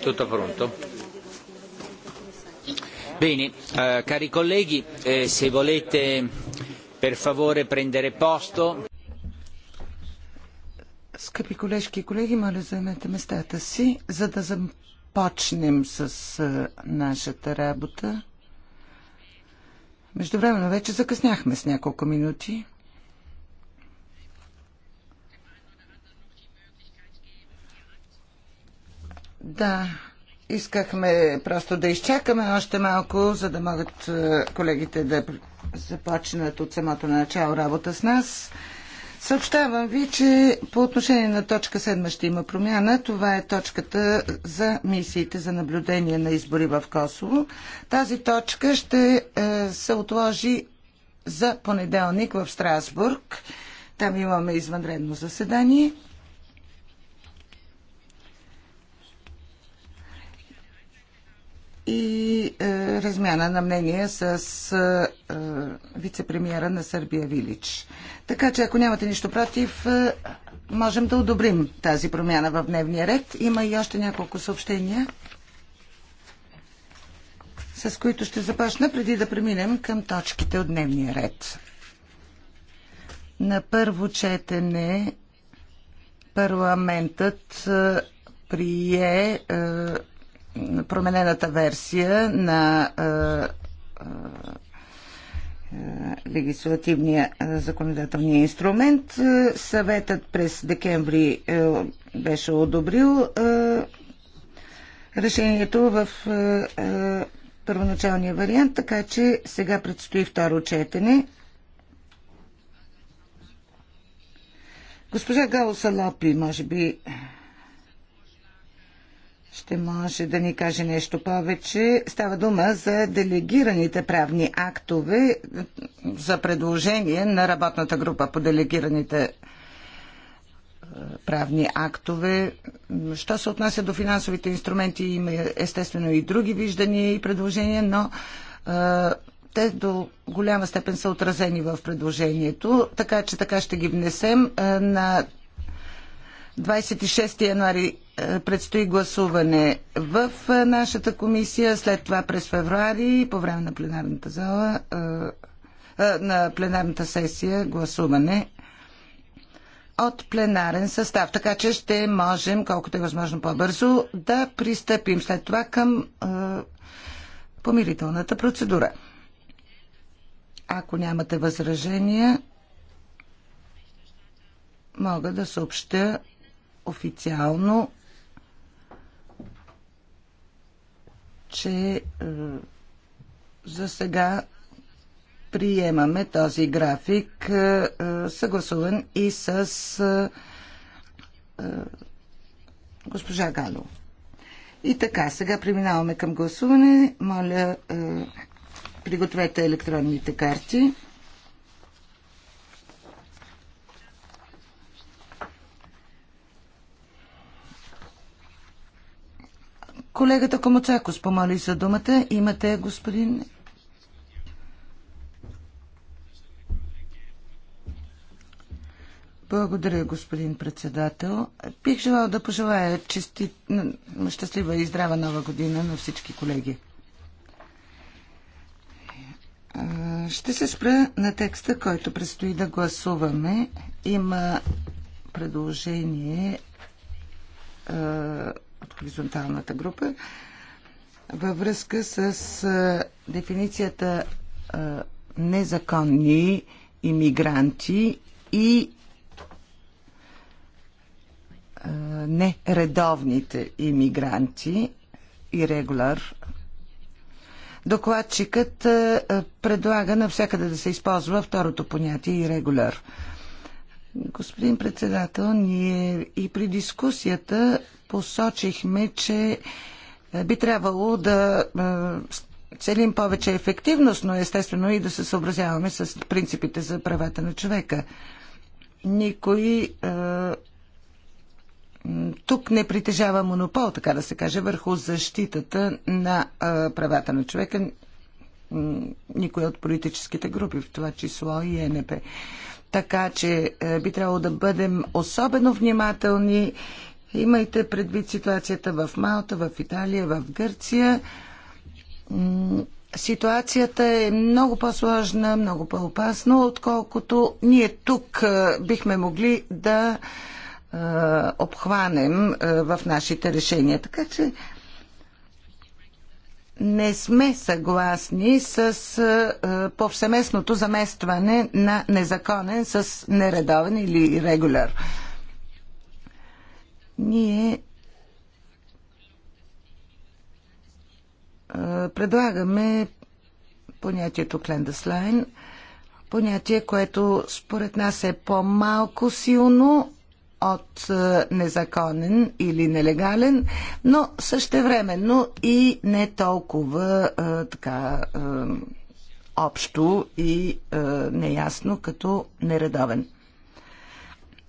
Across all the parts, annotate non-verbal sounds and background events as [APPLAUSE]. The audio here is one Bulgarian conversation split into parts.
Tutto pronto? Bene, eh, cari colleghi, eh, se volete per favore prendere posto. Скъпи колежки и колеги, моля заемете местата си, за да започнем с е, нашата работа. Междувременно вече закъсняхме с няколко минути. Да, искахме просто да изчакаме още малко, за да могат е, колегите да започнат от самото начало работа с нас. Съобщавам ви, че по отношение на точка 7 ще има промяна. Това е точката за мисиите за наблюдение на избори в Косово. Тази точка ще е, се отложи за понеделник в Страсбург. Там имаме извънредно заседание. и е, размяна на мнение с е, е вице-премьера на Сърбия Вилич. Така че, ако нямате нищо против, е, можем да одобрим тази промяна в дневния ред. Има и още няколко съобщения, с които ще започна, преди да преминем към точките от дневния ред. На първо четене парламентът е, прие е, променената версия на легислативния законодателния инструмент. Съветът през декември беше одобрил решението в първоначалния вариант, така че сега предстои второ четене. Госпожа Гаоса Лапи, може би, ще може да ни каже нещо повече. Става дума за делегираните правни актове за предложение на работната група по делегираните е, правни актове. Що се отнася до финансовите инструменти, има естествено и други виждания и предложения, но е, те до голяма степен са отразени в предложението, така че така ще ги внесем е, на 26 януари предстои гласуване в нашата комисия, след това през февруари по време на пленарната зала, на пленарната сесия гласуване от пленарен състав. Така че ще можем, колкото е възможно по-бързо, да пристъпим след това към помирителната процедура. Ако нямате възражения, мога да съобщя официално че е, за сега приемаме този график, е, е, съгласуван и с госпожа Гало. И така, сега преминаваме към гласуване. Моля, пригответе електронните карти. Колегата Комоцакос помоли за думата. Имате, господин Благодаря, господин председател. Бих желал да пожелая чести... щастлива и здрава нова година на всички колеги. Ще се спра на текста, който предстои да гласуваме. Има предложение от хоризонталната група във връзка с дефиницията незаконни иммигранти и нередовните иммигранти и регуляр. Докладчикът предлага навсякъде да се използва второто понятие и регуляр. Господин председател, ние и при дискусията посочихме, че е, би трябвало да е, целим повече ефективност, но естествено и да се съобразяваме с принципите за правата на човека. Никой е, тук не притежава монопол, така да се каже, върху защитата на правата на човека. Никой от политическите групи, в това число и ЕНП. Така че би трябвало да бъдем особено внимателни Имайте предвид ситуацията в Малта, в Италия, в Гърция. Ситуацията е много по-сложна, много по-опасна, отколкото ние тук бихме могли да обхванем в нашите решения. Така че не сме съгласни с повсеместното заместване на незаконен с нередовен или регуляр. Ние предлагаме понятието клендаслайн, понятие, което според нас е по-малко силно от незаконен или нелегален, но същевременно и не толкова така общо и неясно като нередовен.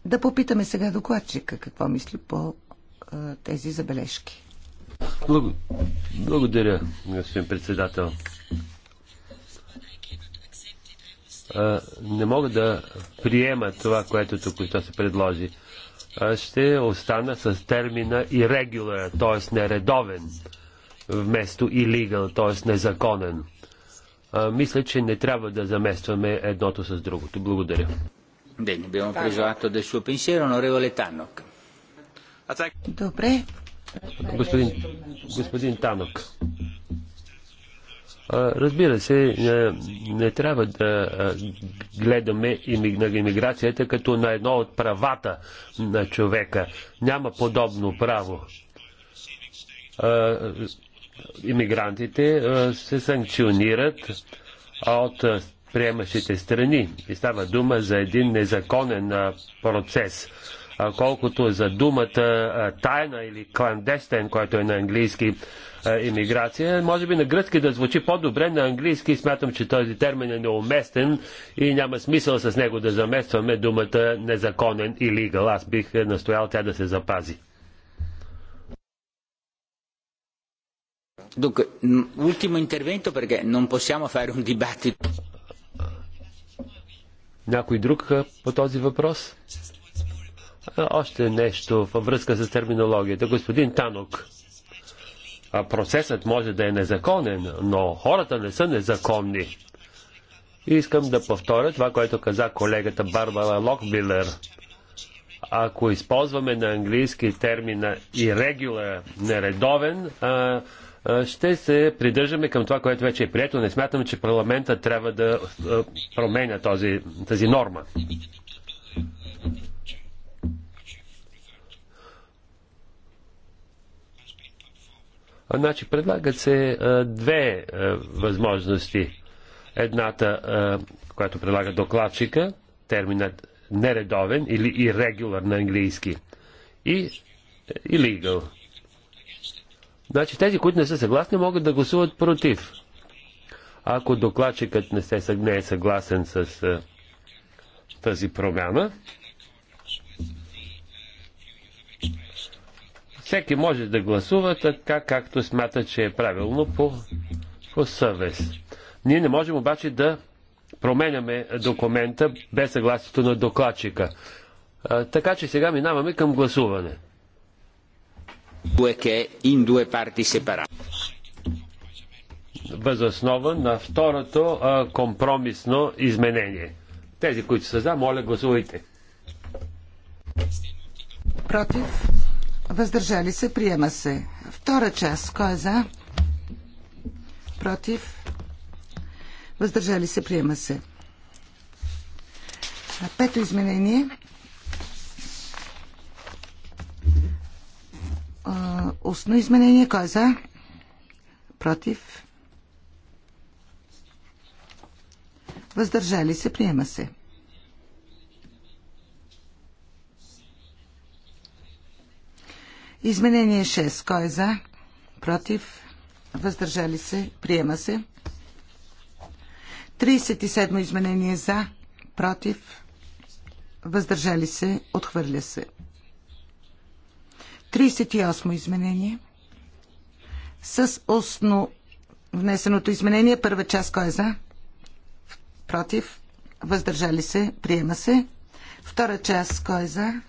Да попитаме сега докладчика какво мисли по а, тези забележки. Благодаря, господин председател. А, не мога да приема това, което тук, що се предложи. А ще остана с термина irregular, т.е. нередовен, вместо illegal, т.е. незаконен. А, мисля, че не трябва да заместваме едното с другото. Благодаря. Bene, abbiamo preso atto del suo pensiero, onorevole Tannock. Добре. Господин, господин Танок, разбира се, не, не трябва да гледаме имиграцията иммиграцията като на едно от правата на човека. Няма подобно право. Имигрантите се санкционират от приемащите страни. И става дума за един незаконен процес. Колкото за думата тайна или кландестен, който е на английски иммиграция, може би на гръцки да звучи по-добре, на английски смятам, че този термин е неуместен и няма смисъл с него да заместваме думата незаконен или. Аз бих е, настоял тя да се запази. Dunque, ultimo intervento perché non possiamo fare un dibattito. Някой друг по този въпрос? Още нещо във връзка с терминологията. Господин Танок, процесът може да е незаконен, но хората не са незаконни. И искам да повторя това, което каза колегата Барбара Локбилер. Ако използваме на английски термина irregular, нередовен, а, ще се придържаме към това, което вече е прието. Не смятам, че парламента трябва да променя този, тази норма. Значи, предлагат се две възможности. Едната, която предлага докладчика, терминът нередовен или irregular на английски и illegal Значи тези, които не са съгласни, могат да гласуват против. Ако докладчикът не, се, не е съгласен с тази програма, всеки може да гласува така, както смята, че е правилно по, по съвест. Ние не можем обаче да променяме документа без съгласието на докладчика. А, така че сега минаваме към гласуване. 2 in due parti separate. Възоснова на второто а, компромисно изменение. Тези, които са за, моля гласувайте. Против. Въздържали се. Приема се. Втора част. Кой е за? Против. Въздържали се. Приема се. Пето изменение. а, изменение. Кой е за? Против? Въздържали се? Приема се. Изменение 6. Кой е за? Против? Въздържали се? Приема се. 37 изменение за, против, въздържали се, отхвърля се. 38 изменение. С устно внесеното изменение, първа част кой е за? Против. Въздържали се. Приема се. Втора част кой е за?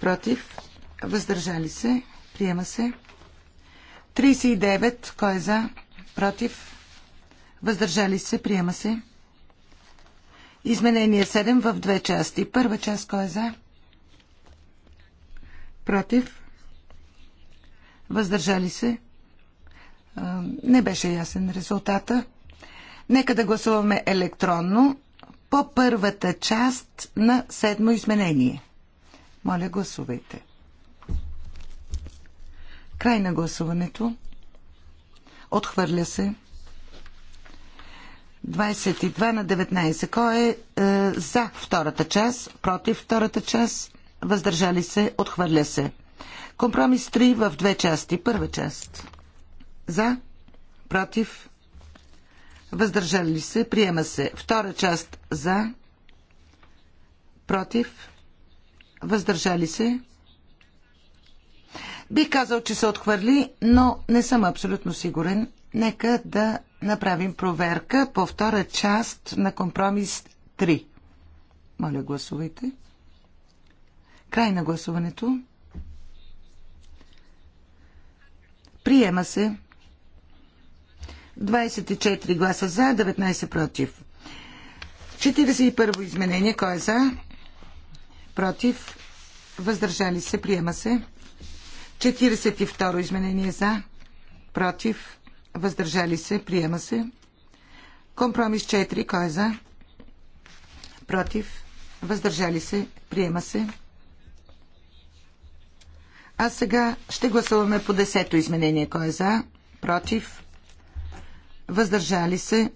Против. Въздържали се. Приема се. 39. Кой е за? Против. Въздържали се. Приема се. Изменение 7 в две части. Първа част кой е за? против, въздържали се. Не беше ясен резултата. Нека да гласуваме електронно по първата част на седмо изменение. Моля, гласувайте. Край на гласуването. Отхвърля се. 22 на 19. Кой е, е за втората част? Против втората част? въздържали се, отхвърля се. Компромис 3 в две части. Първа част. За, против, въздържали се, приема се. Втора част за, против, въздържали се. Бих казал, че се отхвърли, но не съм абсолютно сигурен. Нека да направим проверка по втора част на компромис 3. Моля, гласувайте. Край на гласуването. Приема се. 24 гласа за, 19 против. 41 изменение. Кой е за? Против. Въздържали се. Приема се. 42 изменение за. Против. Въздържали се. Приема се. Компромис 4. Кой е за? Против. Въздържали се. Приема се. А сега ще гласуваме по десето изменение. Кой е за? Против? Въздържали се?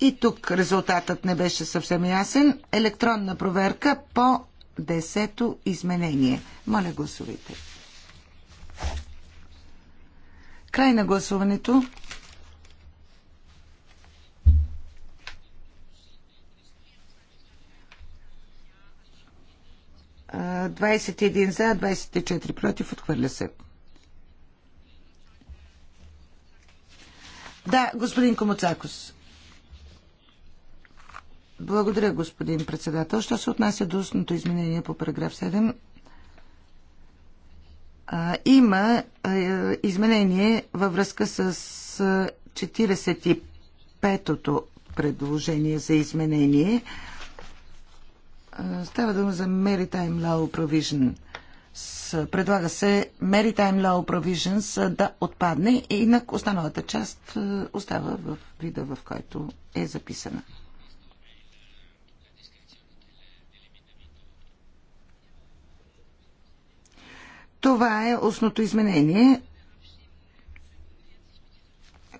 И тук резултатът не беше съвсем ясен. Електронна проверка по десето изменение. Моля, гласувайте. Край на гласуването. 21 за, 24 против, отхвърля се. Да, господин Комоцакос. Благодаря, господин председател. Що се отнася до устното изменение по параграф 7, а, има а, изменение във връзка с а, 45-тото предложение за изменение. А, Става дума за Maritime Law Provision. Предлага се Maritime Law Provisions да отпадне, и инак останалата част остава в вида, в който е записана. Това е основното изменение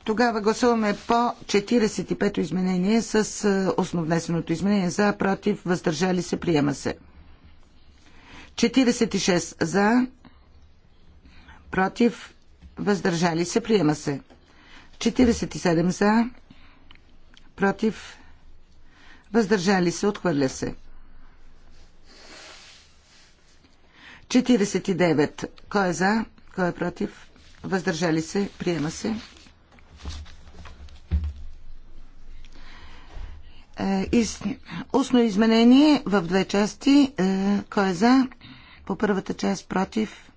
тогава гласуваме по 45-то изменение с е, основнесеното изменение за, против, въздържали се, приема се. 46 за, против, въздържали се, приема се. 47 за, против, въздържали се, отхвърля се. 49. Кой е за? Кой е против? Въздържали се? Приема се. Е, устно изменение в две части. Е, кой е за? По първата част против.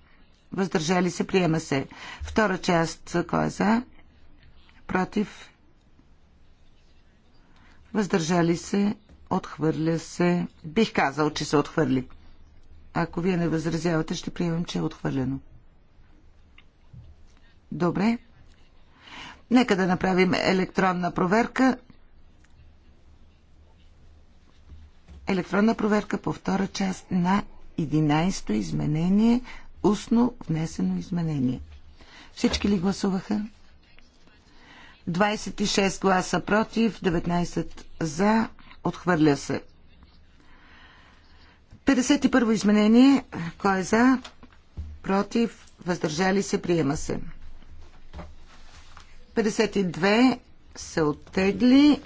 Въздържали се. Приема се. Втора част. Кой е за? Против. Въздържали се. Отхвърля се. Бих казал, че се отхвърли. Ако вие не възразявате, ще приемам, че е отхвърлено. Добре. Нека да направим електронна проверка електронна проверка по втора част на 11-то изменение, устно внесено изменение. Всички ли гласуваха? 26 гласа против, 19 за, отхвърля се. 51 изменение. Кой е за? Против? Въздържали се? Приема се. 52 се оттегли.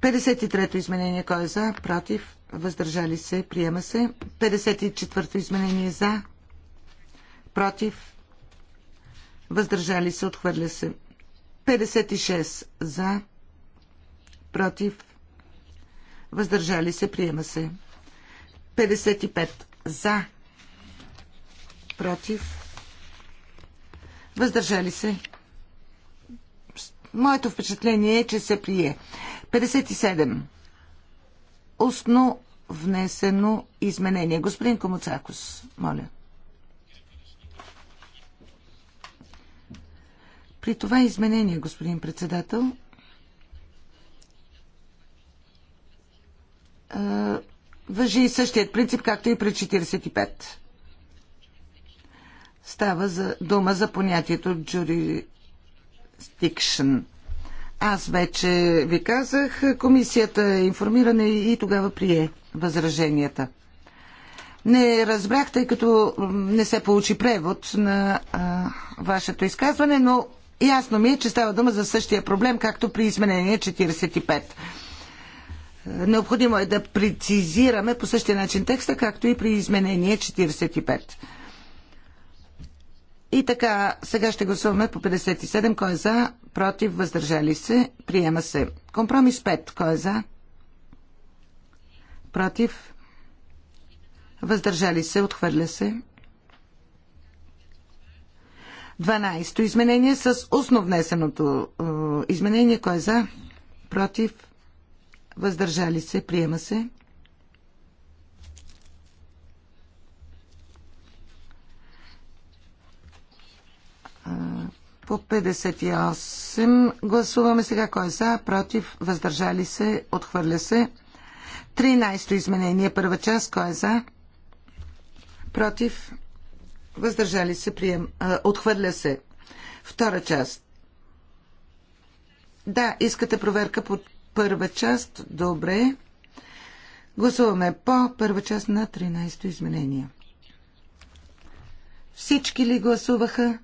53-то изменение. Кой е за? Против? въздържали се, приема се. 54-то изменение за, против, въздържали се, отхвърля се. 56 за, против, въздържали се, приема се. 55 за, против, въздържали се. Моето впечатление е, че се прие. 57 устно внесено изменение. Господин Комуцакос, моля. При това изменение, господин председател, въжи и същият принцип, както и при 45. Става за дума за понятието jurisdiction – аз вече ви казах, комисията е информирана и тогава прие възраженията. Не разбрах, тъй като не се получи превод на а, вашето изказване, но ясно ми е, че става дума за същия проблем, както при изменение 45. Необходимо е да прецизираме по същия начин текста, както и при изменение 45. И така, сега ще гласуваме по 57. Кой е за? Против? Въздържали се? Приема се. Компромис 5. Кой е за? Против? Въздържали се? Отхвърля се. 12-то изменение с основнесеното е, изменение. Кой е за? Против? Въздържали се? Приема се. По 58 гласуваме сега кой е за, против, въздържали се, отхвърля се. 13-то изменение, първа част, кой е за, против, въздържали се, прием, а, отхвърля се. Втора част. Да, искате проверка по първа част. Добре. Гласуваме по първа част на 13-то изменение. Всички ли гласуваха?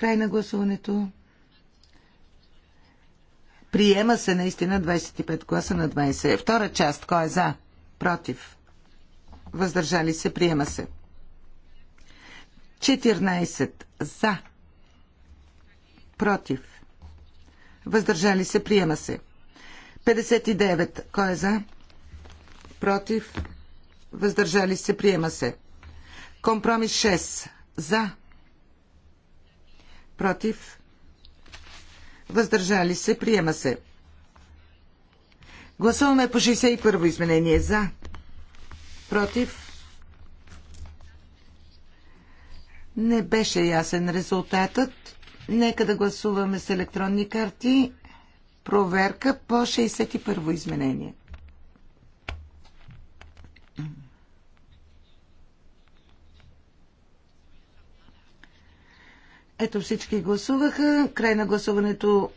Край на гласуването. Приема се наистина 25 гласа на 20. Втора част. Кой е за? Против. Въздържали се. Приема се. 14. За. Против. Въздържали се. Приема се. 59. Кой е за? Против. Въздържали се. Приема се. Компромис 6. За против, въздържали се, приема се. Гласуваме по 61-во изменение за, против. Не беше ясен резултатът. Нека да гласуваме с електронни карти. Проверка по 61-во изменение. Ето всички гласуваха. Край на гласуването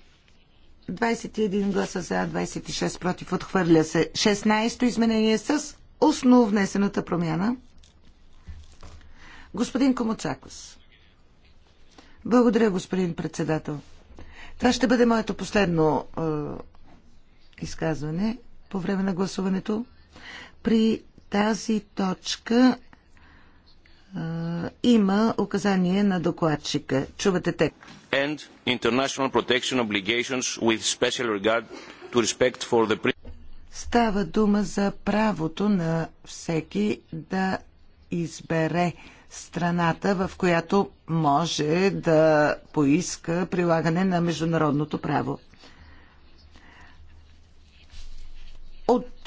21 гласа за, 26 против. Отхвърля се 16-то изменение с основно внесената промяна. Господин Комоцакос. Благодаря, господин председател. Това ще бъде моето последно е, изказване по време на гласуването. При тази точка има указание на докладчика. Чувате те. And international protection obligations with special regard to respect for the... Става дума за правото на всеки да избере страната, в която може да поиска прилагане на международното право.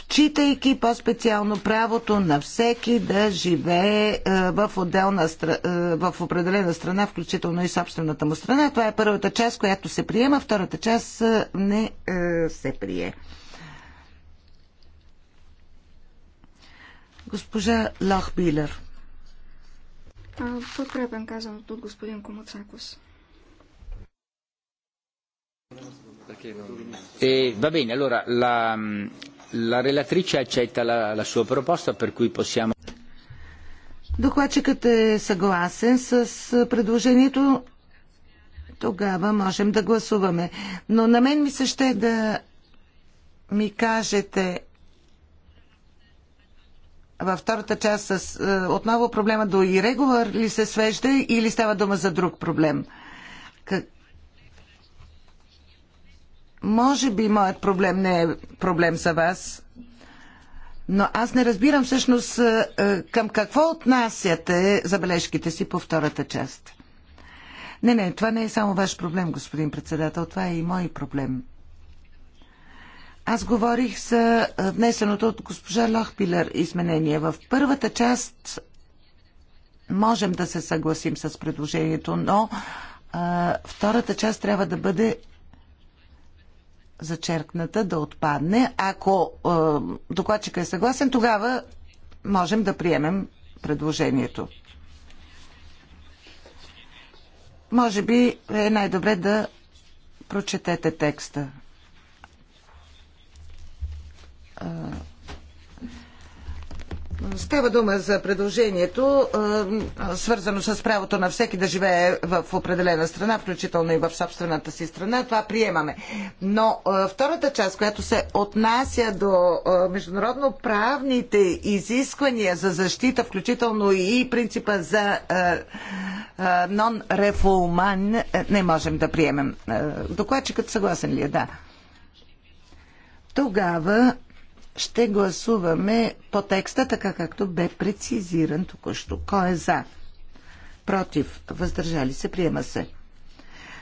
отчитайки по-специално правото на всеки да живее е, в, отделна, е, в определена страна, включително и собствената му страна. Това е първата част, която се приема, втората част е, не се прие. Госпожа Лохбилер. Подкрепен казаното от господин Eh, va bene, allora la, La relatrice accetta la, la sua proposta, per cui possiamo... Докладчикът е съгласен с предложението. Тогава можем да гласуваме. Но на мен ми се ще да ми кажете във втората част с, е, отново проблема до ирегулар ли се свежда или става дума за друг проблем? Как, може би моят проблем не е проблем за вас, но аз не разбирам всъщност е, е, към какво отнасяте забележките си по втората част. Не, не, това не е само ваш проблем, господин председател, това е и мой проблем. Аз говорих за е, внесеното от госпожа Лохпилер изменение. В първата част можем да се съгласим с предложението, но а, втората част трябва да бъде зачеркната да отпадне. Ако е, докладчика е съгласен, тогава можем да приемем предложението. Може би е най-добре да прочетете текста. Е, Става дума за предложението, свързано с правото на всеки да живее в определена страна, включително и в собствената си страна. Това приемаме. Но втората част, която се отнася до международно правните изисквания за защита, включително и принципа за нон-рефулман, не можем да приемем. Докладчикът съгласен ли е? Да. Тогава ще гласуваме по текста, така както бе прецизиран току-що. Кой е за? Против. Въздържали се. Приема се.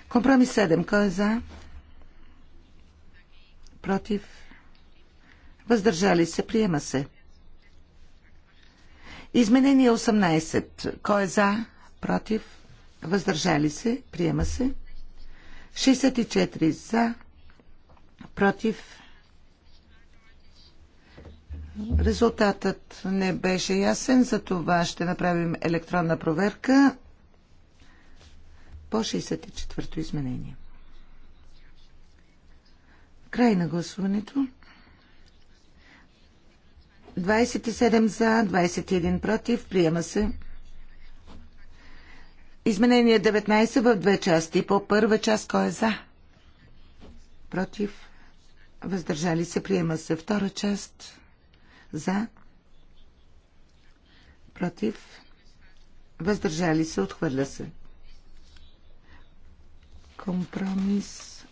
Компромис 7. Кой е за? Против. Въздържали се. Приема се. Изменение 18. Кой е за? Против. Въздържали се. Приема се. 64 за. Против Резултатът не беше ясен, за това ще направим електронна проверка по 64-то изменение. Край на гласуването. 27 за, 21 против. Приема се. Изменение 19 в две части. По първа част кой е за? Против. Въздържали се. Приема се. Втора част за, против, въздържали се, отхвърля се. Компромис.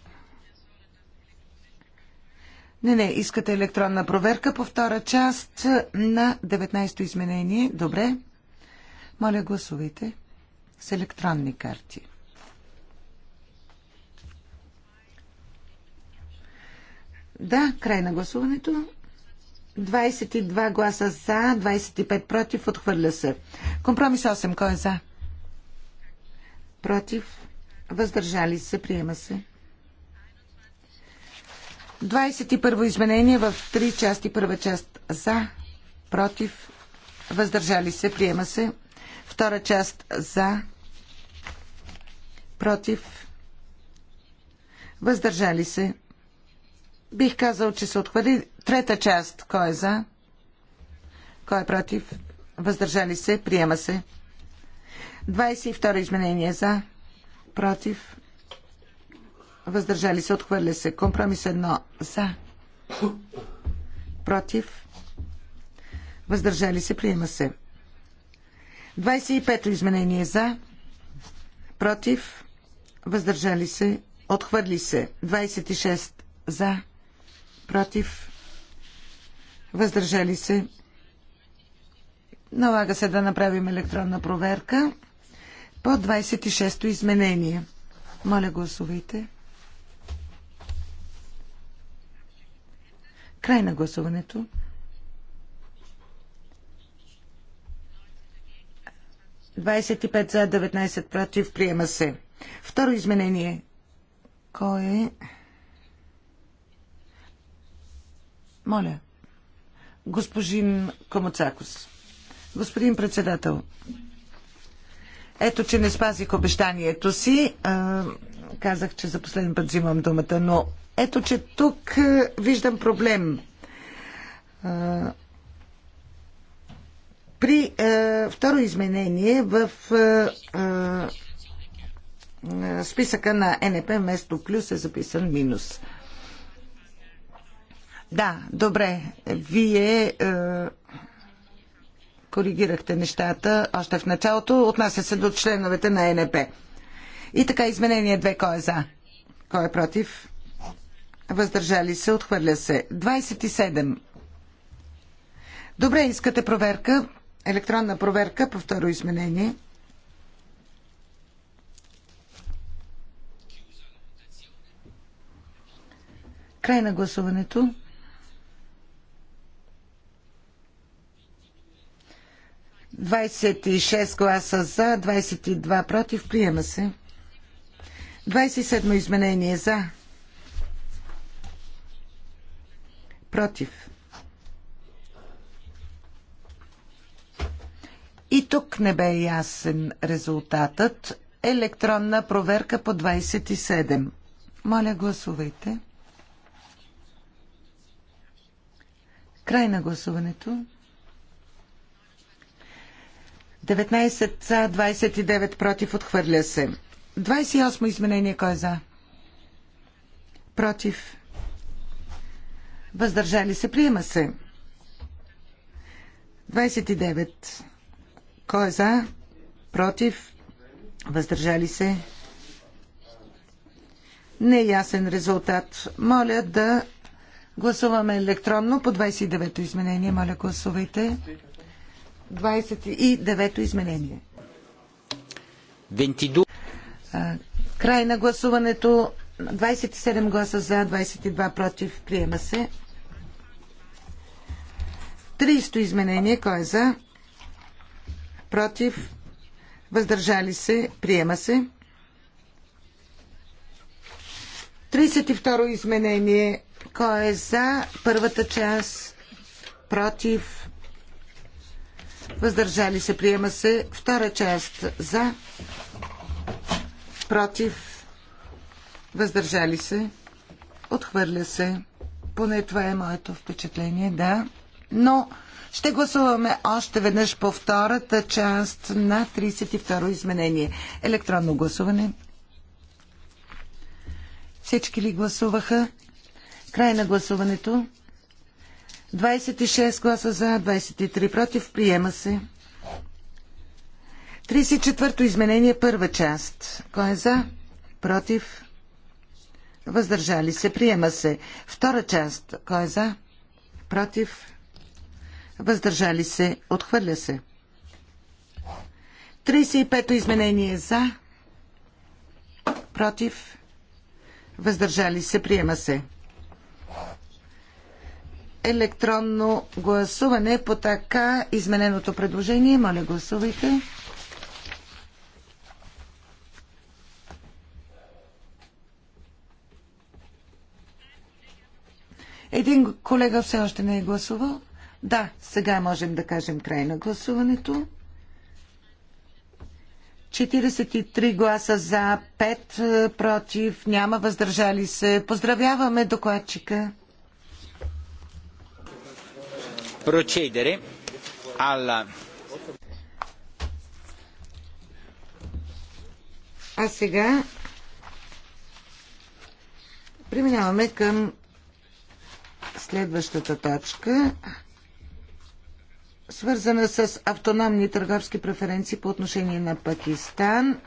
Не, не, искате електронна проверка по втора част на 19-то изменение. Добре. Моля, гласувайте с електронни карти. Да, край на гласуването. 22 гласа за, 25 против, отхвърля се. Компромис 8, кой е за? Против, въздържали се, приема се. 21 изменение в 3 части. Първа част за, против, въздържали се, приема се. Втора част за, против, въздържали се. Бих казал, че се отхвърли. Трета част. Кой е за? Кой е против? Въздържали се? Приема се. 22 изменение е за. Против. Въздържали се? Отхвърля се. Компромис 1 за. Против. Въздържали се? Приема се. 25 изменение е за. Против. Въздържали се? Отхвърли се. 26 за. Против въздържали се. Налага се да направим електронна проверка по 26-то изменение. Моля, гласувайте. Край на гласуването. Двадесет и пет за, 19 против. Приема се. Второ изменение. Кой е? Моля. Господин Комоцакос. Господин председател, ето, че не спазих обещанието си. А, казах, че за последен път взимам думата, но ето, че тук а, виждам проблем. А, при а, второ изменение в а, а, списъка на НП вместо плюс е записан минус. А, да, добре. Вие е, коригирахте нещата още в началото. Отнася се до членовете на НП. И така, изменение 2. Кой е за? Кой е против? Въздържали се, отхвърля се. 27. Добре, искате проверка. Електронна проверка по второ изменение. Край на гласуването. 26 гласа за, 22 против. Приема се. 27 изменение за. Против. И тук не бе ясен резултатът. Електронна проверка по 27. Моля, гласувайте. Край на гласуването. 19 за, 29 против, отхвърля се. 28 изменение, кой е за? Против. Въздържали се, приема се. 29. Кой е за? Против. Въздържали се. Неясен резултат. Моля да гласуваме електронно по 29-то изменение. Моля, гласувайте. Гласувайте. 29-то изменение. Край на гласуването. 27 гласа за, 22 против. Приема се. 30-то изменение. Кой е за? Против. Въздържали се. Приема се. 32-ро изменение. Кой е за първата част? Против въздържали се, приема се. Втора част за, против, въздържали се, отхвърля се. Поне това е моето впечатление, да. Но ще гласуваме още веднъж по втората част на 32-ро изменение. Електронно гласуване. Всички ли гласуваха? Край на гласуването. 26 гласа за, 23 против. Приема се. 34-то изменение, първа част. Кой е за? Против? Въздържали се. Приема се. Втора част. Кой е за? Против? Въздържали се. Отхвърля се. 35-то изменение за. Против? Въздържали се. Приема се електронно гласуване по така измененото предложение. Моля, гласувайте. Един колега все още не е гласувал. Да, сега можем да кажем край на гласуването. 43 гласа за, 5 е, против, няма въздържали се. Поздравяваме докладчика procedere alla... А сега преминаваме към следващата точка, свързана с автономни търговски преференции по отношение на Пакистан.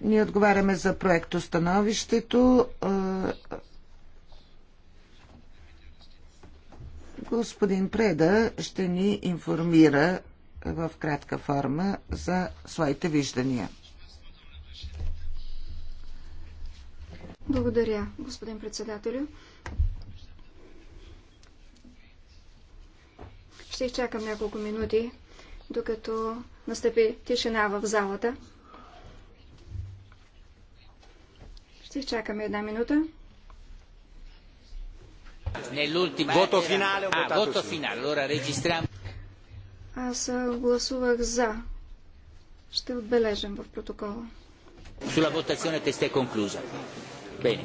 Ние отговаряме за проектостановището. Господин Преда ще ни информира в кратка форма за своите виждания. Благодаря, господин председателю. Ще изчакам няколко минути, докато настъпи тишина в залата. Ще изчакаме една минута. Voto finale, ah, voto finale. Allora registriamo. Аз гласувах за. Ще отбележим в протокола. Sulla votazione testa è conclusa. Bene.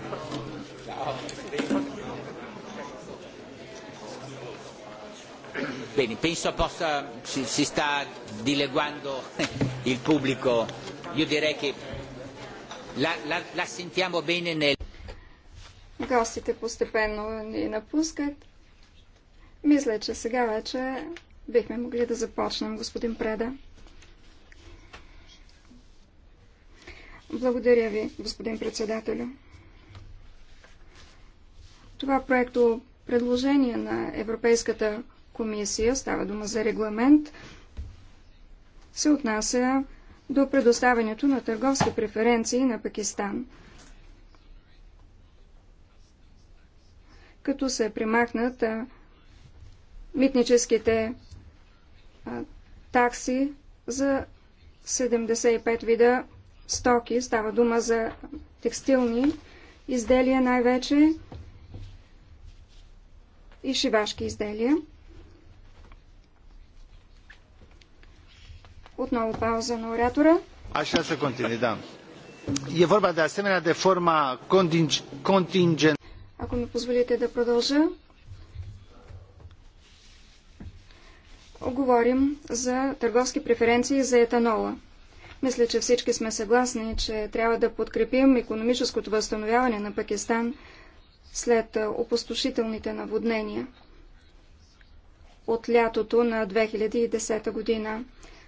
Bene, penso possa, si, si sta dileguando il pubblico. Io direi che la, la, la sentiamo bene nel... Гостите постепенно ни напускат. Мисля, че сега вече бихме могли да започнем, господин Преда. Благодаря ви, господин председателю. Това проекто предложение на Европейската комисия, става дума за регламент, се отнася до предоставянето на търговски преференции на Пакистан – като се примахнат митническите такси за 75 вида стоки. Става дума за текстилни изделия най-вече и шивашки изделия. Отново пауза на оратора. Așa să continui, Е върба да се asemenea де форма контингент. Ако ми позволите да продължа. Говорим за търговски преференции за етанола. Мисля, че всички сме съгласни, че трябва да подкрепим економическото възстановяване на Пакистан след опустошителните наводнения от лятото на 2010 година.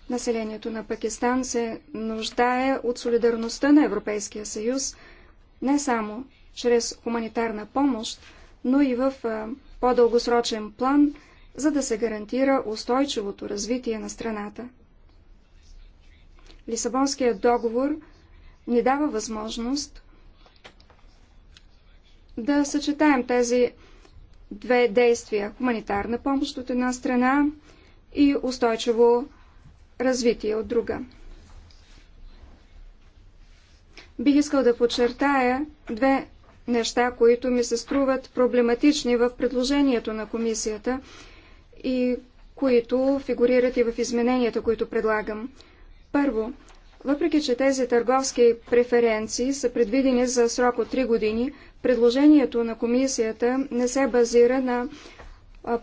Населението на Пакистан се нуждае от солидарността на Европейския съюз, не само чрез хуманитарна помощ, но и в по-дългосрочен план, за да се гарантира устойчивото развитие на страната. Лисабонският договор ни дава възможност да съчетаем тези две действия – хуманитарна помощ от една страна и устойчиво развитие от друга. Бих искал да подчертая две неща, които ми се струват проблематични в предложението на комисията и които фигурират и в измененията, които предлагам. Първо, въпреки че тези търговски преференции са предвидени за срок от 3 години, предложението на комисията не се базира на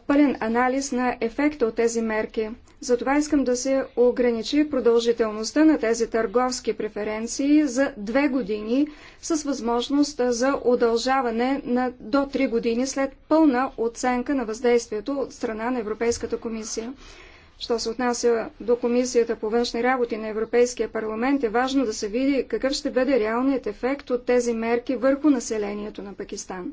пълен анализ на ефекта от тези мерки. Затова искам да се ограничи продължителността на тези търговски преференции за две години с възможност за удължаване на до три години след пълна оценка на въздействието от страна на Европейската комисия. Що се отнася до Комисията по външни работи на Европейския парламент, е важно да се види какъв ще бъде реалният ефект от тези мерки върху населението на Пакистан.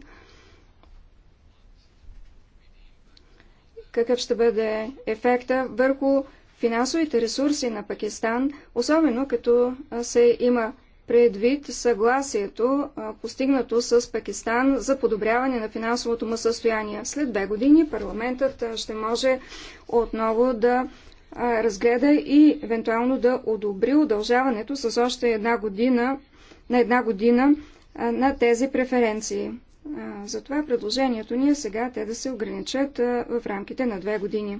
какъв ще бъде ефекта върху финансовите ресурси на Пакистан, особено като се има предвид съгласието, постигнато с Пакистан за подобряване на финансовото му състояние. След две години парламентът ще може отново да разгледа и евентуално да одобри удължаването с още една година, на една година на тези преференции. Затова предложението ни е сега те да се ограничат в рамките на две години.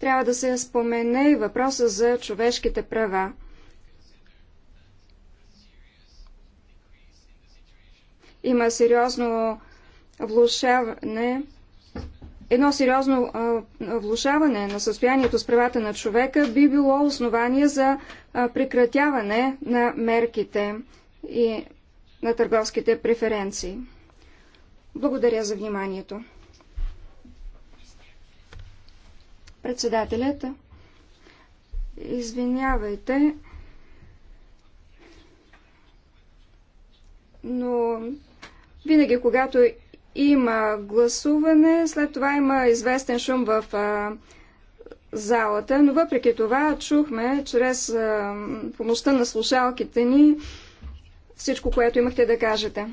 Трябва да се спомене и въпроса за човешките права. Има сериозно влушаване, едно сериозно влушаване на състоянието с правата на човека би било основание за прекратяване на мерките и на търговските преференции. Благодаря за вниманието. Председателят, извинявайте, но винаги, когато има гласуване, след това има известен шум в а, залата, но въпреки това чухме чрез а, помощта на слушалките ни всичко, което имахте да кажете.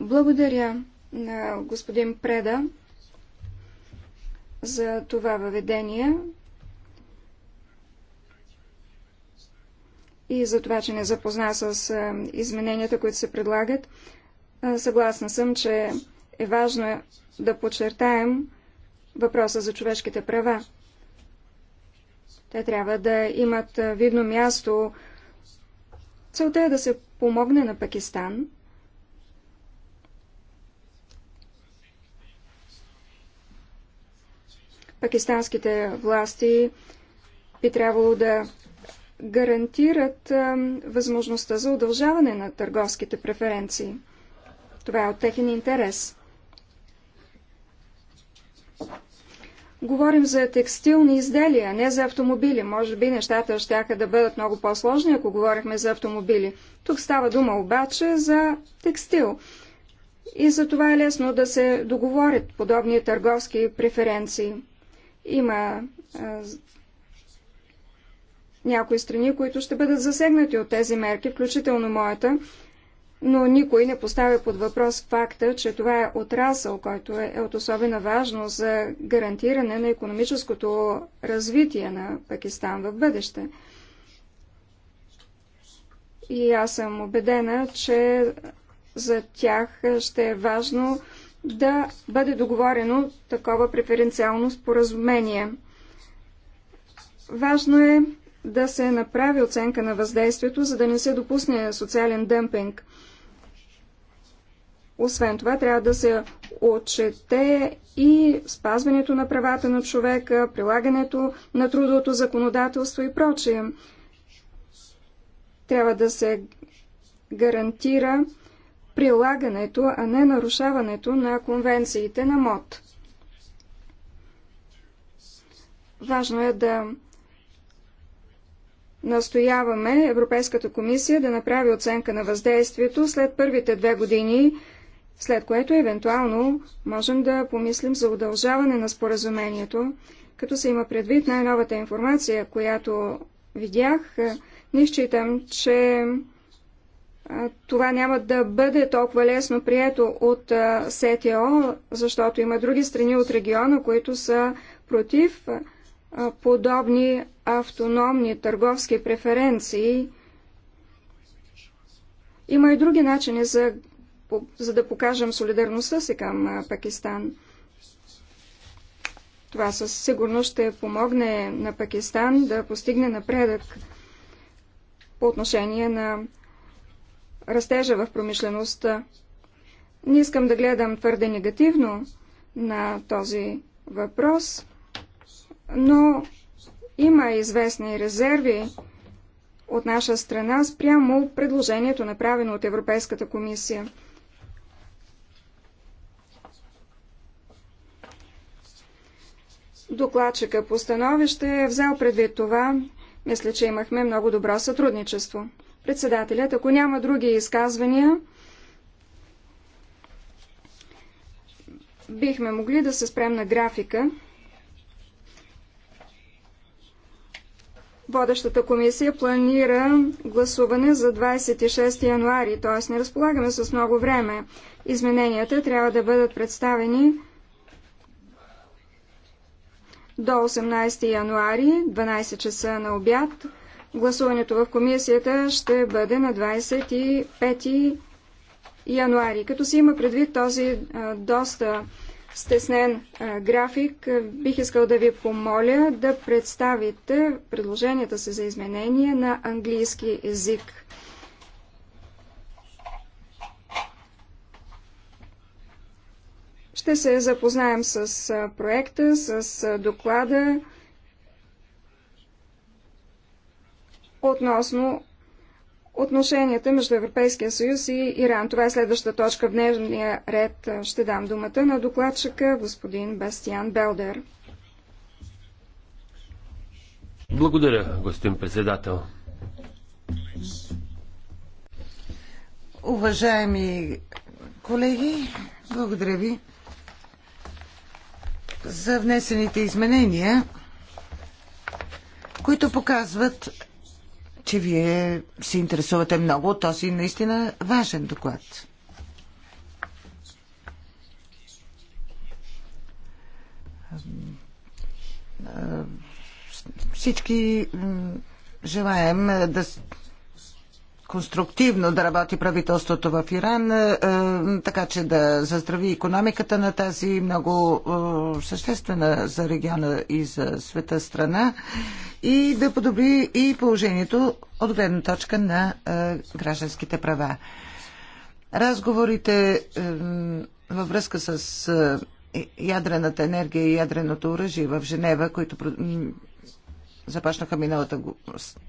Благодаря на господин Преда за това въведение и за това, че не запозна с измененията, които се предлагат. Съгласна съм, че е важно да подчертаем, въпроса за човешките права. Те трябва да имат видно място. Целта е да се помогне на Пакистан. Пакистанските власти би трябвало да гарантират възможността за удължаване на търговските преференции. Това е от техен интерес. Говорим за текстилни изделия, не за автомобили. Може би нещата ще да бъдат много по-сложни, ако говорихме за автомобили. Тук става дума обаче за текстил. И за това е лесно да се договорят подобни търговски преференции. Има някои страни, които ще бъдат засегнати от тези мерки, включително моята но никой не поставя под въпрос факта, че това е отрасъл, който е, е от особена важност за гарантиране на економическото развитие на Пакистан в бъдеще. И аз съм убедена, че за тях ще е важно да бъде договорено такова преференциално споразумение. Важно е да се направи оценка на въздействието, за да не се допусне социален дъмпинг – освен това, трябва да се отчете и спазването на правата на човека, прилагането на трудовото законодателство и прочее. Трябва да се гарантира прилагането, а не нарушаването на конвенциите на МОД. Важно е да настояваме Европейската комисия да направи оценка на въздействието след първите две години след което евентуално можем да помислим за удължаване на споразумението, като се има предвид най-новата информация, която видях. Не считам, че това няма да бъде толкова лесно прието от СТО, защото има други страни от региона, които са против подобни автономни търговски преференции. Има и други начини за за да покажем солидарността си към Пакистан. Това със сигурност ще помогне на Пакистан да постигне напредък по отношение на растежа в промишлеността. Не искам да гледам твърде негативно на този въпрос, но има известни резерви от наша страна спрямо предложението, направено от Европейската комисия. Докладчика по становище е взел предвид това. Мисля, че имахме много добро сътрудничество. Председателят, ако няма други изказвания, бихме могли да се спрем на графика. Водещата комисия планира гласуване за 26 януари, т.е. не разполагаме с много време. Измененията трябва да бъдат представени до 18 януари, 12 часа на обяд. Гласуването в комисията ще бъде на 25 януари. Като си има предвид този а, доста стеснен а, график, а, бих искал да ви помоля да представите предложенията си за изменение на английски език. Ще се запознаем с проекта, с доклада относно отношенията между Европейския съюз и Иран. Това е следваща точка в дневния ред. Ще дам думата на докладчика господин Бастиан Белдер. Благодаря, господин председател. Уважаеми колеги, благодаря ви за внесените изменения, които показват, че вие се интересувате много от този наистина важен доклад. Всички желаем да конструктивно да работи правителството в Иран, е, е, така че да заздрави економиката на тази много е, съществена за региона и за света страна и да подобри и положението от гледна точка на гражданските права. Разговорите във връзка с ядрената енергия и ядреното оръжие в Женева, които започнаха миналата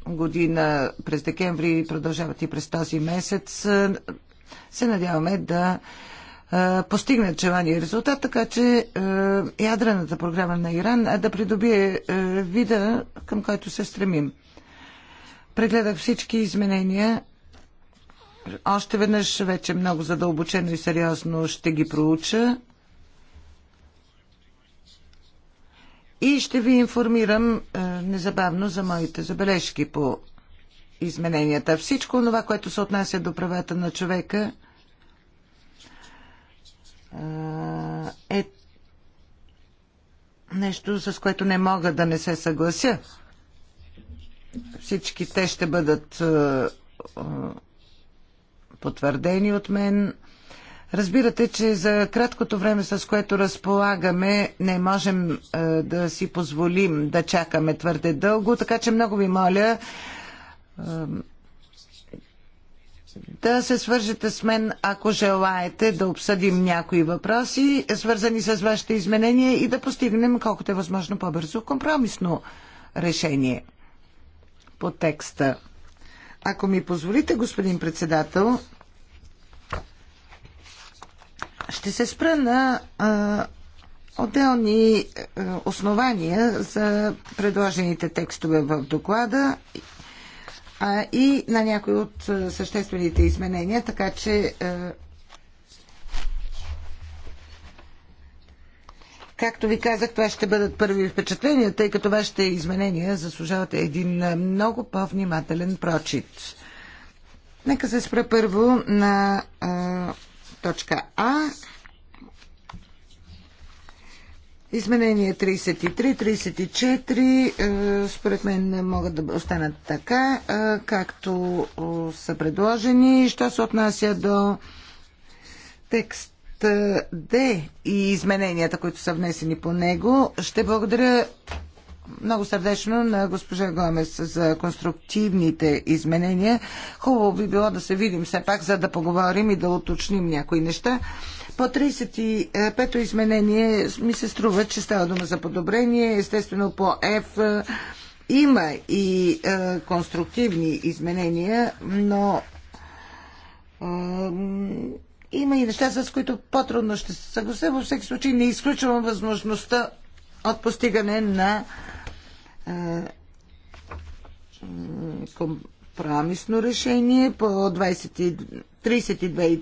година през декември и продължават и през този месец, се надяваме да постигнат желания резултат, така че ядрената програма на Иран е да придобие вида, към който се стремим. Прегледах всички изменения. Още веднъж вече много задълбочено и сериозно ще ги проуча. И ще ви информирам е, незабавно за моите забележки по измененията. Всичко това, което се отнася до правата на човека, е, е нещо, с което не мога да не се съглася. Всички те ще бъдат е, е, потвърдени от мен. Разбирате, че за краткото време, с което разполагаме, не можем е, да си позволим да чакаме твърде дълго, така че много ви моля е, да се свържете с мен, ако желаете да обсъдим някои въпроси, свързани с вашите изменения и да постигнем колкото е възможно по-бързо компромисно решение по текста. Ако ми позволите, господин председател, ще се спра на а, отделни а, е, основания за предложените текстове в доклада а, и на някои от а, е, съществените изменения, така че а, е, Както ви казах, това ще бъдат първи впечатления, тъй като вашите изменения заслужават един много по-внимателен прочит. Нека се спра първо на а, точка А. Изменение 33-34 е, според мен могат да останат така, е, както е, са предложени. Що се отнася до текст Д и измененията, които са внесени по него, ще благодаря много сърдечно на госпожа Гомес за конструктивните изменения. Хубаво би било да се видим все пак, за да поговорим и да уточним някои неща. По 35-то изменение ми се струва, че става дума за подобрение. Естествено по F има и е, конструктивни изменения, но е, има и неща, с които по-трудно ще се съгласа. Във всеки случай не изключвам възможността от постигане на компромисно решение по 20, 32 и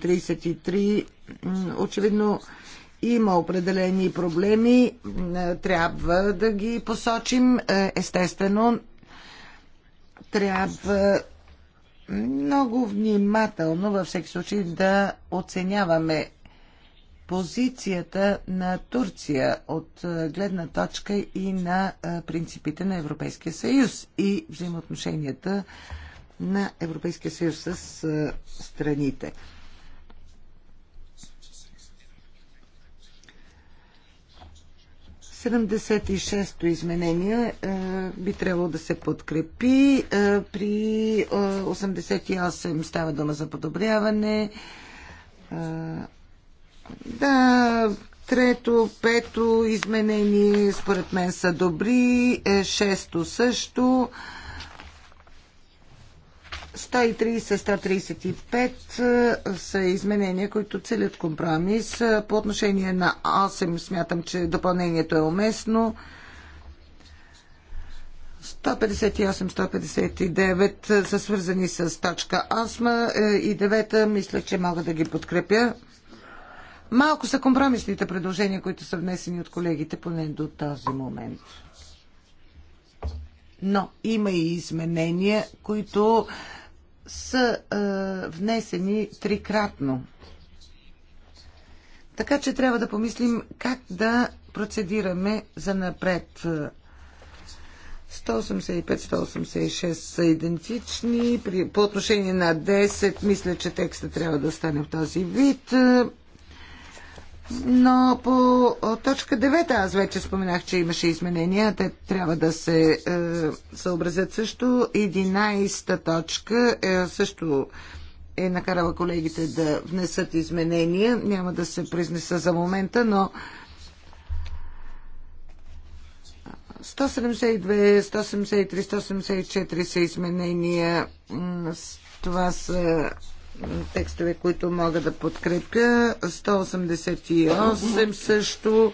33 очевидно има определени проблеми, трябва да ги посочим. Е, естествено, трябва много внимателно във всеки случай да оценяваме позицията на Турция от гледна точка и на принципите на Европейския съюз и взаимоотношенията на Европейския съюз с страните. то изменение е, би трябвало да се подкрепи. при 88 става дума за подобряване да, трето, пето изменение според мен са добри, е, шесто също. 130-135 е, са изменения, които целят компромис. Е, по отношение на 8 смятам, че допълнението е уместно. 158-159 са свързани с точка 8 и 9 мисля, че мога да ги подкрепя. Малко са компромисните предложения, които са внесени от колегите, поне до този момент. Но има и изменения, които са е, внесени трикратно. Така че трябва да помислим как да процедираме за напред. 185-186 са идентични. При, по отношение на 10, мисля, че текста трябва да стане в този вид. Но по точка 9 аз вече споменах, че имаше изменения. Те трябва да се е, съобразят също. 11-та точка е, също е накарала колегите да внесат изменения. Няма да се произнеса за момента, но 172, 173, 174 са изменения. Това са текстове, които мога да подкрепя. 188 също.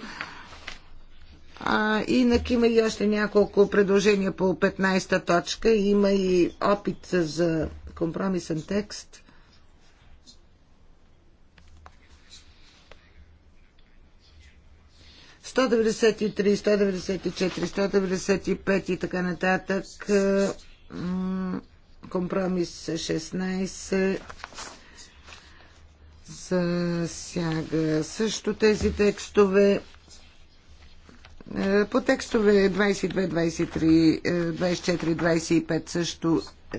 А, инак има и още няколко предложения по 15-та точка. Има и опит за компромисен текст. Сто 193, 194, 195 и така нататък Компромис 16 засяга също тези текстове. Е, по текстове 22, 23, 24, 25 също е,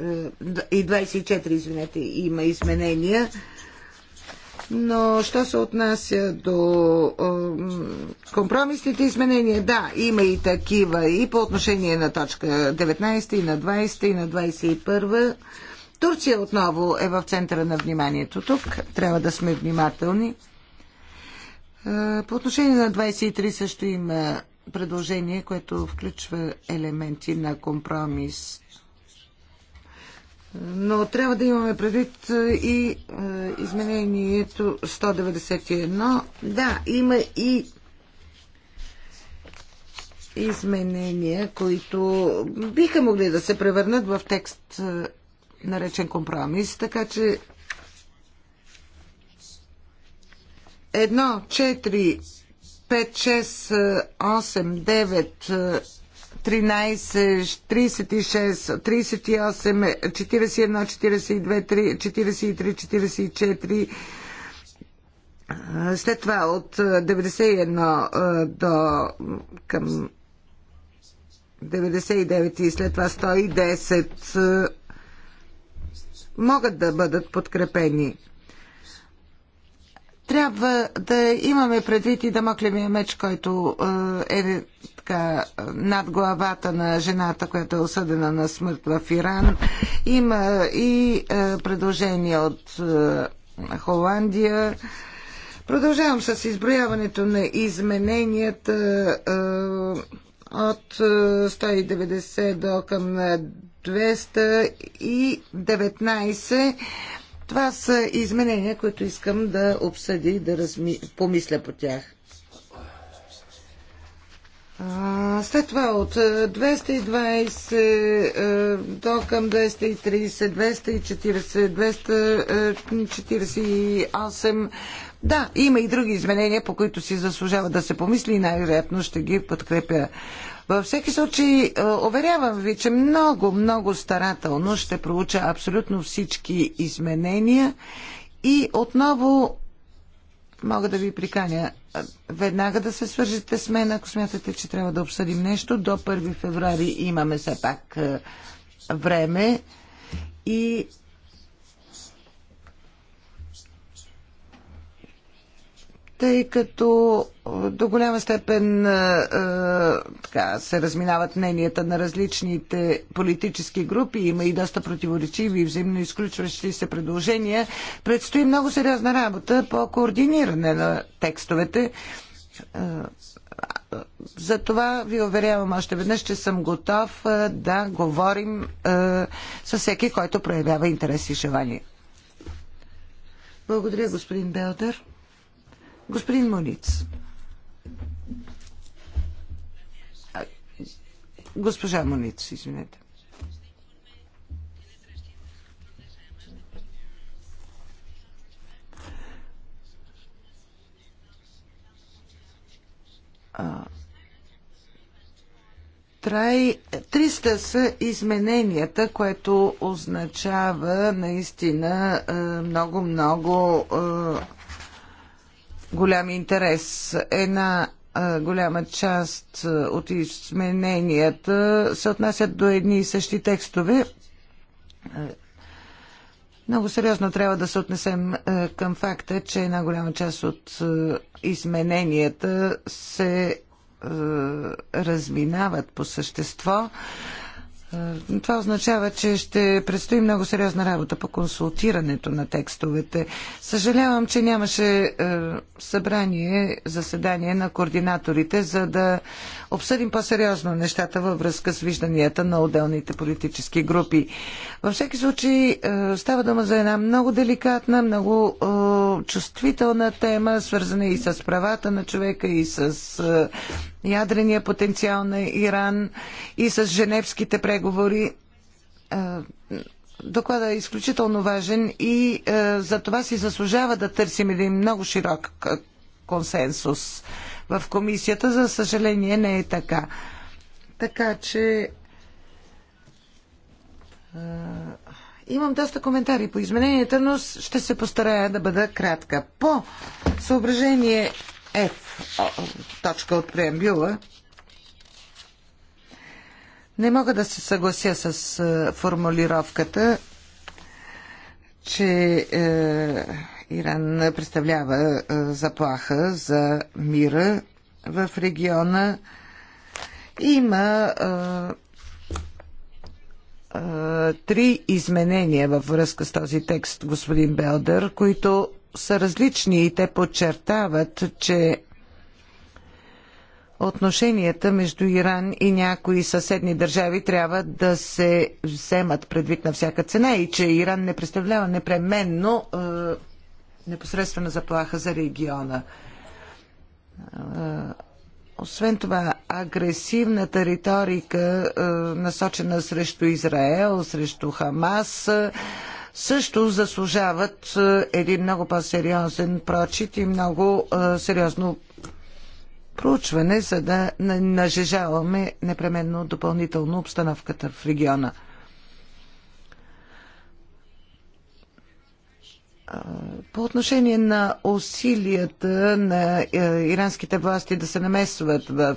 и 24, извинете, има изменения. Но що се отнася до компромисните изменения, да, има и такива и по отношение на точка 19 и на 20 и на 21. Турция отново е в центъра на вниманието тук. Трябва да сме внимателни. По отношение на 23 също има предложение, което включва елементи на компромис но трябва да имаме предвид е, и е, изменението 191. Да, има и изменения, които биха могли да се превърнат в текст е, наречен компромис, така че едно, четири, пет, шест, осем, девет, 41, 42, 43, 44. След това от 91 до към 99 и след това 110 могат да бъдат подкрепени трябва да имаме предвид и дамоклевия меч, който е, е така, над главата на жената, която е осъдена на смърт в Иран. Има и е, предложения от е, Холандия. Продължавам с изброяването на измененията от 190 до към 219 това са изменения, които искам да обсъди и да разми... помисля по тях. След това от 220 до към 230, 240, 248. Да, има и други изменения, по които си заслужава да се помисли и най-вероятно ще ги подкрепя. Във всеки случай, е, уверявам ви, че много, много старателно ще проуча абсолютно всички изменения и отново мога да ви приканя е, веднага да се свържете с мен, ако смятате, че трябва да обсъдим нещо. До 1 феврари имаме все пак е, време и тъй като до голяма степен а, така, се разминават мненията на различните политически групи. Има и доста противоречиви и взаимно изключващи се предложения. Предстои много сериозна работа по координиране на текстовете. За това ви уверявам още веднъж, че съм готов да говорим с всеки, който проявява интерес и желание. Благодаря, господин Белдер. Господин Мониц. Госпожа Мониц, извинете. Трай 300 са измененията, което означава наистина много-много голям интерес. Една голяма част от измененията се отнасят до едни и същи текстове. Много сериозно трябва да се отнесем към факта, че една голяма част от измененията се разминават по същество. Е, това означава, че ще предстои много сериозна работа по консултирането на текстовете. Съжалявам, че нямаше е, събрание, заседание на координаторите, за да обсъдим по-сериозно нещата във връзка с вижданията на отделните политически групи. Във всеки случай е, става дума за една много деликатна, много чувствителна тема, свързана и с правата на човека, и с ядрения потенциал на Иран, и с женевските преговори преговори. Е, Докладът е изключително важен и е, за това си заслужава да търсим един много широк е, консенсус в комисията. За съжаление не е така. Така че Имам доста коментари по измененията, но ще се постарая да бъда кратка. По съображение F, точка от преамбюла, не мога да се съглася с е, формулировката, че е, Иран представлява е, заплаха за мира в региона. Има е, е, три изменения във връзка с този текст, господин Белдер, които са различни и те подчертават, че отношенията между Иран и някои съседни държави трябва да се вземат предвид на всяка цена и че Иран не представлява непременно е, непосредствена заплаха за региона. Е, освен това, агресивната риторика, е, насочена срещу Израел, срещу Хамас, е, също заслужават един много по-сериозен прочит и много сериозно проучване, за да нажежаваме непременно допълнително обстановката в региона. По отношение на усилията на е, иранските власти да се намесват в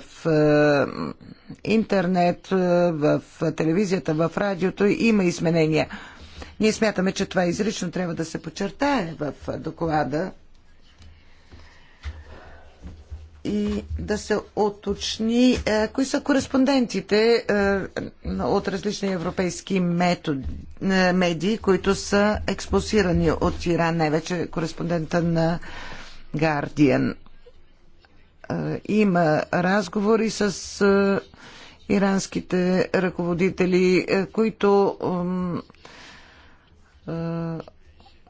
е, интернет, е, в телевизията, в радиото, има изменения. Ние смятаме, че това изрично трябва да се подчертае в доклада и да се оточни е, кои са кореспондентите е, от различни европейски методи, е, медии, които са експосирани от Иран, най-вече кореспондента на Guardian. Има разговори с иранските ръководители, които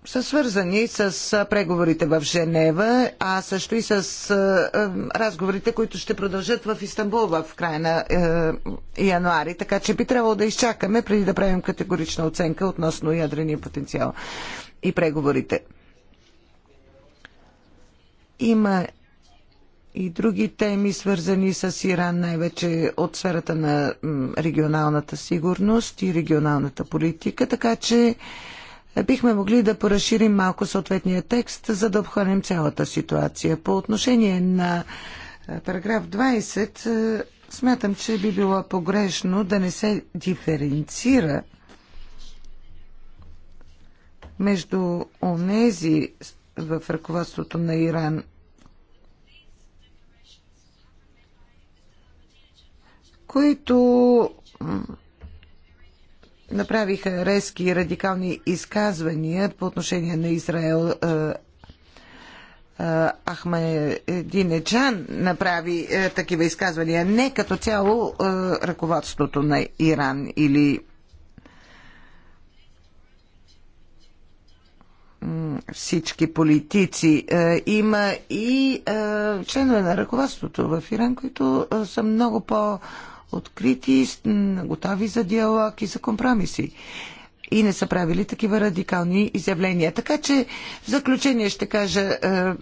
са свързани с преговорите в Женева, а също и с разговорите, които ще продължат в Истанбул в края на януари. Така че би трябвало да изчакаме преди да правим категорична оценка относно ядрения потенциал и преговорите. Има и други теми, свързани с Иран, най-вече от сферата на регионалната сигурност и регионалната политика, така че бихме могли да поразширим малко съответния текст, за да обхванем цялата ситуация. По отношение на е, параграф 20, е, смятам, че би било погрешно да не се диференцира между онези в ръководството на Иран, които направиха резки и радикални изказвания по отношение на Израел. Е, е, Ахмединечан направи е, такива изказвания. Не като цяло ръководството на Иран или всички политици. Има и членове на ръководството в Иран, които са много по- открити, готови за диалог и за компромиси. И не са правили такива радикални изявления. Така че в заключение ще кажа, е,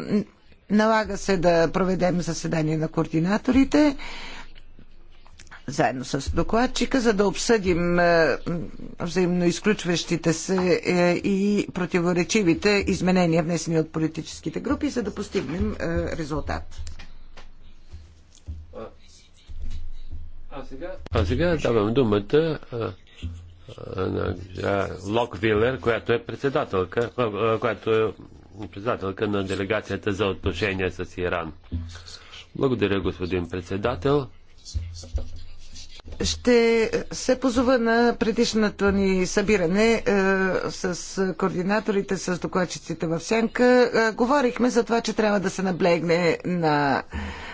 налага се да проведем заседание на координаторите заедно с докладчика, за да обсъдим е, взаимно изключващите се е, и противоречивите изменения, внесени от политическите групи, за да постигнем резултат. А сега... А сега давам думата на Лок Вилер, която е председателка, която е председателка на делегацията за отношения с Иран. Благодаря, господин председател. Ще се позова на предишното ни събиране е, с координаторите, с докладчиците в Сянка. Е, говорихме за това, че трябва да се наблегне на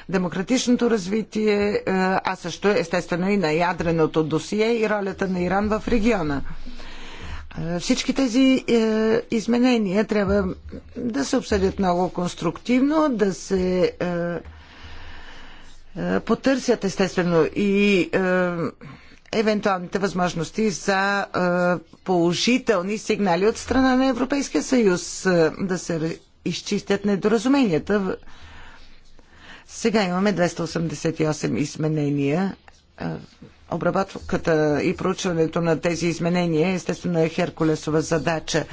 демократичното развитие, е, а също естествено и на ядреното досие и ролята на Иран в региона. Е, всички тези е, изменения трябва да се обсъдят много конструктивно, да се е, е, потърсят естествено и е, евентуалните възможности за е, положителни сигнали от страна на Европейския съюз да се изчистят недоразуменията. Сега имаме 288 изменения. Обработката и проучването на тези изменения естествено е Херкулесова задача.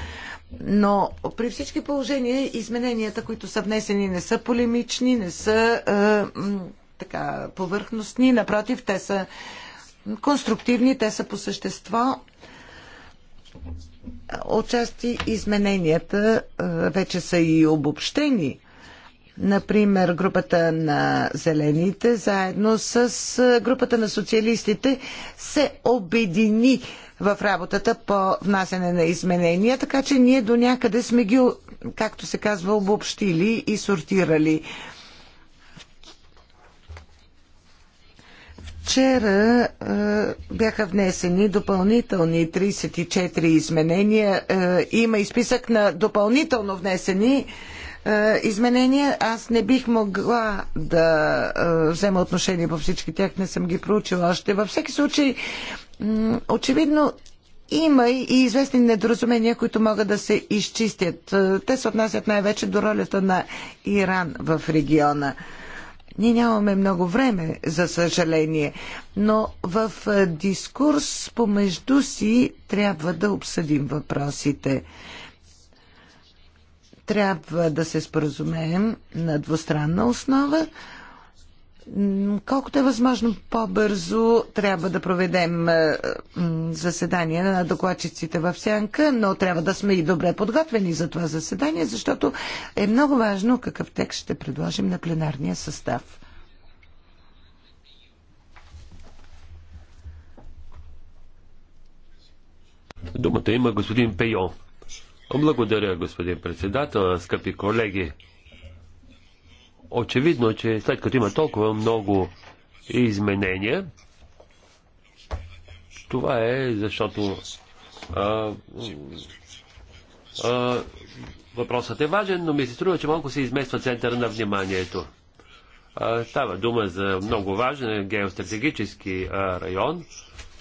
Но при всички положения измененията, които са внесени, не са полемични, не са така повърхностни, напротив, те са конструктивни, те са по същество. Отчасти измененията вече са и обобщени. Например, групата на зелените заедно с групата на социалистите се обедини в работата по внасяне на изменения, така че ние до някъде сме ги, както се казва, обобщили и сортирали. Вчера е, бяха внесени допълнителни 34 изменения. Е, има и списък на допълнително внесени е, изменения. Аз не бих могла да е, взема отношение по всички тях. Не съм ги проучила още. Във всеки случай, очевидно, има и известни недоразумения, които могат да се изчистят. Те се отнасят най-вече до ролята на Иран в региона. Ние нямаме много време, за съжаление, но в е, дискурс помежду си трябва да обсъдим въпросите. Трябва да се споразумеем на двустранна основа Колкото е възможно по-бързо трябва да проведем е, заседание на докладчиците в Сянка, но трябва да сме и добре подготвени за това заседание, защото е много важно какъв текст ще предложим на пленарния състав. Думата има господин Пейон. Благодаря, господин председател, скъпи колеги очевидно, че след като има толкова много изменения, това е защото а, а, въпросът е важен, но ми се струва, че малко се измества център на вниманието. А, става дума за много важен геостратегически а, район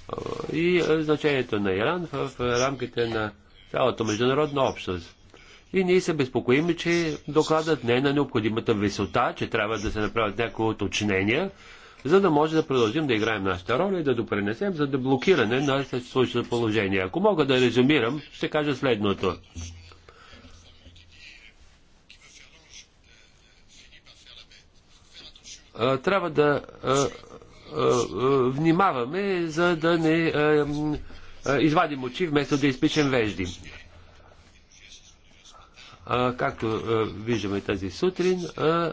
а, и а, значението на Иран в, в рамките на цялото международна общност. И ние се безпокоим, че докладът не е на необходимата висота, че трябва да се направят някои уточнения, за да може да продължим да играем нашата роля и да допренесем за деблокиране да на съществуващото положение. Ако мога да резюмирам, ще кажа следното. трябва да внимаваме, за да не извадим очи, вместо да изпичем вежди. Както виждаме тази сутрин, а,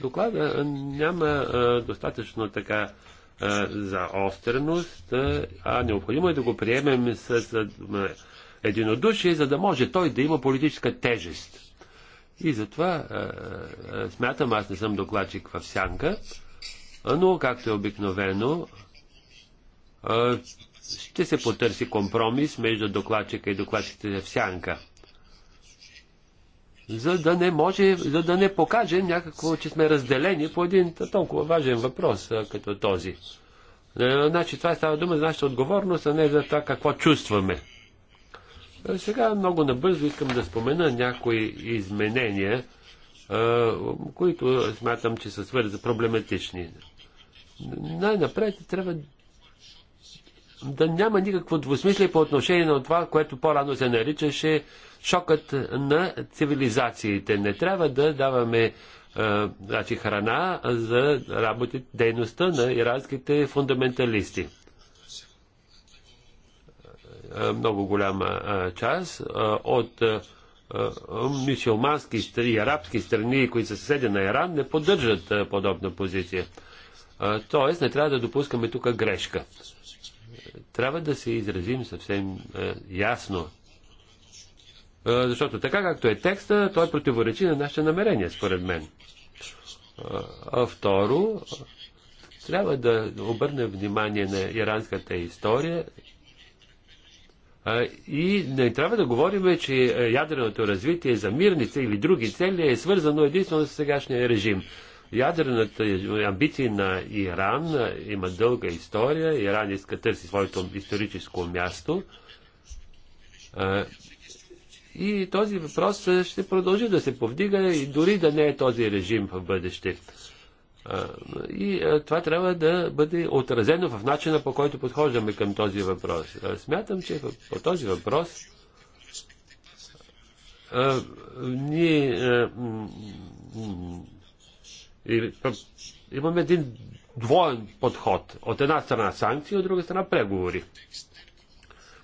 доклада няма достатъчно така заостреност, а необходимо е да го приемем с единодушие, за да може той да има политическа тежест. И затова смятам, аз не съм докладчик в сянка, но както е обикновено, ще се потърси компромис между докладчика и докладчите в сянка за да не може, за да не покаже някакво, че сме разделени по един толкова важен въпрос като този. Значи това става дума за нашата отговорност, а не за това какво чувстваме. Сега много набързо искам да спомена някои изменения, които смятам, че са свързани проблематични. Най-напред трябва да няма никакво двусмислие по отношение на това, което по-рано се наричаше шокът на цивилизациите. Не трябва да даваме а, е, значи, храна за работи, дейността на иранските фундаменталисти. А, е, много голяма а, е, част а, от а, и арабски страни, които са съседи на Иран, не поддържат а, подобна позиция. А, тоест, не трябва да допускаме тук грешка. Трябва да се изразим съвсем а, ясно е, защото така както е текста, той противоречи на нашите намерения, според мен. Е, а второ, трябва да обърнем внимание на иранската история е, и не трябва да говорим, че ядреното развитие за мирница или други цели е свързано единствено с сегашния режим. Ядрената амбиции на Иран има дълга история. Иран иска търси своето историческо място и този въпрос ще продължи да се повдига и дори да не е този режим в бъдеще. И това трябва да бъде отразено в начина по който подхождаме към този въпрос. Смятам, че по този въпрос ние имаме един двоен подход. От една страна санкции, от друга страна преговори.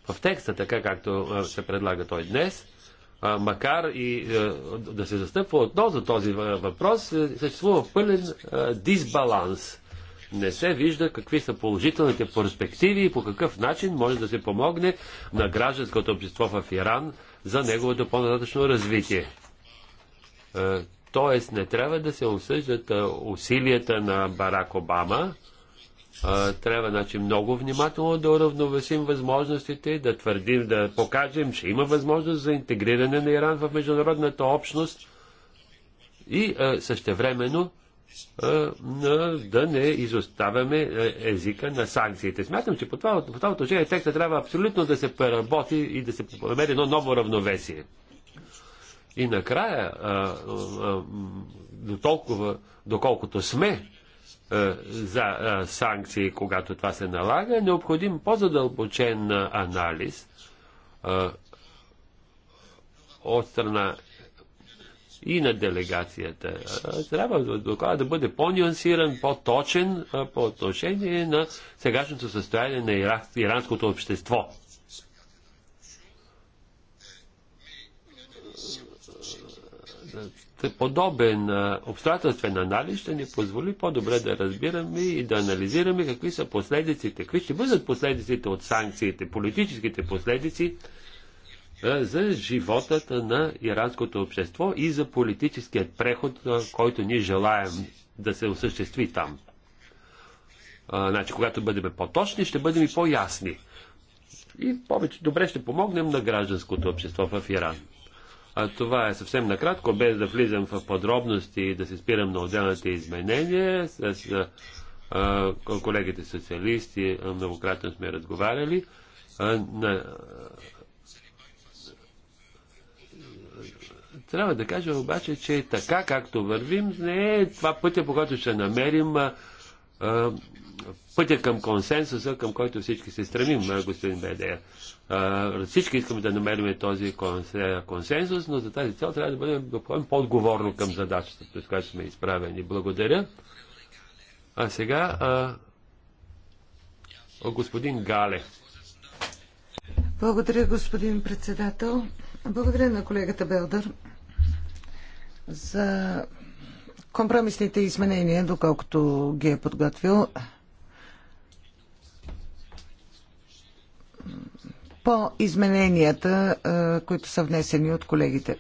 В текста, така както се предлага той днес, макар и е, да се застъпва отново за този въпрос, е, съществува пълен е, дисбаланс. Не се вижда какви са положителните перспективи и по какъв начин може да се помогне на гражданското общество в Иран за неговото по-нататъчно развитие. Тоест не трябва да се осъждат усилията на Барак Обама, трябва значи, много внимателно да уравновесим възможностите, да твърдим, да покажем, че има възможност за интегриране на Иран в международната общност и а, същевременно да не изоставяме езика на санкциите. Смятам, че по това, по това отношение текста трябва абсолютно да се преработи и да се намери едно ново равновесие. И накрая, а, а, а, до толкова, доколкото сме е, за е, санкции, когато това се налага, е необходим по-задълбочен е, анализ от страна и на делегацията. Трябва доклада да бъде по-нюансиран, по-точен по отношение на сегашното състояние на иранското общество. подобен обстоятелствен анализ ще ни позволи по-добре да разбираме и да анализираме какви са последиците, какви ще бъдат последиците от санкциите, политическите последици за животата на иранското общество и за политическият преход, който ние желаем да се осъществи там. Значи, когато бъдем по-точни, ще бъдем и по-ясни. И повече добре ще помогнем на гражданското общество в Иран. А, това е съвсем накратко, без да влизам в подробности и да се спирам на отделните изменения. С а, колегите социалисти многократно сме разговаряли. А, на, трябва да кажа обаче, че така както вървим, не е това пътя, по който ще намерим а, а, пътя към консенсуса, към който всички се стремим, господин Бедея. Всички искаме да намерим този е, консенсус, но за тази цел трябва да бъдем да по-отговорно към задачата, през която сме изправени. Благодаря. А сега а, господин Гале. Благодаря, господин председател. Благодаря на колегата Белдър за компромисните изменения, доколкото ги е подготвил. по измененията, които са внесени от колегите.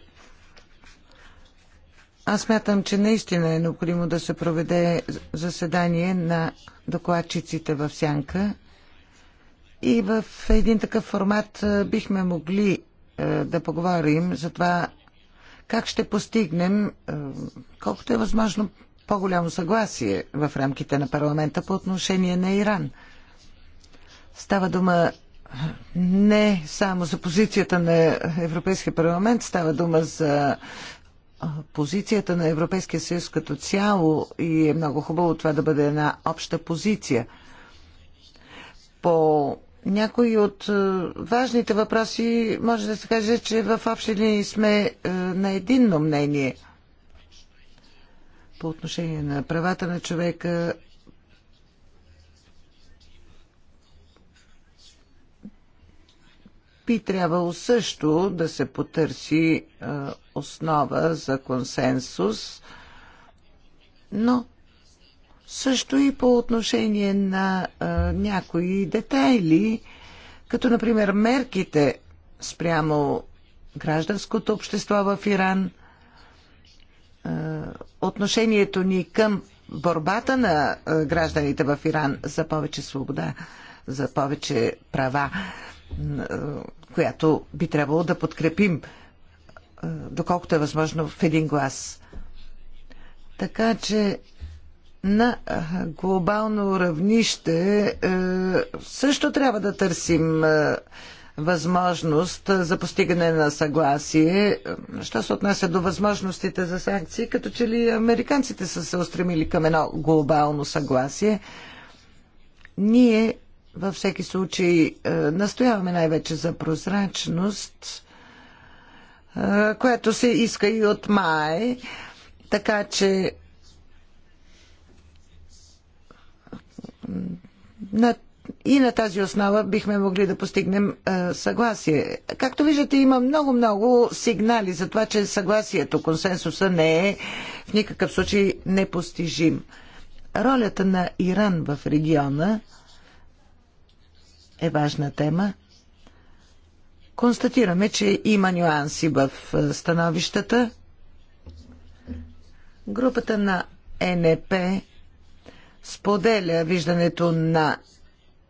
Аз мятам, че наистина е необходимо да се проведе заседание на докладчиците в Сянка и в един такъв формат бихме могли да поговорим за това как ще постигнем колкото е възможно по-голямо съгласие в рамките на парламента по отношение на Иран. Става дума не само за позицията на Европейския парламент, става дума за позицията на Европейския съюз като цяло и е много хубаво това да бъде една обща позиция. По някои от важните въпроси може да се каже, че в общи линии сме на единно мнение по отношение на правата на човека, би трябвало също да се потърси основа за консенсус, но също и по отношение на някои детайли, като например мерките спрямо гражданското общество в Иран, отношението ни към борбата на гражданите в Иран за повече свобода, за повече права която би трябвало да подкрепим е, доколкото е възможно в един глас. Така че на е, глобално равнище е, също трябва да търсим възможност за постигане на съгласие. Що се отнася до възможностите за санкции, като че ли американците са се устремили към едно глобално съгласие, ние във всеки случай е, настояваме най-вече за прозрачност, е, която се иска и от май, така че на и на тази основа бихме могли да постигнем а, е, съгласие. Както виждате, има много-много сигнали за това, че съгласието, консенсуса не е в никакъв случай непостижим. Ролята на Иран в региона е важна тема. Констатираме, че има нюанси в е, становищата. Групата на НП споделя виждането на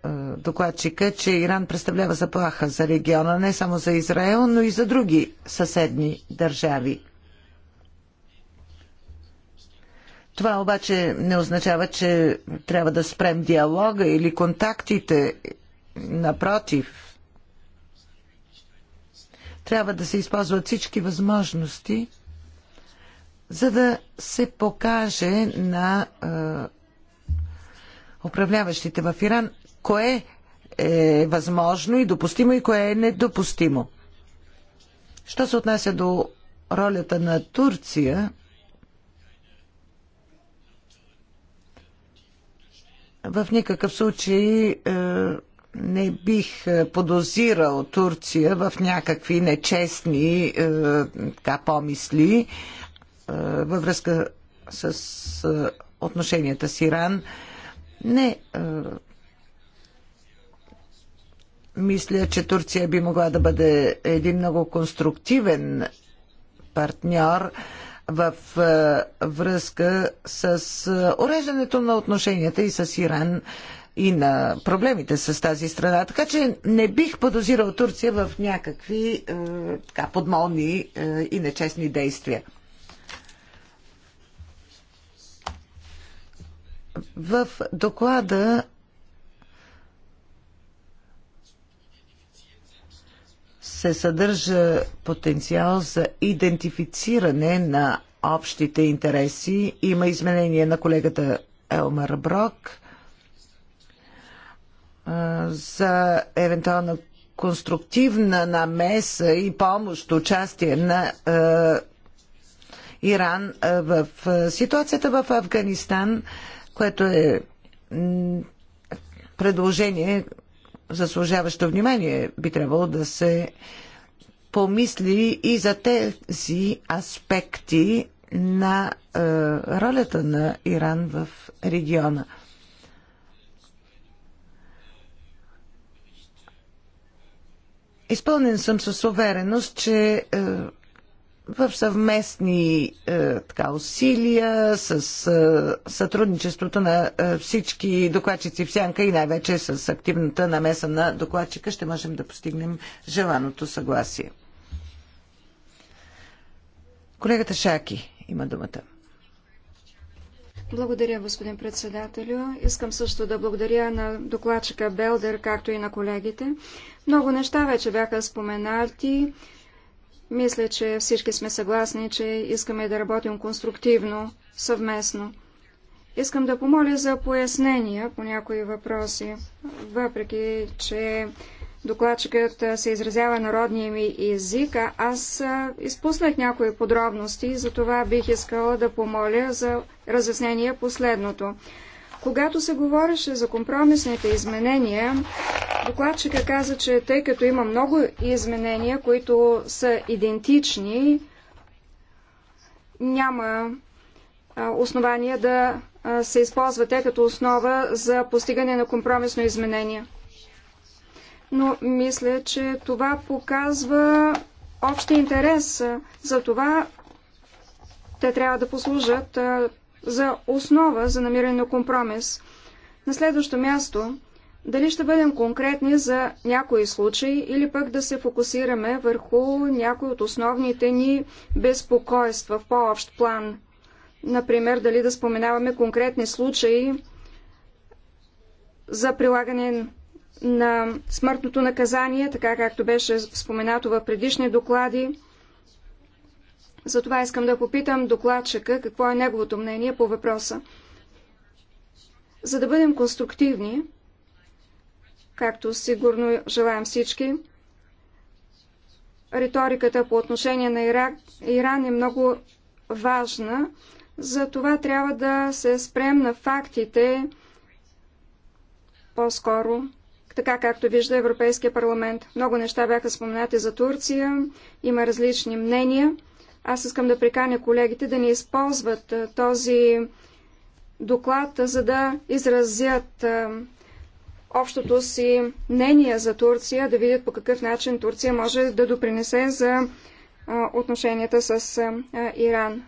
е, докладчика, че Иран представлява заплаха за региона не само за Израел, но и за други съседни държави. Това обаче не означава, че трябва да спрем диалога или контактите Напротив, трябва да се използват всички възможности, за да се покаже на е, управляващите в Иран кое е възможно и допустимо и кое е недопустимо. Що се отнася до ролята на Турция, в никакъв случай е, не бих е, подозирал Турция в някакви нечестни е, така, помисли е, във връзка с е, отношенията с Иран. Не. Е, мисля, че Турция би могла да бъде един много конструктивен партньор в е, връзка с е, уреждането на отношенията и с Иран. Е, и на проблемите с тази страна. Така че не бих подозирал Турция в някакви е, така, подмолни е, и нечестни действия. В доклада се съдържа потенциал за идентифициране на общите интереси. Има изменение на колегата Елмар Брок за евентуална конструктивна намеса и помощ, участие на Иран в ситуацията в Афганистан, което е предложение, заслужаващо внимание, би трябвало да се помисли и за тези аспекти на ролята на Иран в региона. Изпълнен съм с увереност, че е, в съвместни е, така, усилия с е, сътрудничеството на е, всички докладчици в Сянка и най-вече с активната намеса на докладчика ще можем да постигнем желаното съгласие. Колегата Шаки има думата. Благодаря, господин председателю. Искам също да благодаря на докладчика Белдер, както и на колегите. Много неща вече бяха споменати. Мисля, че всички сме съгласни, че искаме да работим конструктивно, съвместно. Искам да помоля за пояснения по някои въпроси, въпреки че Докладчикът се изразява народния ми език, а аз изпуснах някои подробности и за това бих искала да помоля за разяснение последното. Когато се говореше за компромисните изменения, докладчика каза, че тъй като има много изменения, които са идентични, няма основания да се използват те като основа за постигане на компромисно изменение но мисля, че това показва общи интерес. За това те трябва да послужат за основа за намиране на компромис. На следващо място, дали ще бъдем конкретни за някои случаи или пък да се фокусираме върху някои от основните ни безпокойства в по-общ план. Например, дали да споменаваме конкретни случаи за прилагане на смъртното наказание, така както беше споменато в предишни доклади. Затова искам да попитам докладчика какво е неговото мнение по въпроса. За да бъдем конструктивни, както сигурно желаем всички, риториката по отношение на Ирак, Иран е много важна. За това трябва да се спрем на фактите по-скоро така както вижда Европейския парламент. Много неща бяха споменати за Турция, има различни мнения. Аз искам да приканя колегите да не използват този доклад, за да изразят общото си мнение за Турция, да видят по какъв начин Турция може да допринесе за отношенията с Иран.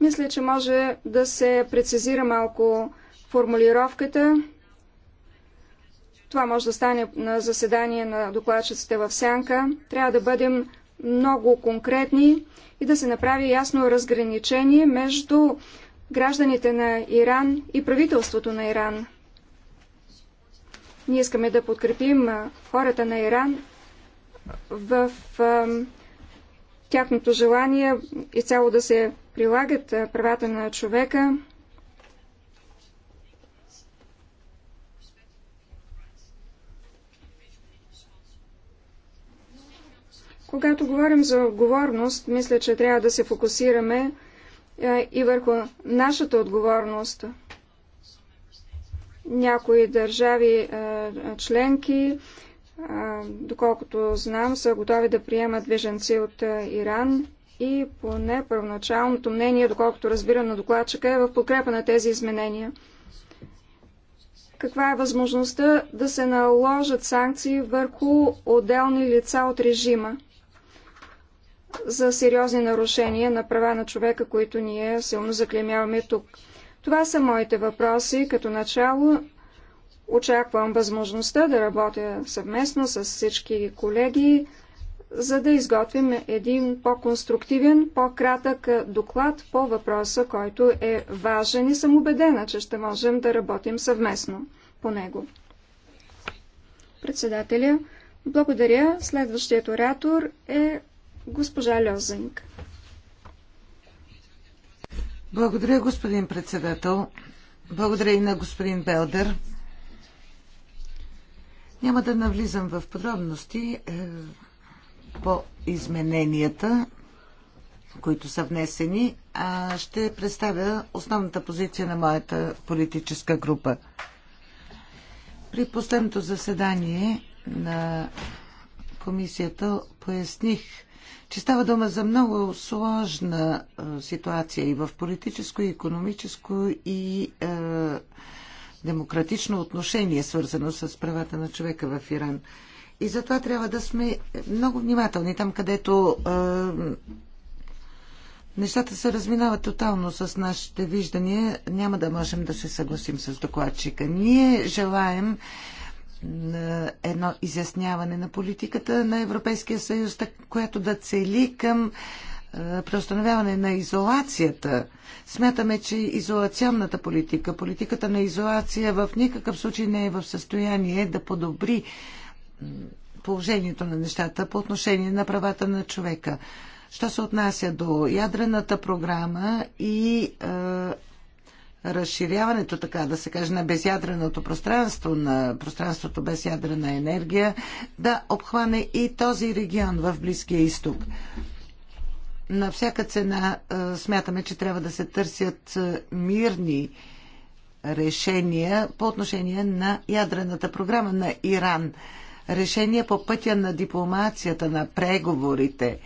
Мисля, че може да се прецизира малко формулировката, това може да стане на заседание на докладчиците в сянка. Трябва да бъдем много конкретни и да се направи ясно разграничение между гражданите на Иран и правителството на Иран. Ние искаме да подкрепим хората на Иран в тяхното желание изцяло да се прилагат правата на човека Когато говорим за отговорност, мисля, че трябва да се фокусираме е, и върху нашата отговорност. Някои държави е, членки, е, доколкото знам, са готови да приемат беженци от Иран и поне първоначалното мнение, доколкото разбира на докладчика, е в подкрепа на тези изменения. Каква е възможността да се наложат санкции върху отделни лица от режима? за сериозни нарушения на права на човека, които ние силно заклемяваме тук. Това са моите въпроси. Като начало очаквам възможността да работя съвместно с всички колеги, за да изготвим един по-конструктивен, по-кратък доклад по въпроса, който е важен и съм убедена, че ще можем да работим съвместно по него. Председателя, благодаря. Следващият оратор е Госпожа Льозинг. Благодаря, господин председател. Благодаря и на господин Белдер. Няма да навлизам в подробности е, по измененията, които са внесени, а ще представя основната позиция на моята политическа група. При последното заседание на комисията поясних че става дума за много сложна ситуация и в политическо, и економическо, и а, демократично отношение, свързано с правата на човека в Иран. И затова трябва да сме много внимателни там, където а, нещата се разминават тотално с нашите виждания. Няма да можем да се съгласим с докладчика. Ние желаем на едно изясняване на политиката на Европейския съюз, която да цели към е, преустановяване на изолацията. Смятаме, че изолационната политика, политиката на изолация в никакъв случай не е в състояние да подобри положението на нещата по отношение на правата на човека. Що се отнася до ядрената програма и е, разширяването, така да се каже, на безядреното пространство, на пространството без ядрена енергия, да обхване и този регион в Близкия изток. На всяка цена е, смятаме, че трябва да се търсят е, мирни решения по отношение на ядрената програма на Иран. Решения по пътя на дипломацията, на преговорите.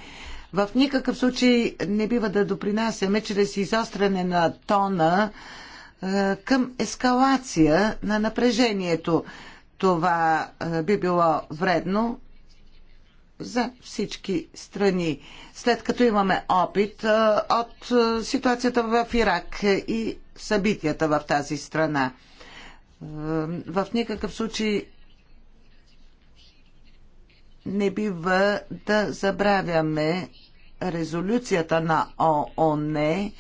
В никакъв случай не бива да допринасяме чрез изостряне на тона е, към ескалация на напрежението. Това е, би било вредно за всички страни. След като имаме опит е, от ситуацията в Ирак и събитията в тази страна. В никакъв случай не бива да забравяме резолюцията на ООН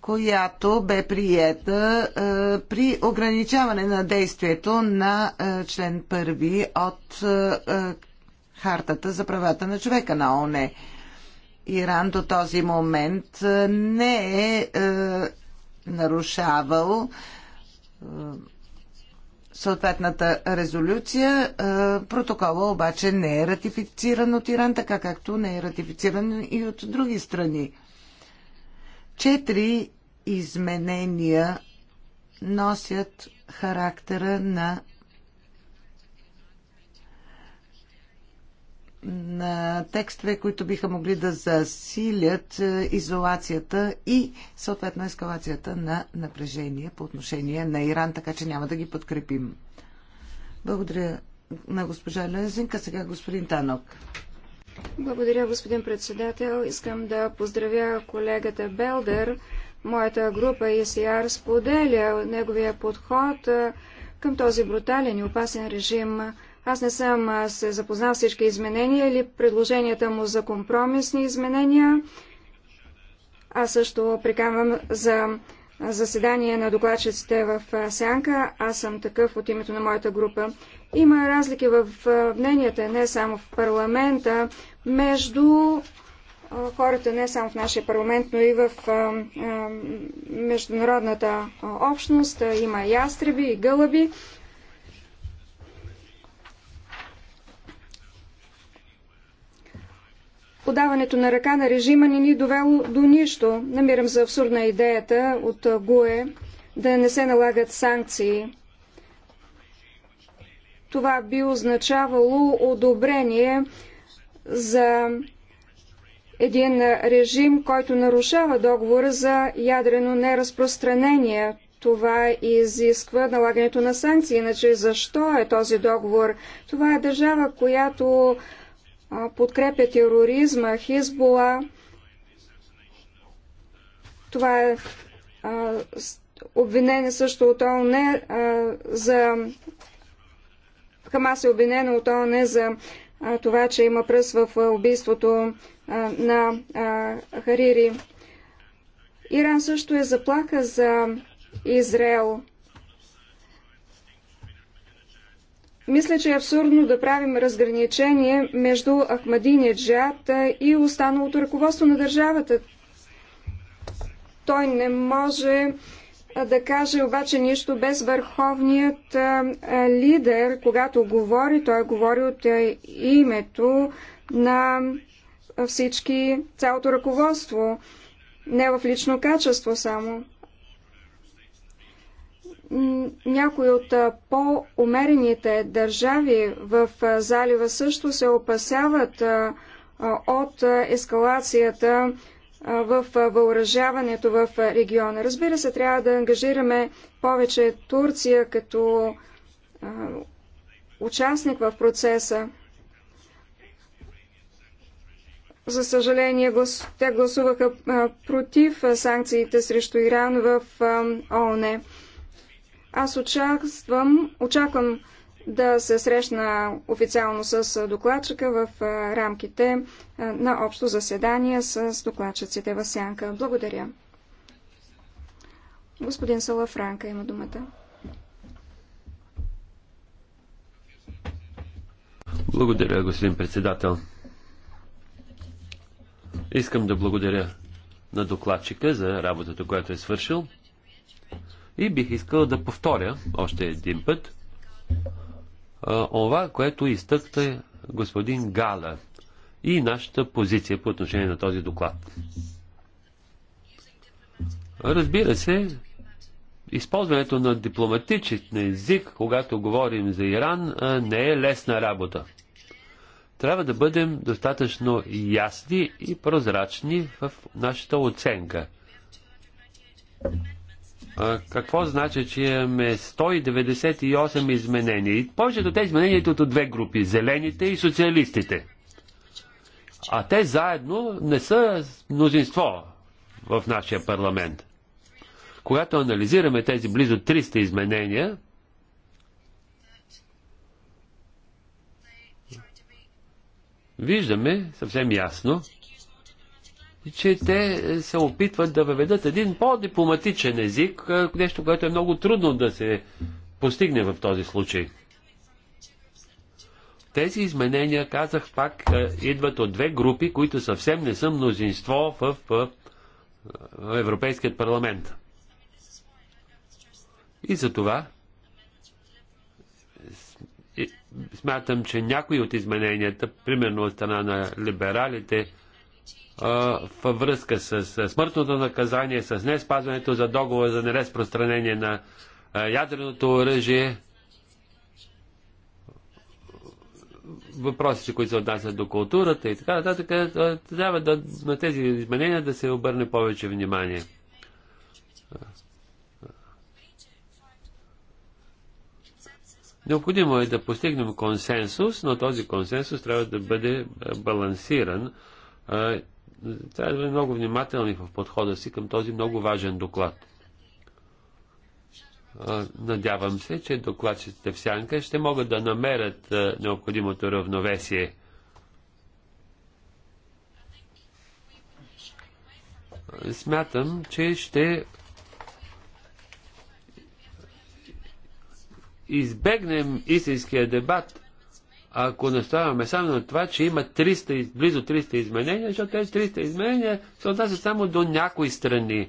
която бе приета при ограничаване на действието на член първи от Хартата за правата на човека на ОНЕ. Иран до този момент не е нарушавал съответната резолюция. Протокола обаче не е ратифициран от Иран, така както не е ратифициран и от други страни. Четири изменения носят характера на на текстове, които биха могли да засилят е, изолацията и съответно ескалацията на напрежение по отношение на Иран, така че няма да ги подкрепим. Благодаря на госпожа Лензинка, сега господин Танок. Благодаря, господин председател. Искам да поздравя колегата Белдер. Моята група ECR е споделя неговия подход към този брутален и опасен режим. Аз не съм се запознал всички изменения или предложенията му за компромисни изменения. Аз също приканвам за заседание на докладчиците в Сянка. Аз съм такъв от името на моята група. Има разлики в мненията, не само в парламента, между хората не само в нашия парламент, но и в международната общност. Има ястреби и гълъби. подаването на ръка на режима не ни довело до нищо. Намирам за абсурдна идеята от ГУЕ да не се налагат санкции. Това би означавало одобрение за един режим, който нарушава договора за ядрено неразпространение. Това изисква налагането на санкции, иначе защо е този договор? Това е държава, която подкрепя тероризма, Хизбола. Това е обвинение също от ООН за... Хамас е обвинено от ООН за това, че има пръст в убийството на Харири. Иран също е заплаха за Израел. Мисля, че е абсурдно да правим разграничение между джад и останалото ръководство на държавата. Той не може да каже обаче нищо без върховният лидер, когато говори, той говори от името на всички, цялото ръководство, не в лично качество само. Някои от по-умерените държави в залива също се опасяват от ескалацията в въоръжаването в региона. Разбира се, трябва да ангажираме повече Турция като участник в процеса. За съжаление, те гласуваха против санкциите срещу Иран в ООН. Аз очаквам, очаквам да се срещна официално с докладчика в рамките на общо заседание с докладчиците в Сянка. Благодаря. Господин Салафранка има думата. Благодаря, господин председател. Искам да благодаря на докладчика за работата, която е свършил. И бих искал да повторя още един път това, което изтъкна господин Гала и нашата позиция по отношение на този доклад. Разбира се, използването на дипломатичен език, когато говорим за Иран, не е лесна работа. Трябва да бъдем достатъчно ясни и прозрачни в нашата оценка какво значи, че имаме 198 изменения? И повечето те изменения от две групи зелените и социалистите. А те заедно не са мнозинство в нашия парламент. Когато анализираме тези близо 300 изменения, виждаме съвсем ясно, че те е, се опитват да въведат един по-дипломатичен език, е, нещо, което е много трудно да се постигне в този случай. Тези изменения, казах пак, е, идват от две групи, които съвсем не са мнозинство в, в Европейският парламент. И за това смятам, че някои от измененията, примерно от страна на либералите, във връзка с смъртното наказание, с не спазването за договор за неразпространение на ядреното оръжие, въпросите, които се отнасят до културата и така нататък, трябва да, на тези изменения да се обърне повече внимание. Необходимо е да постигнем консенсус, но този консенсус трябва да бъде балансиран трябва да бъдем много внимателни в подхода си към този много важен доклад. Надявам се, че докладчиците в Сянка ще могат да намерят необходимото равновесие. Смятам, че ще избегнем истинския дебат ако наставаме само на това, че има 300, близо 300 изменения, защото тези 300 изменения се отнасят само до някои страни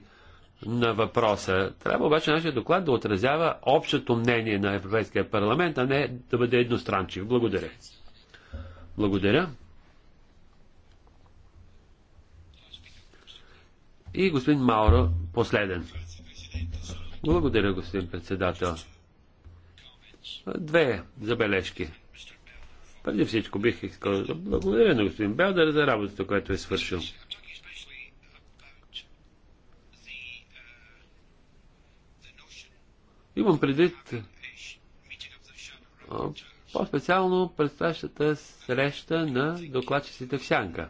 на въпроса. Трябва обаче нашия доклад да отразява общото мнение на Европейския парламент, а не да бъде едностранчив. Благодаря. Благодаря. И господин Мауро, последен. Благодаря, господин председател. Две забележки. Преди всичко бих искал да благодаря на господин Белдер за работата, която е свършил. Имам предвид по-специално предстоящата среща на докладчиците в Сянка.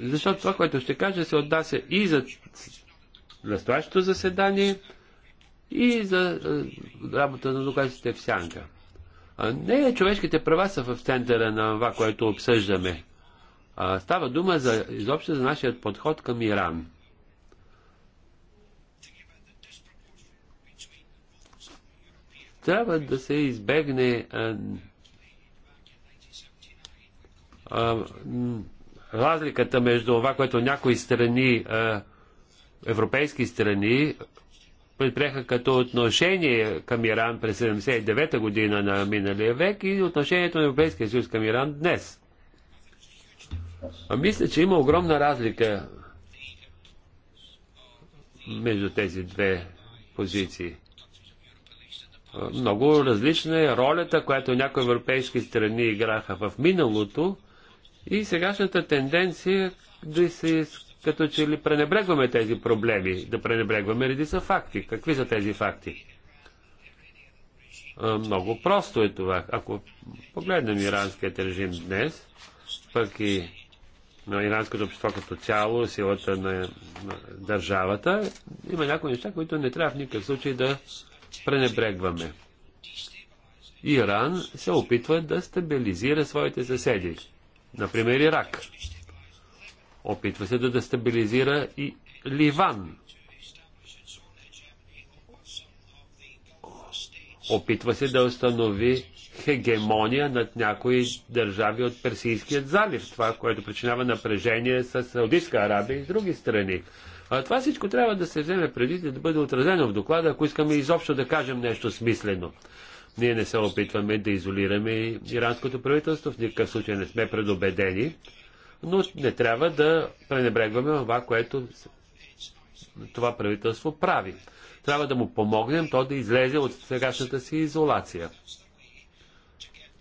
Защото това, което ще кажа, се отнася и за настоящото заседание и за е, работа на доказите в сянка. А не човешките права са в центъра на това, което обсъждаме. А, става дума за, изобщо за нашия подход към Иран. Трябва да се избегне а, а, разликата между това, което някои страни а, европейски страни предприеха като отношение към Иран през 79-та година на миналия век и отношението на Европейския съюз към Иран днес. А мисля, че има огромна разлика между тези две позиции. Много различна е ролята, която някои европейски страни играха в миналото и сегашната тенденция да се като че ли пренебрегваме тези проблеми, да пренебрегваме редица факти. Какви са тези факти? Много просто е това. Ако погледнем иранският режим днес, пък и на иранското общество като цяло, силата на, на държавата, има някои неща, които не трябва в никакъв случай да пренебрегваме. Иран се опитва да стабилизира своите съседи. Например, Ирак. Опитва се да дестабилизира и Ливан. Опитва се да установи хегемония над някои държави от Персийският залив. Това, което причинява напрежение с Саудитска Арабия и с други страни. А това всичко трябва да се вземе преди да бъде отразено в доклада, ако искаме изобщо да кажем нещо смислено. Ние не се опитваме да изолираме иранското правителство, в никакъв случай не сме предубедени но не трябва да пренебрегваме това, което това правителство прави. Трябва да му помогнем то да излезе от сегашната си изолация.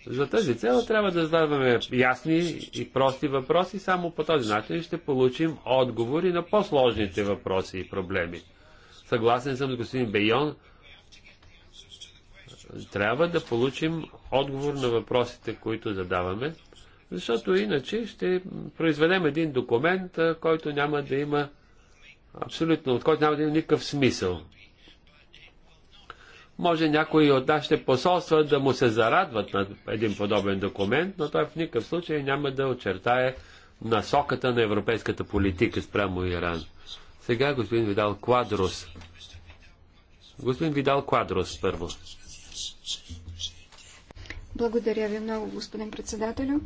За тази цел трябва да задаваме ясни и прости въпроси, само по този начин ще получим отговори на по-сложните въпроси и проблеми. Съгласен съм с господин Бейон, трябва да получим отговор на въпросите, които задаваме защото иначе ще произведем един документ, който няма да има абсолютно, от който няма да има никакъв смисъл. Може някои от нашите посолства да му се зарадват на един подобен документ, но той в никакъв случай няма да очертае насоката на европейската политика спрямо Иран. Сега господин Видал Квадрос. Господин Видал Квадрос първо. Благодаря ви много, господин председателю.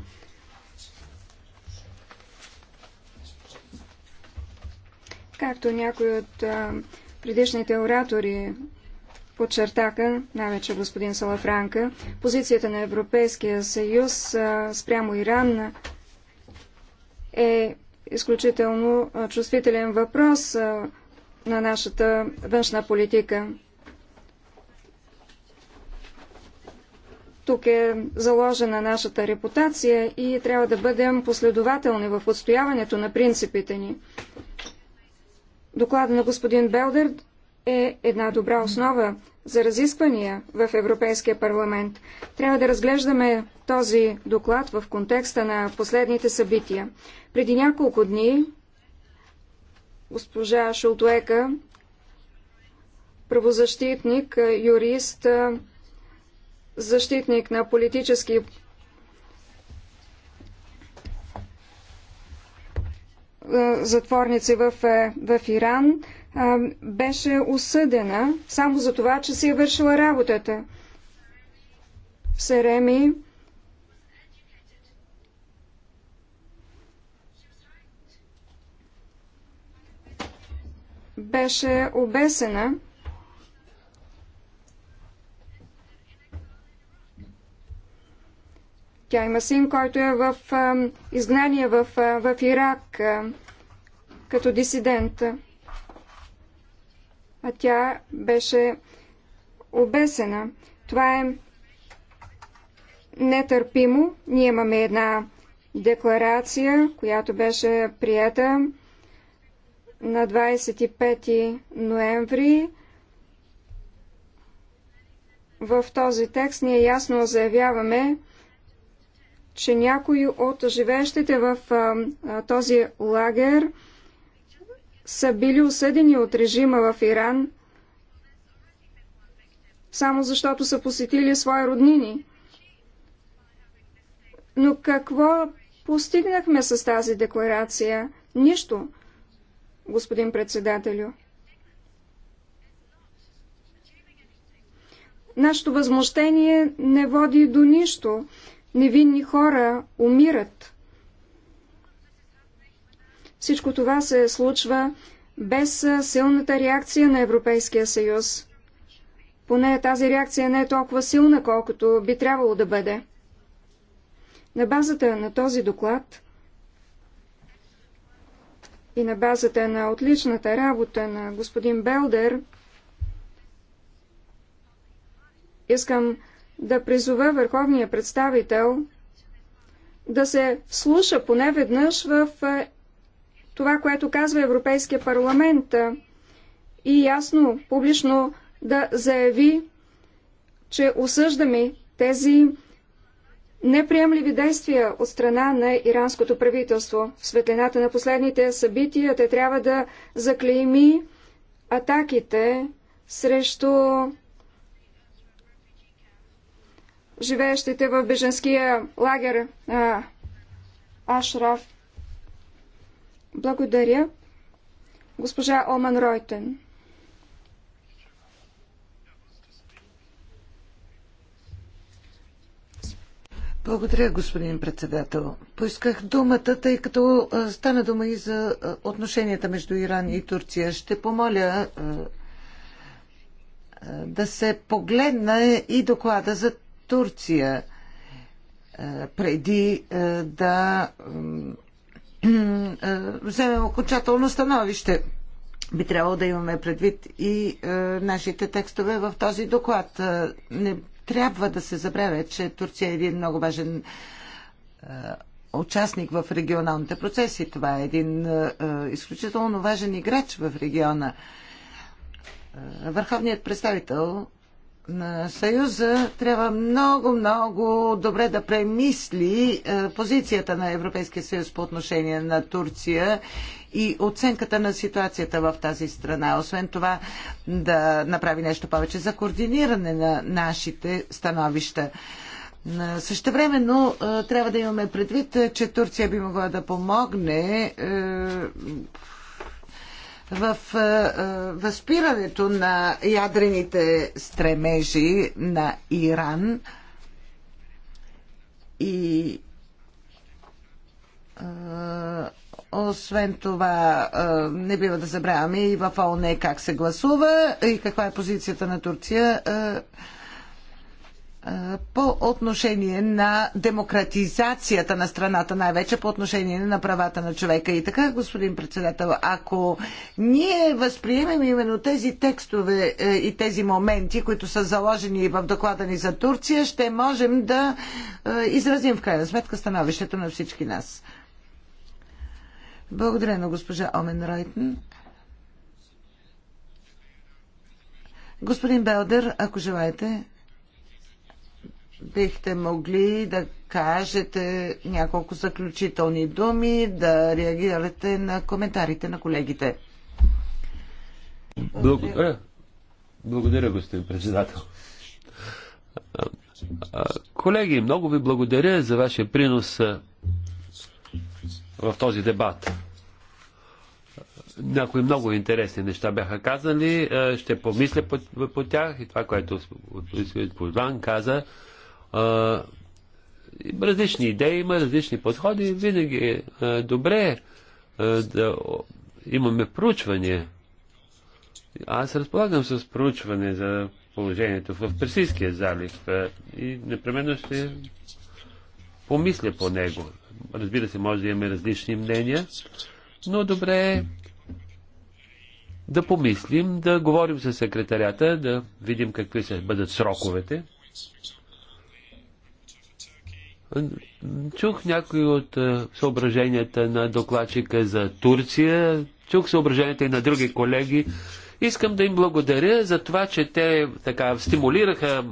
Както някои от предишните оратори подчертаха, най-вече господин Салафранка, позицията на Европейския съюз а, спрямо Иран е изключително а, чувствителен въпрос а, на нашата външна политика. Тук е заложена нашата репутация и трябва да бъдем последователни в отстояването на принципите ни. Доклада на господин Белдер е една добра основа за разисквания в Европейския парламент. Трябва да разглеждаме този доклад в контекста на последните събития. Преди няколко дни госпожа Шултуека, правозащитник, юрист, защитник на политически Е, затворници в, е, в Иран, е, беше осъдена само за това, че си е вършила работата. Сереми беше обесена Тя има син, който е в изгнание в, в Ирак като дисидент. А тя беше обесена. Това е нетърпимо. Ние имаме една декларация, която беше приета на 25 ноември. В този текст ние ясно заявяваме, че някои от живеещите в този лагер са били осъдени от режима в Иран, само защото са посетили свои роднини. Но какво постигнахме с тази декларация? Нищо, господин председателю. Нашето възмущение не води до нищо невинни хора умират. Всичко това се случва без силната реакция на Европейския съюз. Поне тази реакция не е толкова силна, колкото би трябвало да бъде. На базата на този доклад и на базата на отличната работа на господин Белдер, искам да призова върховния представител да се слуша поне веднъж в е, това, което казва Европейския парламент е, и ясно, публично да заяви, че осъждаме тези неприемливи действия от страна на иранското правителство. В светлината на последните събития те трябва да заклейми атаките срещу живеещите в беженския лагер а, Ашраф. Благодаря. Госпожа Оман Ройтен. Благодаря, господин председател. Поисках думата, тъй като стана дума и за отношенията между Иран и Турция. Ще помоля да се погледне и доклада за Турция е, преди е, да е, вземем окончателно становище. Би трябвало да имаме предвид и нашите текстове в този доклад. Не трябва да се забравя, че Турция е един много важен участник в регионалните процеси. Това е един изключително важен играч в региона. Върховният представител на Съюза трябва много, много добре да премисли е, позицията на Европейския съюз по отношение на Турция и оценката на ситуацията в тази страна. Освен това да направи нещо повече за координиране на нашите становища. Е, същевременно е, трябва да имаме предвид, че Турция би могла да помогне в възпирането на ядрените стремежи на Иран и освен това, не бива да забравяме и в ООН как се гласува и каква е позицията на Турция по отношение на демократизацията на страната, най-вече по отношение на правата на човека. И така, господин председател, ако ние възприемем именно тези текстове е, и тези моменти, които са заложени в доклада ни за Турция, ще можем да е, изразим в крайна сметка становището на всички нас. Благодаря на госпожа Омен Ройтен. Господин Белдер, ако желаете, бихте могли да кажете няколко заключителни думи, да реагирате на коментарите на колегите. Благодаря. Благодаря, господин председател. Колеги, много ви благодаря за вашия принос в този дебат. Някои много интересни неща бяха казани. Ще помисля по, по тях и това, което господин Позван каза а, различни идеи, има различни подходи. Винаги е добре да имаме проучване. Аз разполагам с проучване за положението в Персийския залив и непременно ще помисля по него. Разбира се, може да имаме различни мнения, но добре е да помислим, да говорим с секретарята, да видим какви ще бъдат сроковете. Чух някои от е, съображенията на докладчика за Турция, чух съображенията и на други колеги. Искам да им благодаря за това, че те така стимулираха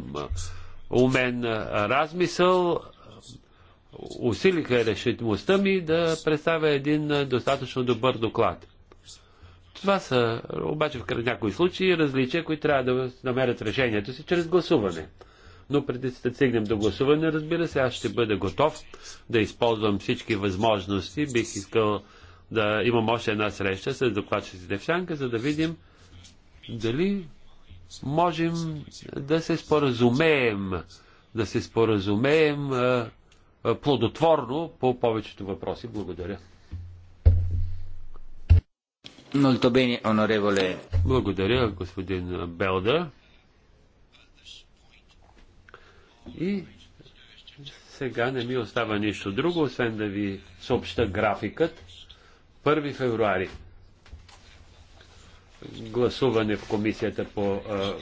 у мен е, размисъл, усилиха решителността ми да представя един е, достатъчно добър доклад. Това са обаче в някои случаи различия, които трябва да намерят решението си чрез гласуване но преди да стигнем до гласуване, разбира се, аз ще бъда готов да използвам всички възможности. Бих искал да имам още една среща с докладчиците в Сянка, за да видим дали можем да се споразумеем, да се споразумеем плодотворно по повечето въпроси. Благодаря. Благодаря, господин Белда. И сега не ми остава нищо друго, освен да ви съобща графикът. 1 февруари. Гласуване в комисията по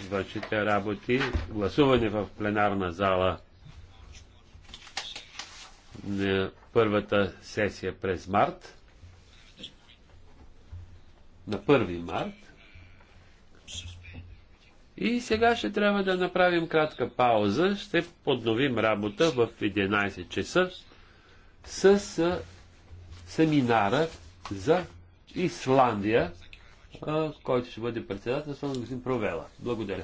външните работи, гласуване в пленарна зала на първата сесия през март. На 1 март и сега ще трябва да направим кратка пауза. Ще подновим работа в 11 часа с семинара за Исландия, който ще бъде председател на господин Провела. Благодаря.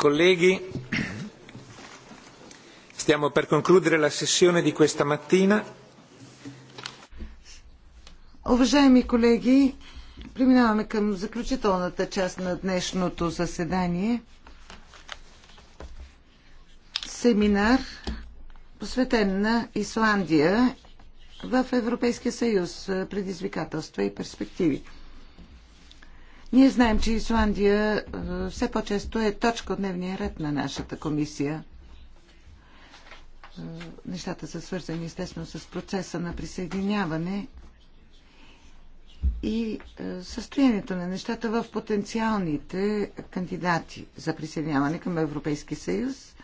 colleghi, stiamo per concludere la sessione di questa mattina. Уважаеми колеги, преминаваме към заключителната част на днешното заседание. Семинар, посветен на Исландия в Европейския съюз, предизвикателства и перспективи. Ние знаем, че Исландия все по-често е точка от дневния ред на нашата комисия. Нещата са свързани естествено с процеса на присъединяване и състоянието на нещата в потенциалните кандидати за присъединяване към Европейски съюз.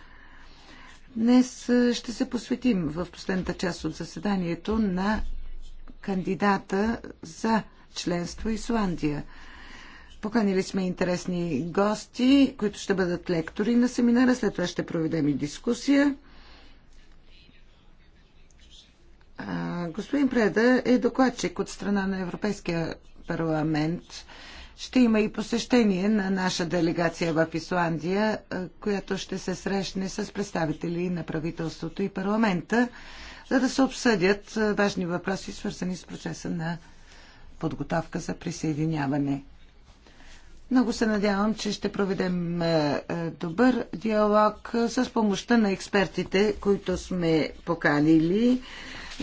Днес ще се посветим в последната част от заседанието на кандидата за членство Исландия – Поканили сме интересни гости, които ще бъдат лектори на семинара. След това ще проведем и дискусия. Господин Преда е докладчик от страна на Европейския парламент. Ще има и посещение на наша делегация в Исландия, която ще се срещне с представители на правителството и парламента, за да се обсъдят важни въпроси, свързани с процеса на подготовка за присъединяване. Много се надявам, че ще проведем е, е, добър диалог е, с помощта на експертите, които сме поканили.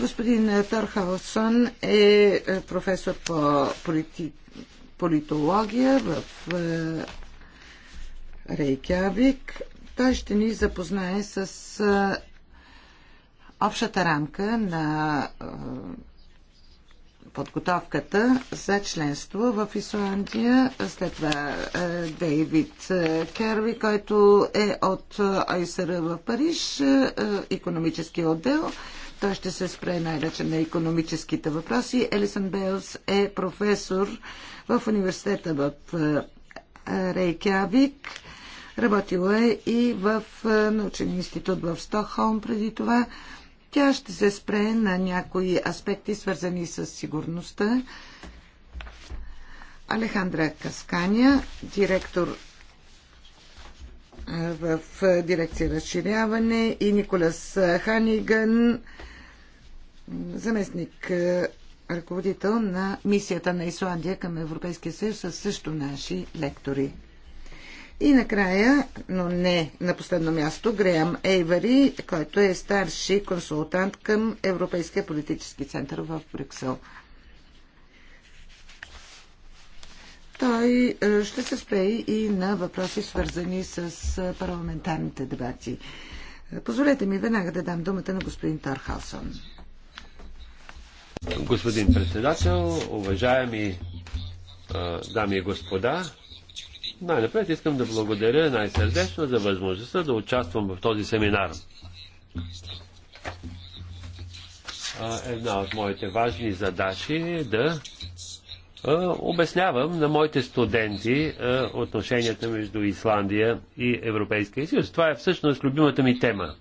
Господин Торхалсон е професор по полити... политология в Рейкявик. Той ще ни запознае с общата рамка на подготовката за членство в Исландия. След това е, Дейвид е, Керви, който е от е, ОИСР в Париж, економически отдел. Той ще се спре най-вече на економическите въпроси. Елисън Белс е професор в университета в Рейкявик. Работила е и в научен институт в Стокхолм преди това. Тя ще се спре на някои аспекти, свързани с сигурността. Алехандра Касканя, директор в дирекция разширяване и Николас Ханиган, заместник ръководител на мисията на Исландия към Европейския съюз, са също наши лектори. И накрая, но не на последно място, Греъм Ейвари, който е старши консултант към Европейския политически център в Брюксел. Той е, ще се спре и на въпроси, свързани с е, парламентарните дебати. Е, позволете ми веднага да дам думата на господин Тархалсон. Господин председател, уважаеми дами и господа, най-напред искам да благодаря най-сърдечно за възможността да участвам в този семинар. Една от моите важни задачи е да обяснявам на моите студенти отношенията между Исландия и Европейския съюз. Това е всъщност любимата ми тема.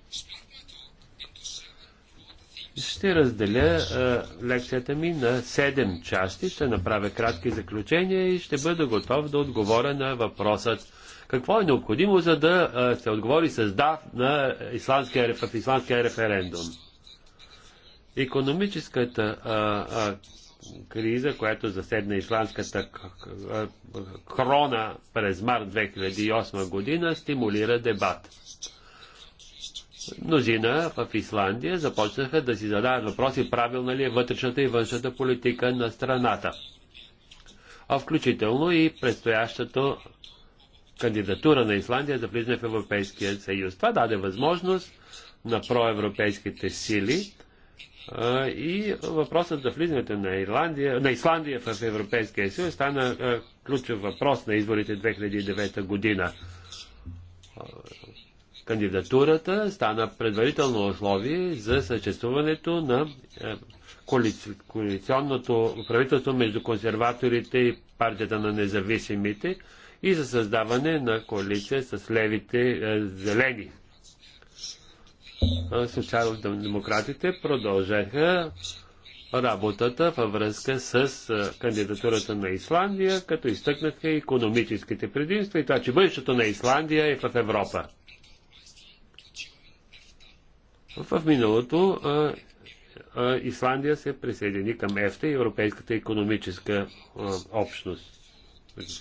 Ще разделя а, лекцията ми на 7 части, ще направя кратки заключения и ще бъда готов да отговоря на въпросът какво е необходимо, за да а, се отговори с да на исландския, в исландския референдум. Економическата а, а, криза, която заседна исландската крона през март 2008 година, стимулира дебат мнозина в Исландия започнаха да си задават въпроси правилна ли е вътрешната и външната политика на страната. А включително и предстоящата кандидатура на Исландия за влизане в Европейския съюз. Това даде възможност на проевропейските сили и въпросът за влизането на, Ирландия, на Исландия в Европейския съюз стана ключов въпрос на изборите 2009 година. Кандидатурата стана предварително условие за съществуването на е, коалиционното правителство между консерваторите и партията на независимите и за създаване на коалиция с левите е, зелени. Социал-демократите продължаха работата във връзка с е, кандидатурата на Исландия, като изтъкнаха економическите предимства и това, че бъдещето на Исландия е в Европа. В миналото Исландия се присъедини към ЕФТА и Европейската економическа общност,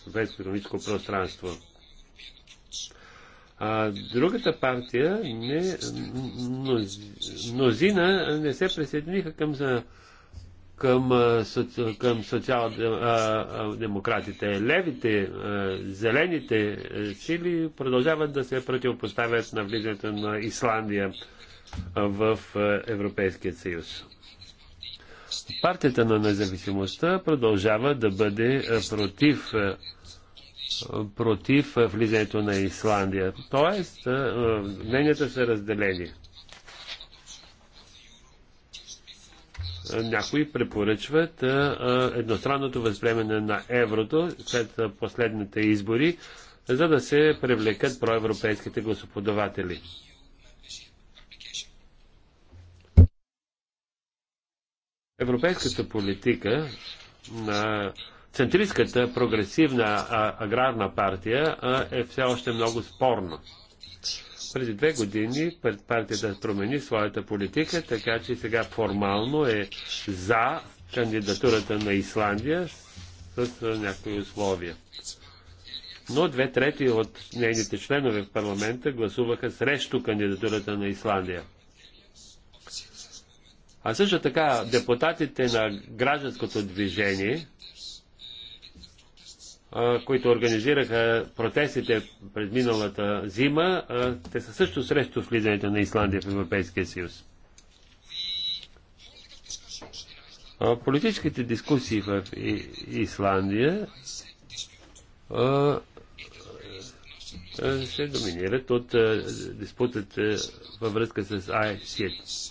Европейско економическо пространство. А другата партия, не, мнозина не се присъединиха към, към, към социал-демократите. Левите, зелените сили продължават да се противопоставят на влизането на Исландия в е, Европейския съюз. Партията на независимостта продължава да бъде е, против, е, против влизането на Исландия. Тоест, мненията са разделени. Някои препоръчват едностранното възпремене на еврото след последните избори, за да се привлекат проевропейските гласоподаватели. Европейската политика на центристската прогресивна аграрна партия е все още много спорна. Преди две години партията промени своята политика, така че сега формално е за кандидатурата на Исландия с някои условия. Но две трети от нейните членове в парламента гласуваха срещу кандидатурата на Исландия. А също така депутатите на гражданското движение, които организираха протестите пред миналата зима, те са също срещу влизането на Исландия в Европейския съюз. Политическите дискусии в Исландия се доминират от диспутът във връзка с ICT.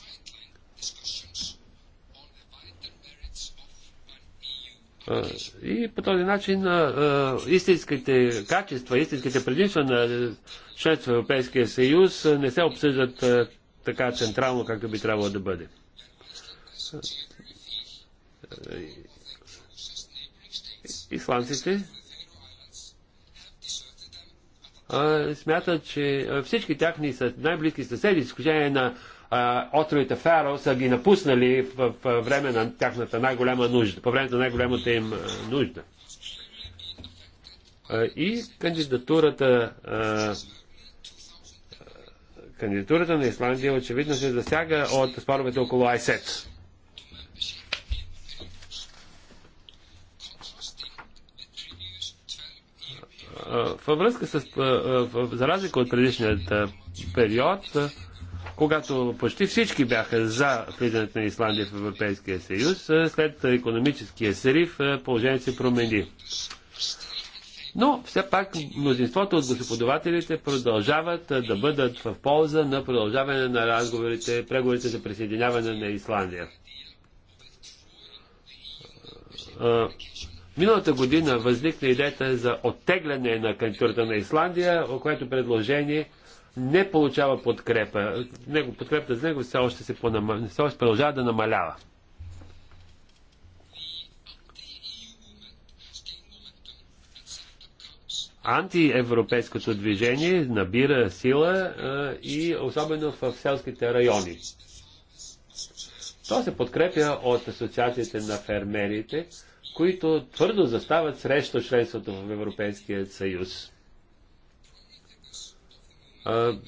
И по този начин истинските качества, истинските предимства на членство в Европейския съюз не се обсъждат така централно, както би трябвало да бъде. Исландците смятат, че всички тяхни най-близки съседи, с изключение на отровите Фаро са ги напуснали в, в време на тяхната най-голяма нужда, по време на най-голямата им нужда. И кандидатурата кандидатурата на Исландия очевидно се засяга от споровете около айсет. Във връзка с, за разлика от предишният период, когато почти всички бяха за влизането на Исландия в Европейския съюз, след економическия срив положението се промени. Но все пак мнозинството от господавателите продължават да бъдат в полза на продължаване на разговорите, преговорите за присъединяване на Исландия. Миналата година възникна идеята за оттегляне на кандидатурата на Исландия, което предложение – не получава подкрепа. Него, подкрепата за него все още, се все още продължава да намалява. Антиевропейското движение набира сила и особено в селските райони. То се подкрепя от асоциациите на фермерите, които твърдо застават срещу членството в Европейския съюз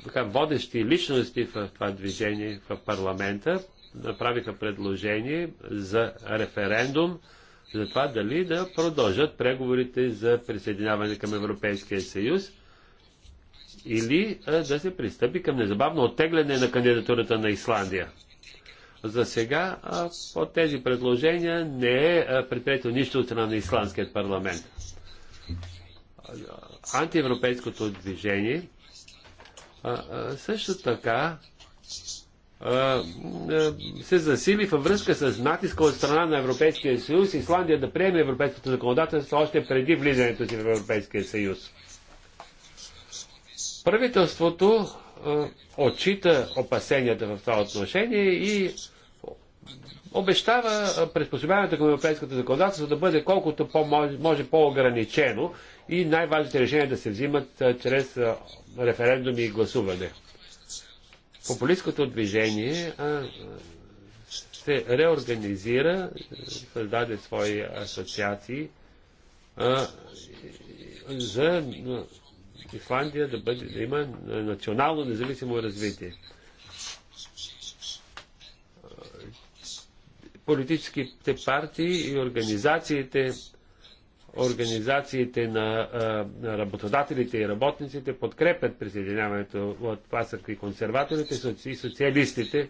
така, водещи личности в това движение в парламента направиха предложение за референдум за това дали да продължат преговорите за присъединяване към Европейския съюз или да се пристъпи към незабавно оттегляне на кандидатурата на Исландия. За сега по от тези предложения не е предприето нищо от страна на Исландският парламент. Антиевропейското движение а, също така а, се засили във връзка с натиска от страна на Европейския съюз Исландия да приеме европейското законодателство още преди влизането си в Европейския съюз. Правителството отчита опасенията в това отношение и обещава приспособяването към европейското законодателство да бъде колкото по- може по-ограничено и най-важните решения да се взимат чрез референдуми и гласуване. Популистското движение се реорганизира, създаде свои асоциации за Исландия да, бъде, да има национално независимо развитие. Политическите партии и организациите Организациите на, работодателите и работниците подкрепят присъединяването от това са и консерваторите и социалистите.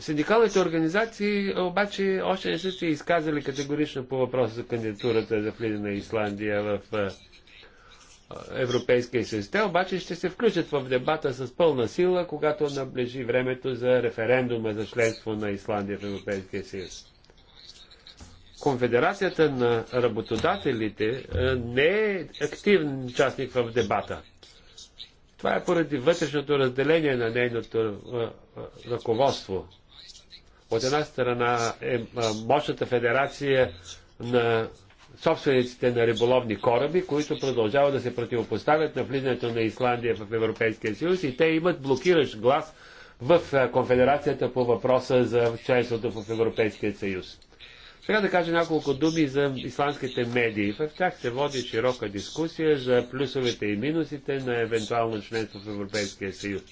Синдикалните организации обаче още не са се изказали категорично по въпроса за кандидатурата за влизане на Исландия в Европейския съюз. Те обаче ще се включат в дебата с пълна сила, когато наближи времето за референдума за членство на Исландия в Европейския съюз. Конфедерацията на работодателите е, не е активен участник в дебата. Това е поради вътрешното разделение на нейното е, е, ръководство. От една страна е мощната федерация на собствениците на риболовни кораби, които продължават да се противопоставят на влизането на Исландия в Европейския съюз и те имат блокиращ глас в конфедерацията по въпроса за членството в Европейския съюз. Сега да кажа няколко думи за исландските медии. В тях се води широка дискусия за плюсовете и минусите на евентуално членство в Европейския съюз.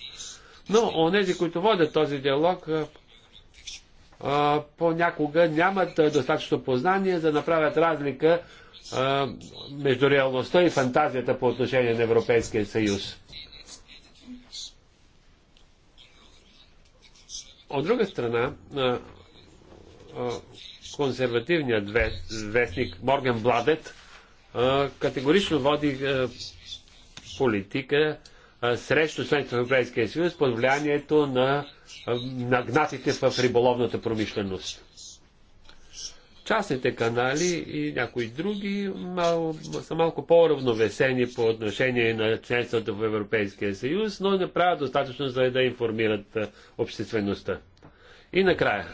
Но онези, които водят този диалог, понякога нямат достатъчно познание за да направят разлика между реалността и фантазията по отношение на Европейския съюз. От друга страна, консервативният вестник Морген Бладет категорично води политика срещу членството Европейския съюз под влиянието на нагнатите в риболовната промишленост. Частните канали и някои други мал, са малко по-равновесени по отношение на членството в Европейския съюз, но не правят достатъчно за да информират обществеността. И накрая.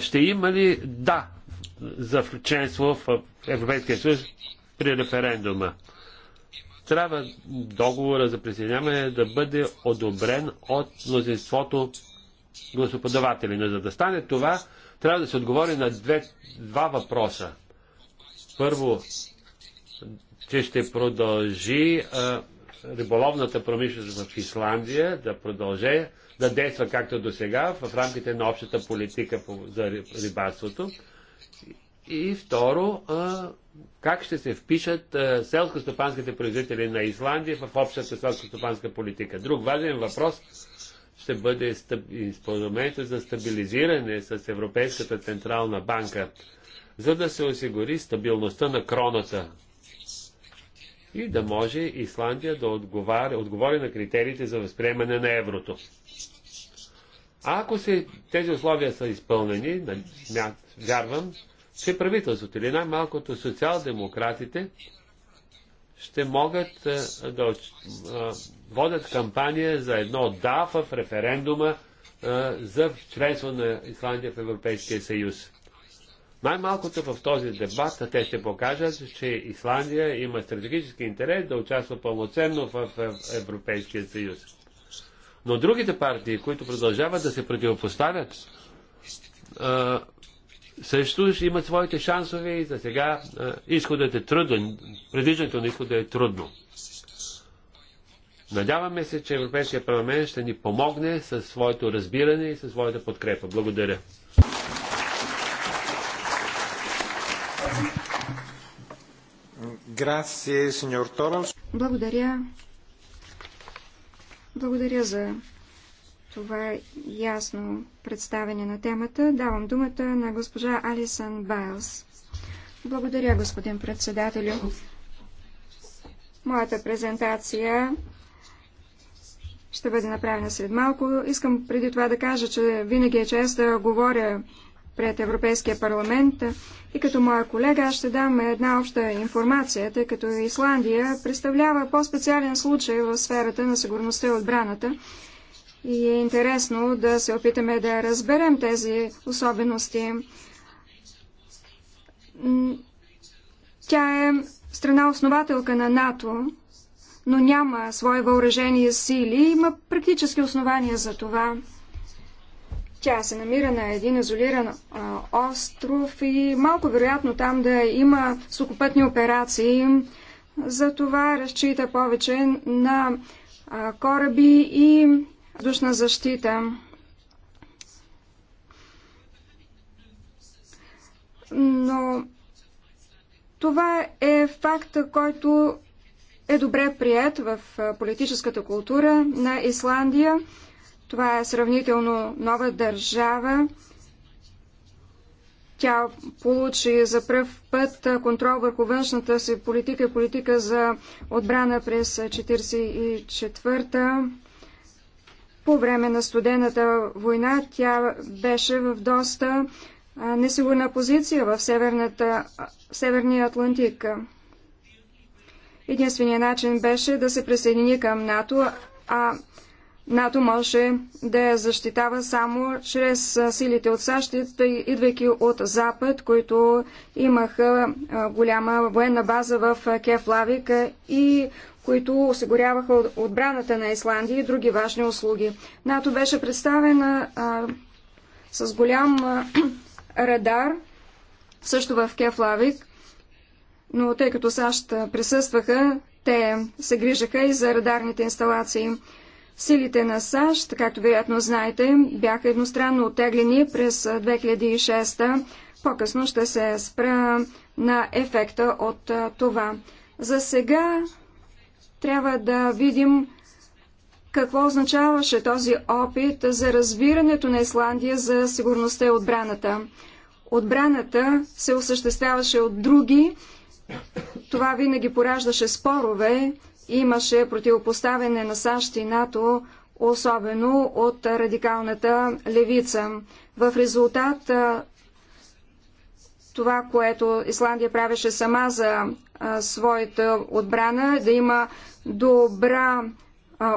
Ще има ли да за членство в Европейския съюз при референдума? трябва договора за присъединяване да бъде одобрен от мнозинството гласоподаватели. Но за да стане това, трябва да се отговори на две, два въпроса. Първо, че ще продължи а, риболовната промишленост в Исландия да продължи да действа както до сега в рамките на общата политика за рибарството. И второ, как ще се впишат селскостопанските производители на Исландия в общата селскостопанска политика? Друг важен въпрос ще бъде споразумението за стабилизиране с Европейската централна банка, за да се осигури стабилността на кроната и да може Исландия да отговори, отговори на критериите за възприемане на еврото. А ако се, тези условия са изпълнени, вярвам, че правителството или най-малкото социал-демократите ще могат е, да е, водят кампания за едно да в референдума е, за членство на Исландия в Европейския съюз. Най-малкото в този дебат те ще покажат, че Исландия има стратегически интерес да участва пълноценно в Европейския съюз. Но другите партии, които продължават да се противопоставят, също имат своите шансове и за сега изходът е труден, предвиждането на изхода е трудно. Надяваме се, че Европейския парламент ще ни помогне със своето разбиране и със своята подкрепа. Благодаря. Благодаря. Благодаря за това е ясно представяне на темата. Давам думата на госпожа Алисън Байлс. Благодаря, господин председателю. Моята презентация ще бъде направена след малко. Искам преди това да кажа, че винаги е чест да говоря пред Европейския парламент и като моя колега аз ще дам една обща информация, тъй като Исландия представлява по-специален случай в сферата на сигурността и отбраната и е интересно да се опитаме да разберем тези особености. Тя е страна-основателка на НАТО, но няма свои въоръжени сили. Има практически основания за това. Тя се намира на един изолиран а, остров и малко вероятно там да има сухопътни операции. Затова разчита повече на а, кораби и Душна защита. Но това е факт, който е добре прият в политическата култура на Исландия. Това е сравнително нова държава. Тя получи за пръв път контрол върху външната си политика и политика за отбрана през 1944-та. По време на студената война тя беше в доста несигурна позиция в Северната, Северния Атлантик. Единственият начин беше да се присъедини към НАТО, а НАТО може да я защитава само чрез силите от САЩ, идвайки от Запад, които имаха голяма военна база в Кефлавик и които осигуряваха отбраната на Исландия и други важни услуги. НАТО беше представена а, с голям а, [CLEARS THROAT] радар, също в Кефлавик, но тъй като САЩ присъстваха, те се грижаха и за радарните инсталации. Силите на САЩ, както вероятно знаете, бяха едностранно оттеглени през 2006 По-късно ще се спра на ефекта от това. За сега трябва да видим какво означаваше този опит за разбирането на Исландия за сигурността и отбраната. Отбраната се осъществяваше от други. Това винаги пораждаше спорове. Имаше противопоставяне на САЩ и НАТО, особено от радикалната левица. В резултат това, което Исландия правеше сама за а, своята отбрана, да има добра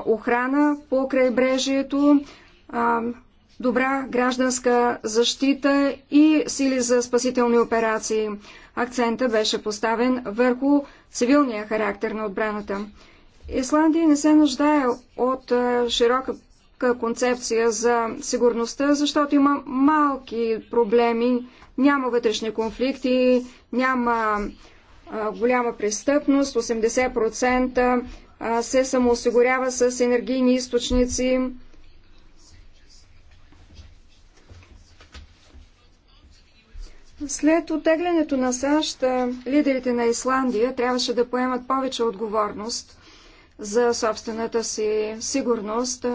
охрана по крайбрежието, добра гражданска защита и сили за спасителни операции. Акцента беше поставен върху цивилния характер на отбраната. Исландия не се нуждае от широка концепция за сигурността, защото има малки проблеми, няма вътрешни конфликти, няма голяма престъпност, 80% се самоосигурява с енергийни източници. След оттеглянето на САЩ, лидерите на Исландия трябваше да поемат повече отговорност за собствената си сигурност.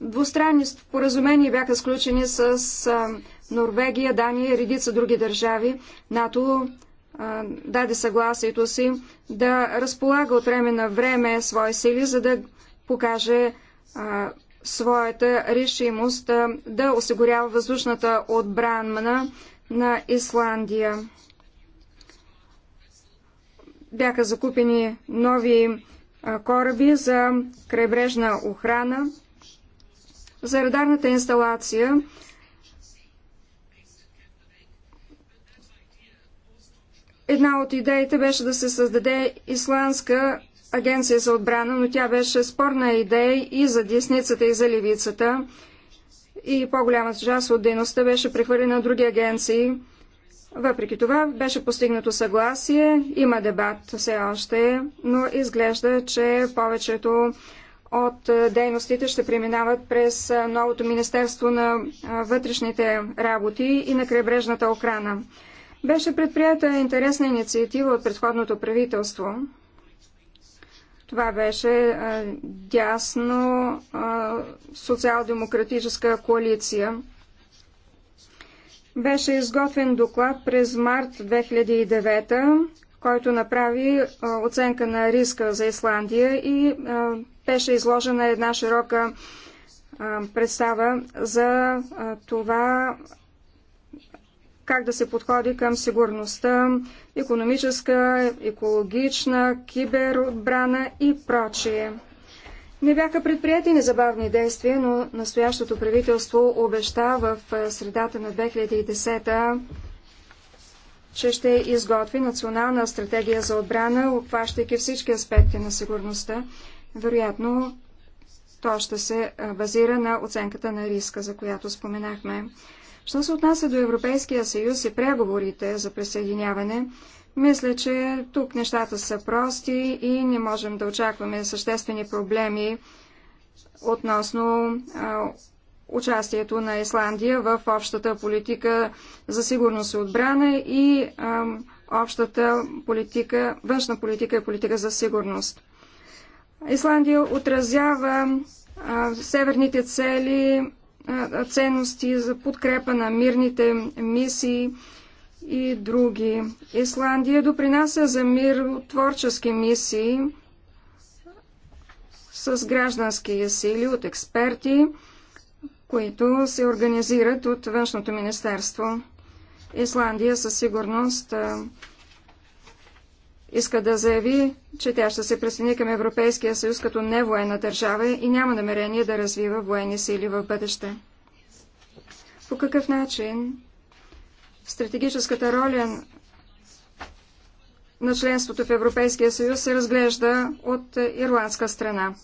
Двустранни споразумения бяха сключени с Норвегия, Дания и редица други държави. НАТО даде съгласието си да разполага от време на време свои сили, за да покаже а, своята решимост а, да осигурява въздушната отбрана на Исландия. Бяха закупени нови кораби за крайбрежна охрана. За радарната инсталация Една от идеите беше да се създаде исландска агенция за отбрана, но тя беше спорна идея и за десницата, и за левицата. И по-голямата част от дейността беше прехвърлена на други агенции. Въпреки това беше постигнато съгласие, има дебат все още, но изглежда, че повечето от дейностите ще преминават през новото Министерство на вътрешните работи и на крайбрежната охрана. Беше предприята интересна инициатива от предходното правителство. Това беше а, дясно социал-демократическа коалиция. Беше изготвен доклад през март 2009, който направи а, оценка на риска за Исландия и а, беше изложена една широка представа за това как да се подходи към сигурността, економическа, екологична, киберотбрана и прочие. Не бяха предприяти незабавни действия, но настоящото правителство обеща в средата на 2010 че ще изготви национална стратегия за отбрана, обхващайки всички аспекти на сигурността. Вероятно, то ще се базира на оценката на риска, за която споменахме. Що се отнася до Европейския съюз и преговорите за присъединяване, мисля, че тук нещата са прости и не можем да очакваме съществени проблеми относно участието на Исландия в общата политика за сигурност и отбрана и общата политика, външна политика и политика за сигурност. Исландия отразява а, северните цели ценности, за подкрепа на мирните мисии и други. Исландия допринася за миротворчески мисии с граждански сили от експерти, които се организират от Външното министерство. Исландия със сигурност иска да заяви, че тя ще се присъедини към Европейския съюз като невоенна държава и няма намерение да развива военни сили в бъдеще. По какъв начин стратегическата роля на членството в Европейския съюз се разглежда от ирландска страна?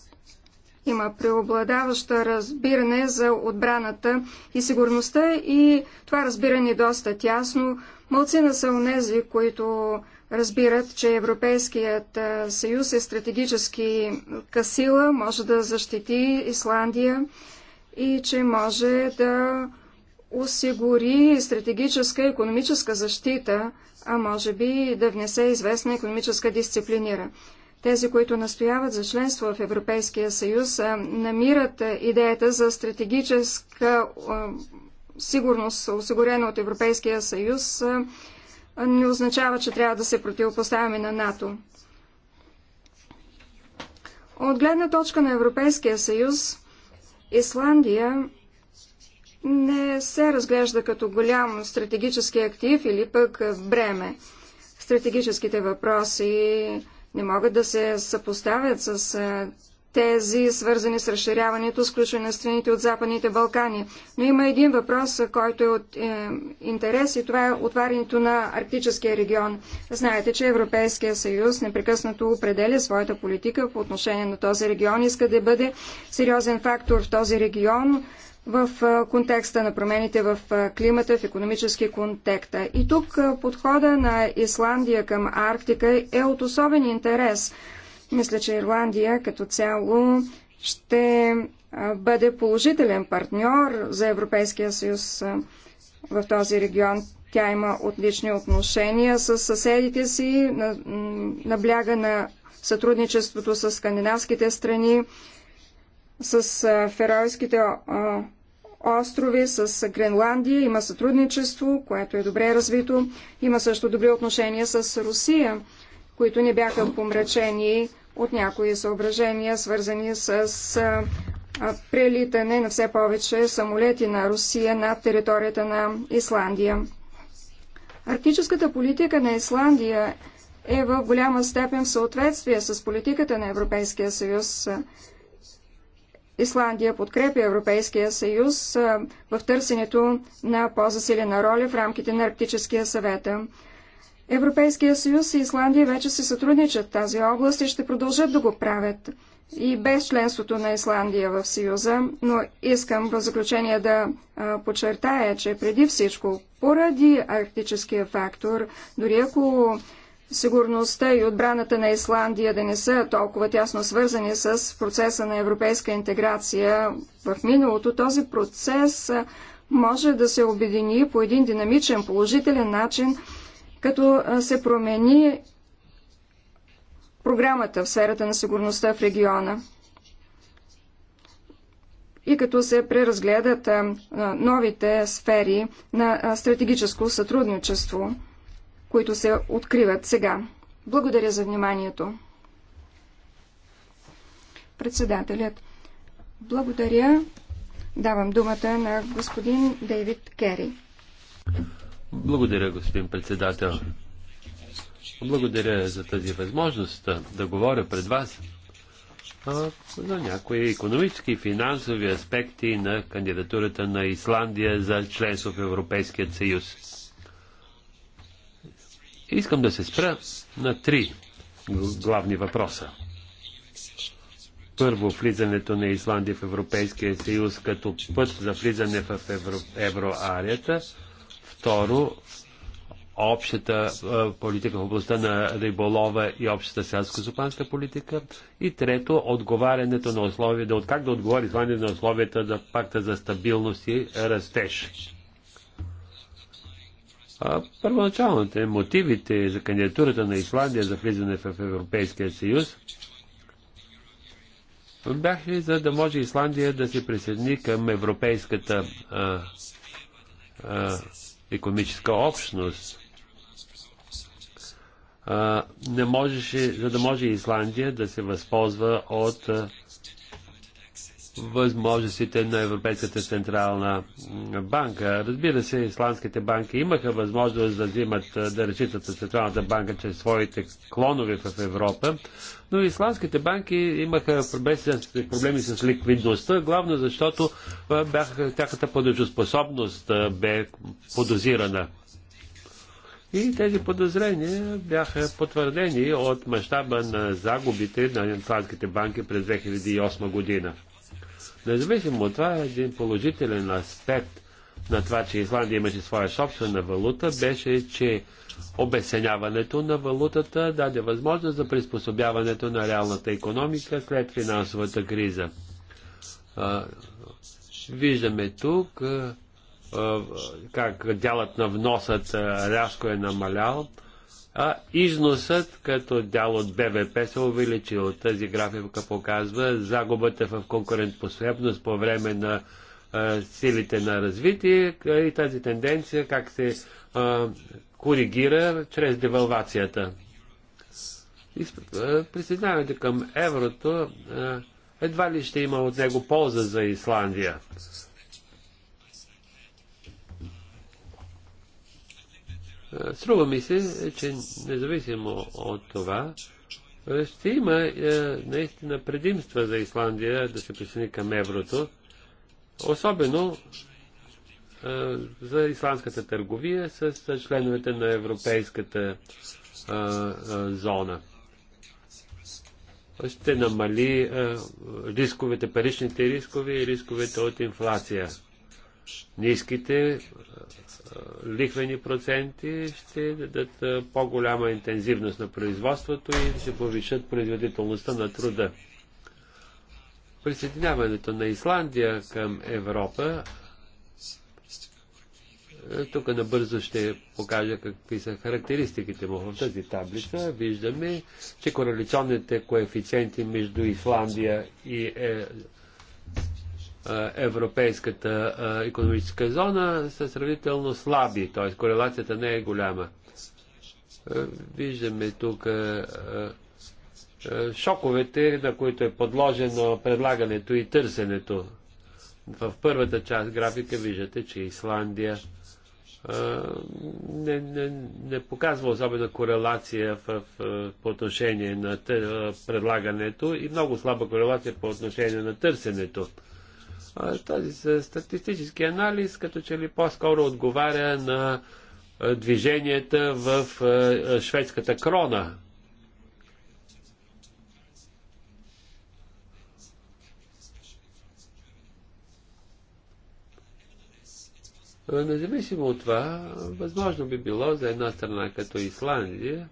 Има преобладаваща разбиране за отбраната и сигурността и това разбиране е доста тясно. Малцина са унези, които разбират, че Европейският съюз е стратегически сила, може да защити Исландия и че може да осигури стратегическа економическа защита, а може би да внесе известна економическа дисциплинира. Тези, които настояват за членство в Европейския съюз, намират идеята за стратегическа сигурност, осигурена от Европейския съюз, не означава, че трябва да се противопоставяме на НАТО. От гледна точка на Европейския съюз, Исландия не се разглежда като голям стратегически актив или пък бреме. Стратегическите въпроси не могат да се съпоставят с тези, свързани с разширяването, сключване на страните от Западните Балкани. Но има един въпрос, който е от е, интерес и това е отварянето на Арктическия регион. Знаете, че Европейския съюз непрекъснато определя своята политика по отношение на този регион. Иска да бъде сериозен фактор в този регион в е, контекста на промените в е, климата, в економически контекст. И тук е, подхода на Исландия към Арктика е от особен интерес – мисля, че Ирландия като цяло ще бъде положителен партньор за Европейския съюз в този регион. Тя има отлични отношения с съседите си, набляга на сътрудничеството с скандинавските страни, с Феройските острови, с Гренландия. Има сътрудничество, което е добре развито. Има също добри отношения с Русия които не бяха помрачени от някои съображения, свързани с прелитане на все повече самолети на Русия над територията на Исландия. Арктическата политика на Исландия е в голяма степен в съответствие с политиката на Европейския съюз. Исландия подкрепя Европейския съюз в търсенето на по-засилена роля в рамките на Арктическия съвет. Европейския съюз и Исландия вече се сътрудничат в тази област и ще продължат да го правят и без членството на Исландия в Съюза, но искам в заключение да подчертая, че преди всичко, поради арктическия фактор, дори ако сигурността и отбраната на Исландия да не са толкова тясно свързани с процеса на европейска интеграция в миналото, този процес може да се обедини по един динамичен, положителен начин – като се промени програмата в сферата на сигурността в региона и като се преразгледат новите сфери на стратегическо сътрудничество, които се откриват сега. Благодаря за вниманието. Председателят. Благодаря. Давам думата на господин Дейвид Кери. Благодаря, господин председател. Благодаря за тази възможност да говоря пред вас за някои економически и финансови аспекти на кандидатурата на Исландия за членство в Европейския съюз. Искам да се спра на три главни въпроса. Първо, влизането на Исландия в Европейския съюз като път за влизане в евро, евроарията – Второ, общата политика в областта на риболова и общата селско зупанска политика. И трето, отговарянето на условията, от как да отговори това на условията за пакта за стабилност и растеж. Първоначалните мотивите за кандидатурата на Исландия за влизане в Европейския съюз бяха за да може Исландия да се присъедини към европейската а, а, економическа общност, не можеше, за да може Исландия да се възползва от възможностите на Европейската централна банка. Разбира се, исландските банки имаха възможност да взимат, да разчитат Централната банка чрез своите клонове в Европа, но исландските банки имаха проблеми с ликвидността, главно защото бяха, тяхната подъжоспособност бе подозирана. И тези подозрения бяха потвърдени от мащаба на загубите на исландските банки през 2008 година. Независимо от това, един положителен аспект на това, че Исландия имаше своя собствена валута, беше, че обесеняването на валутата даде възможност за приспособяването на реалната економика след финансовата криза. Виждаме тук как дялът на вносът рязко е намалял, а износът като дял от БВП се увеличил. Тази графика показва загубата в конкурентоспособност по време на а, силите на развитие и тази тенденция как се а, коригира чрез девалвацията. Присъединяването към еврото а, едва ли ще има от него полза за Исландия. Струва ми се, че независимо от това, е, ще има е, наистина предимства за Исландия да се присъедини към еврото, особено е, за исландската търговия с, членовете на европейската зона. Ще намали рисковете, паричните рискове и рисковете от инфлация. Ниските лихвени проценти ще дадат по-голяма интензивност на производството и ще повишат производителността на труда. Присъединяването на Исландия към Европа тук набързо ще покажа какви са характеристиките му в тази таблица. Виждаме, че коралиционните коефициенти между Исландия и е, европейската економическа зона са сравнително слаби, т.е. корелацията не е голяма. Виждаме тук шоковете, на които е подложено предлагането и търсенето. В първата част графика виждате, че Исландия не, не, не показва особена корелация в, в, по отношение на тър, предлагането и много слаба корелация по отношение на търсенето. Този статистически анализ като че ли по-скоро отговаря на движенията в шведската крона. Независимо от това, възможно би било за една страна като Исландия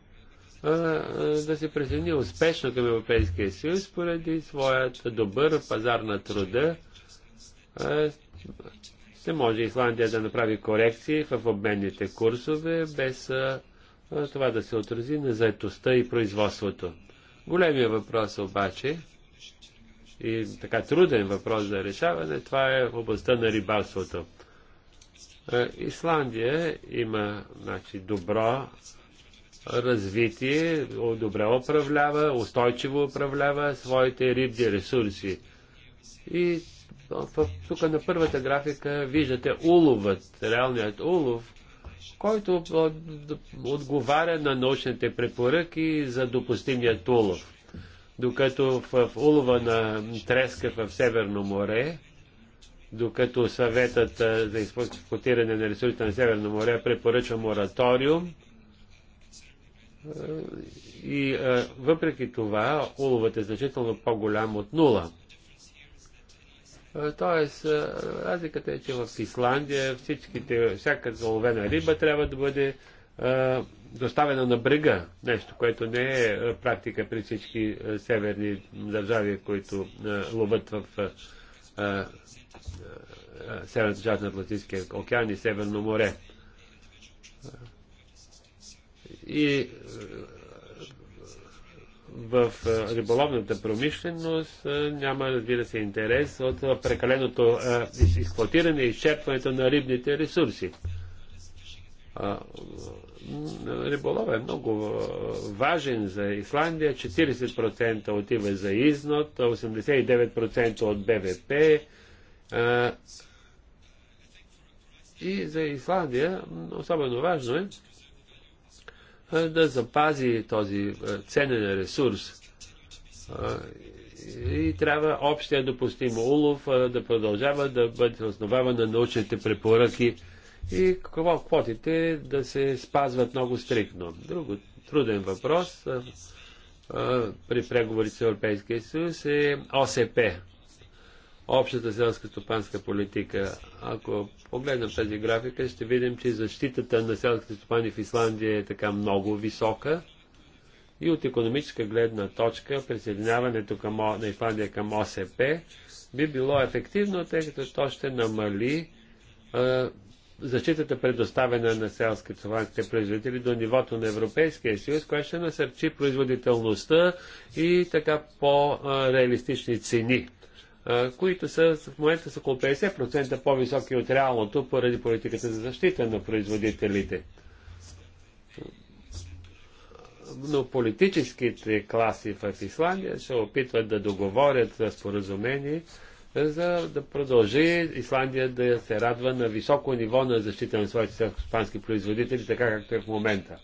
да се присъедини успешно към Европейския съюз поради своят добър пазар на труда, се може Исландия да направи корекции в обменните курсове, без това да се отрази на заетостта и производството. Големия въпрос обаче и така труден въпрос за решаване, това е в областта на рибалството. Исландия има значи, добро развитие, добре управлява, устойчиво управлява своите рибни ресурси. И тук на първата графика виждате уловът, реалният улов, който отговаря на научните препоръки за допустимият улов. Докато в улова на треска в Северно море, докато съветът за експлуатиране на ресурсите на Северно море препоръчва мораториум, и въпреки това уловът е значително по-голям от нула. Тоест, разликата е, че в Исландия всичките, всяка заловена риба трябва да бъде доставена на брега. Нещо, което не е практика при всички северни държави, които ловят в северната част на Атлантическия океан и Северно море. И в е, риболовната промишленост е, няма, разбира се, интерес от е, прекаленото експлуатиране и изчерпването на рибните ресурси. Риболов е много важен за Исландия. 40% отива за изнот, 89% от БВП. И за Исландия особено важно е, е, да запази този е, ценен ресурс. Е, и трябва общия допустим улов да продължава да бъде основава на научните препоръки и квотите да се спазват много стрикно. Друго труден въпрос при преговорите с Европейския съюз е ОСП, общата селско-стопанска политика. Ако погледнем тази графика, ще видим, че защитата на селските стопани в Исландия е така много висока и от економическа гледна точка присъединяването към, на Исландия към ОСП би било ефективно, тъй като то ще намали а, защитата предоставена на селските стопанските производители до нивото на Европейския съюз, което ще насърчи производителността и така по-реалистични цени които са, в момента са около 50% по-високи от реалното поради политиката за защита на производителите. Но политическите класи в Исландия се опитват да договорят споразумение, за да продължи Исландия да се радва на високо ниво на защита на своите селскостопански производители, така както е в момента.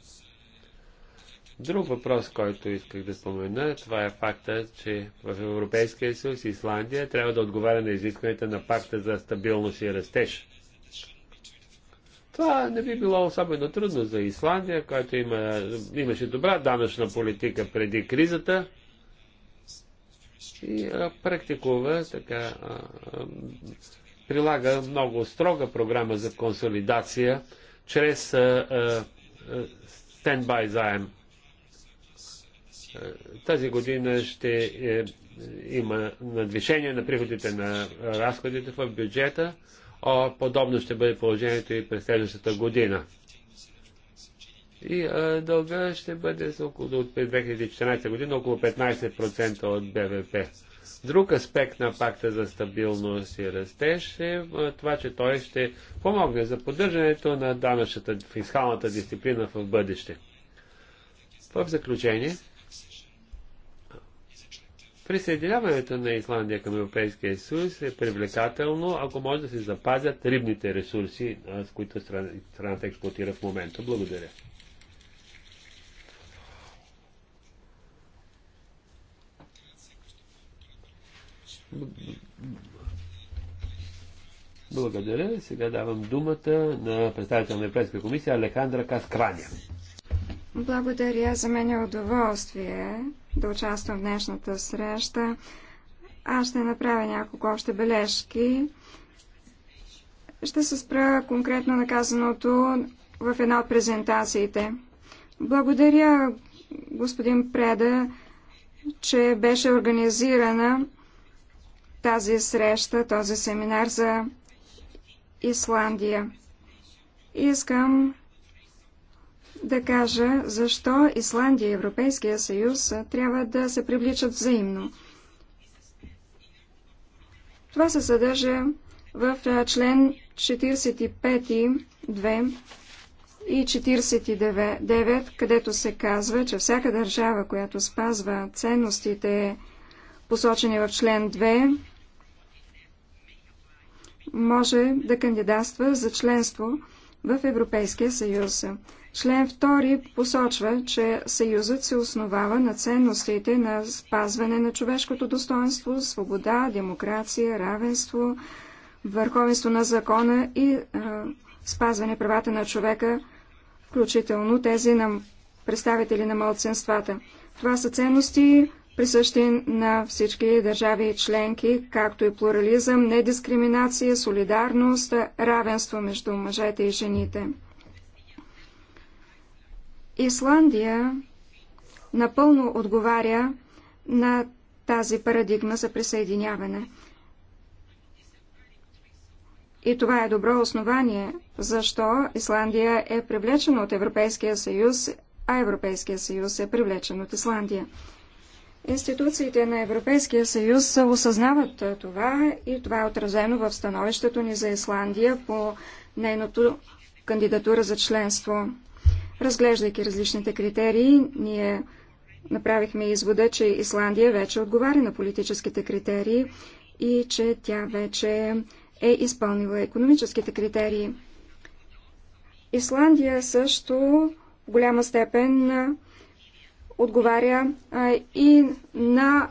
Друг въпрос, който исках да спомена, това е факта, че в Европейския съюз Исландия трябва да отговаря на изискванията на пакта за стабилност и растеж. Това не би било особено трудно за Исландия, която има, имаше добра данъчна политика преди кризата и а, практикува така. А, а, прилага много строга програма за консолидация чрез стендбай заем. Тази година ще е, има надвишение на приходите на разходите в бюджета, а подобно ще бъде положението и през следващата година. И а, е, дълга ще бъде с около, от 2014 година около 15% от БВП. Друг аспект на пакта за стабилност и растеж е, е това, че той ще помогне за поддържането на данъчната фискалната дисциплина в бъдеще. В заключение, Присъединяването на Исландия към Европейския съюз е привлекателно, ако може да се запазят рибните ресурси, с които страната експлуатира в момента. Благодаря. Благодаря. Сега давам думата на представител на Европейска комисия Алехандра Каскраня. Благодаря. За мен е удоволствие да участвам в днешната среща. Аз ще направя няколко още бележки. Ще се спра конкретно наказаното в една от презентациите. Благодаря, господин Преда, че беше организирана тази среща, този семинар за Исландия. Искам да кажа защо Исландия и Европейския съюз трябва да се привличат взаимно. Това се съдържа в член 45.2 и 49, където се казва, че всяка държава, която спазва ценностите, посочени в член 2, може да кандидатства за членство в Европейския съюз. Член 2 посочва, че Съюзът се основава на ценностите на спазване на човешкото достоинство, свобода, демокрация, равенство, върховенство на закона и а, е, спазване правата на човека, включително тези на представители на младсенствата. Това са ценности, присъщи на всички държави и членки, както и плурализъм, недискриминация, солидарност, равенство между мъжете и жените. Исландия напълно отговаря на тази парадигма за присъединяване. И това е добро основание, защо Исландия е привлечена от Европейския съюз, а Европейския съюз е привлечен от Исландия. Институциите на Европейския съюз осъзнават това и това е отразено в становището ни за Исландия по нейното кандидатура за членство. Разглеждайки различните критерии, ние направихме извода, че Исландия вече отговаря на политическите критерии и че тя вече е изпълнила економическите критерии. Исландия също в голяма степен отговаря и на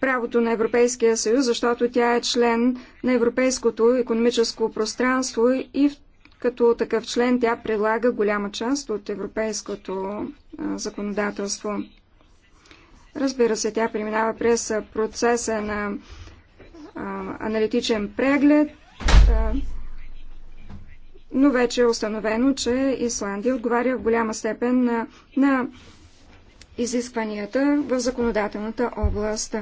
правото на Европейския съюз, защото тя е член на Европейското економическо пространство и в като такъв член тя прилага голяма част от европейското законодателство. Разбира се, тя преминава през процеса на аналитичен преглед, но вече е установено, че Исландия отговаря в голяма степен на, на изискванията в законодателната област.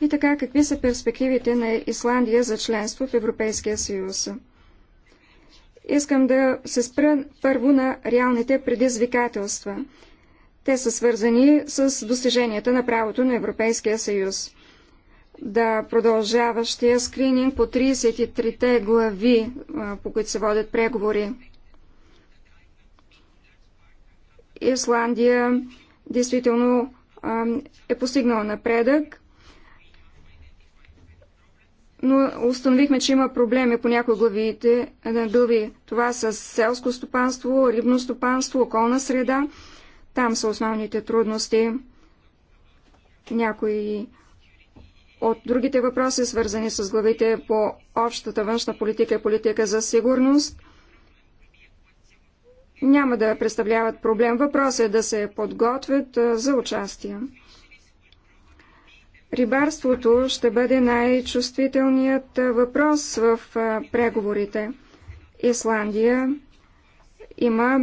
И така, какви са перспективите на Исландия за членство в Европейския съюз? Искам да се спра първо на реалните предизвикателства. Те са свързани с достиженията на правото на Европейския съюз. Да продължаващия скрининг по 33-те глави, по които се водят преговори. Исландия действително е постигнала напредък но установихме, че има проблеми по някои главите на глави. Това с селско стопанство, рибно стопанство, околна среда. Там са основните трудности. Някои от другите въпроси, свързани с главите по общата външна политика и политика за сигурност, няма да представляват проблем. Въпросът е да се подготвят за участие. Рибарството ще бъде най-чувствителният въпрос в преговорите. Исландия има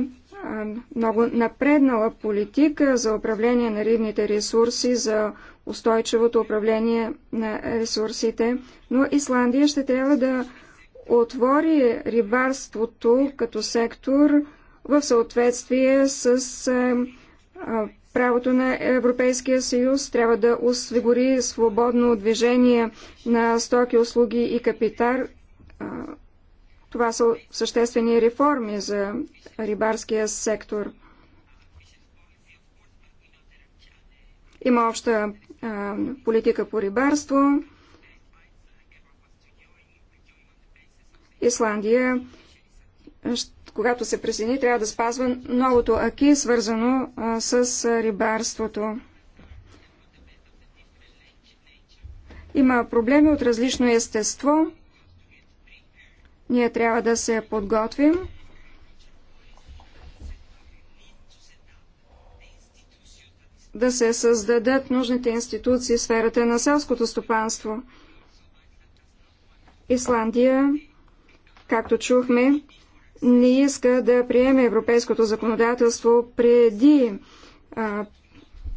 много напреднала политика за управление на рибните ресурси, за устойчивото управление на ресурсите, но Исландия ще трябва да отвори рибарството като сектор в съответствие с Правото на Европейския съюз трябва да осигури свободно движение на стоки, услуги и капитал. Това са съществени реформи за рибарския сектор. Има обща политика по рибарство. Исландия когато се присъедини, трябва да спазва новото аки, свързано с рибарството. Има проблеми от различно естество. Ние трябва да се подготвим. да се създадат нужните институции в сферата на селското стопанство. Исландия, както чухме, не иска да приеме европейското законодателство преди а,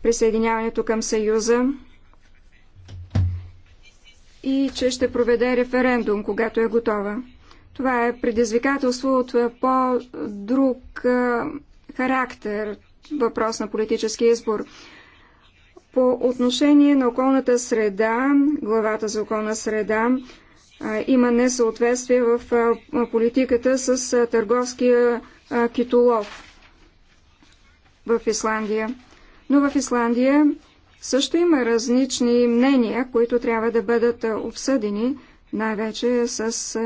присъединяването към Съюза и че ще проведе референдум, когато е готова. Това е предизвикателство от по-друг характер, въпрос на политически избор. По отношение на околната среда, главата за околна среда, има несъответствие в политиката с търговския китолов в Исландия. Но в Исландия също има различни мнения, които трябва да бъдат обсъдени, най-вече с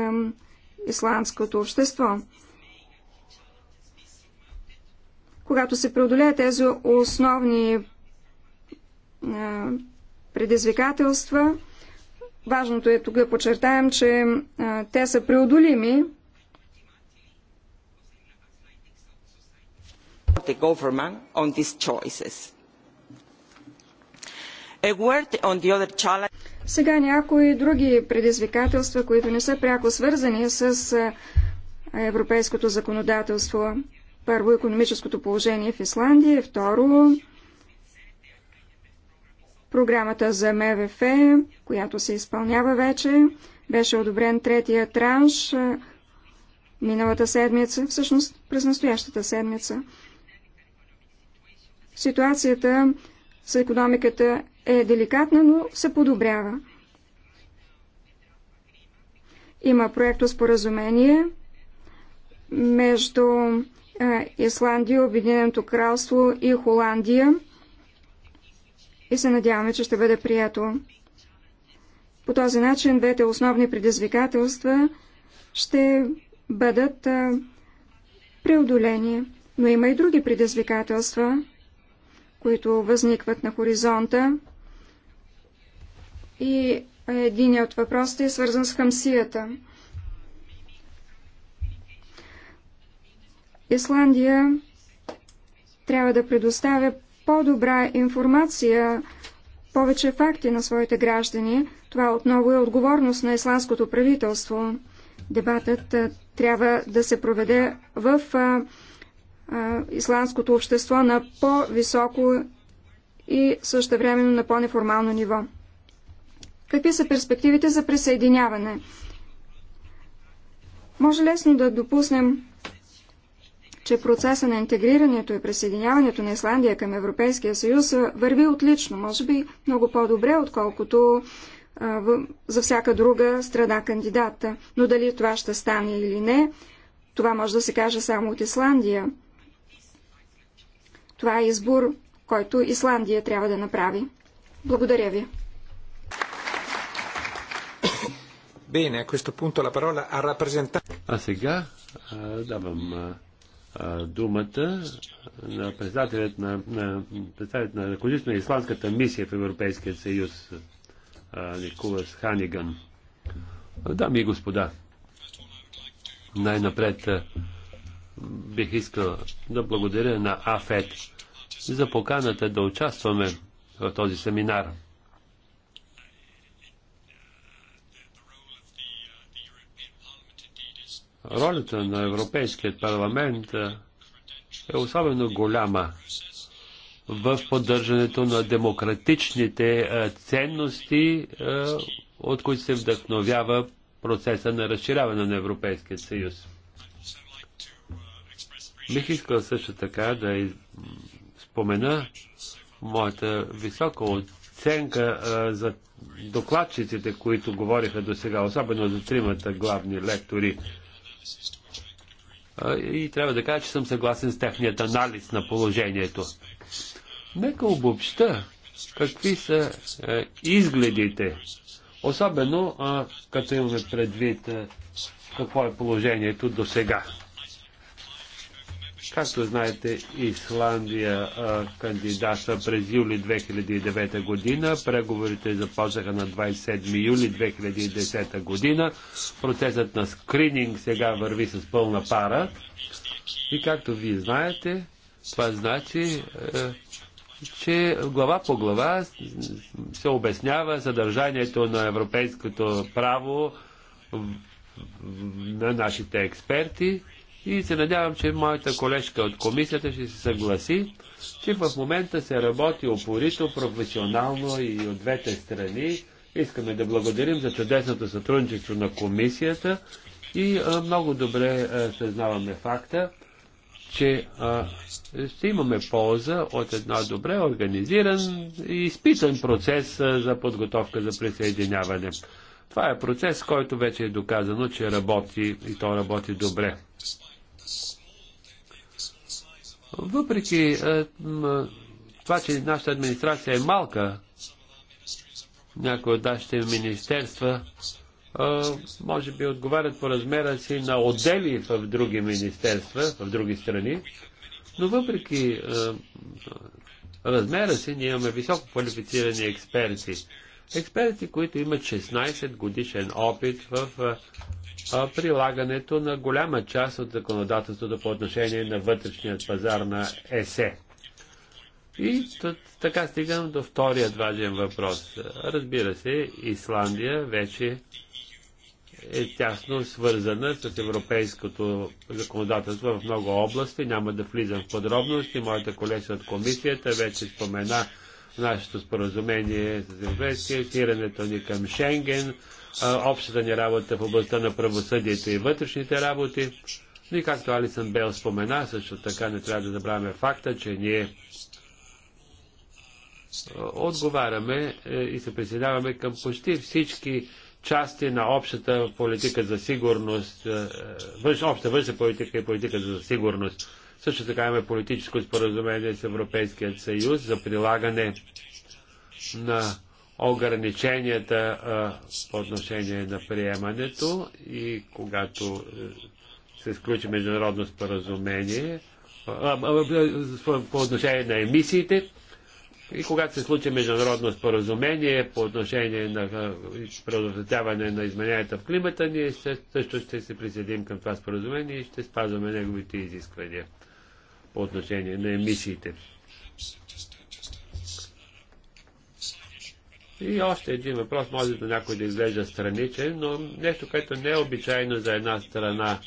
исландското общество. Когато се преодолеят тези основни предизвикателства, Важното е тук да подчертаем, че а, те са преодолими. The government on these choices. A word on the other challenge. Сега някои други предизвикателства, които не са пряко свързани с европейското законодателство. Първо, економическото положение в Исландия. Второ, Програмата за МВФ, която се изпълнява вече, беше одобрен третия транш миналата седмица, всъщност през настоящата седмица. Ситуацията с економиката е деликатна, но се подобрява. Има проекто споразумение между Исландия, Обединеното кралство и Холандия – и се надяваме, че ще бъде прието. По този начин двете основни предизвикателства ще бъдат преодолени. Но има и други предизвикателства, които възникват на хоризонта. И един от въпросите е свързан с хамсията. Исландия трябва да предоставя по-добра информация, повече факти на своите граждани. Това отново е отговорност на исландското правителство. Дебатът трябва да се проведе в исландското общество на по-високо и също времено на по-неформално ниво. Какви са перспективите за присъединяване? Може лесно да допуснем, че процеса на интегрирането и присъединяването на Исландия към Европейския съюз върви отлично, може би много по-добре, отколкото за всяка друга страна кандидата. Но дали това ще стане или не, това може да се каже само от Исландия. Това е избор, който Исландия трябва да направи. Благодаря ви. Bene, a questo punto la parola al rappresentante. А сега а, давам а, думата на председателят на, на, председателят на ръководител на исландската мисия в Европейския съюз Николас Ханиган. Дами и господа, най-напред бих искал да благодаря на АФЕТ за поканата да участваме в този семинар. Ролята на Европейският парламент е особено голяма в поддържането на демократичните е, ценности, е, от които се вдъхновява процеса на разширяване на Европейския съюз. Бих искал също така да спомена моята висока оценка е, за докладчиците, които говориха до сега, особено за тримата главни лектори и трябва да кажа, че съм съгласен с техният анализ на положението. Нека обобща какви са е, изгледите, особено като имаме предвид е, какво е положението до сега. Както знаете, Исландия кандидата през юли 2009 година. Преговорите започнаха на 27 юли 2010 година. Процесът на скрининг сега върви с пълна пара. И както вие знаете, това значи, че глава по глава се обяснява съдържанието на европейското право на нашите експерти и се надявам, че моята колежка от комисията ще се съгласи, че в момента се работи опорито, професионално и от двете страни. Искаме да благодарим за чудесното сътрудничество на комисията и а, много добре а, съзнаваме факта, че а, ще имаме полза от една добре организиран и изпитан процес а, за подготовка за присъединяване. Това е процес, който вече е доказано, че работи и то работи добре. Въпреки е, това, че нашата администрация е малка, някои от нашите министерства е, може би отговарят по размера си на отдели в други министерства, в други страни, но въпреки е, размера си ние имаме високо квалифицирани експерти. Експерти, които имат 16 годишен опит в прилагането на голяма част от законодателството по отношение на вътрешният пазар на ЕСЕ. И така стигам до вторият важен въпрос. Разбира се, Исландия вече е тясно свързана с европейското законодателство в много области. Няма да влизам в подробности. Моята колеса от комисията вече спомена нашето споразумение с Европейския, тирането ни към Шенген, общата ни работа в областта на правосъдието и вътрешните работи. И както Алисън Бел спомена, също така не трябва да забравяме факта, че ние отговаряме е, и се присъединяваме към почти всички части на общата политика за сигурност, е, е, обща външна политика и политика за сигурност. Също така имаме политическо споразумение с Европейският съюз за прилагане на ограниченията а, по отношение на приемането и когато е, се изключи международно споразумение по отношение на емисиите и когато се случи международно споразумение по отношение на предотвратяване на измененията в климата, ние ще, също ще се присъединим към това споразумение и ще спазваме неговите изисквания по отношение на емисиите. И още един въпрос, може да някой да изглежда страничен, но нещо, което не е обичайно за една страна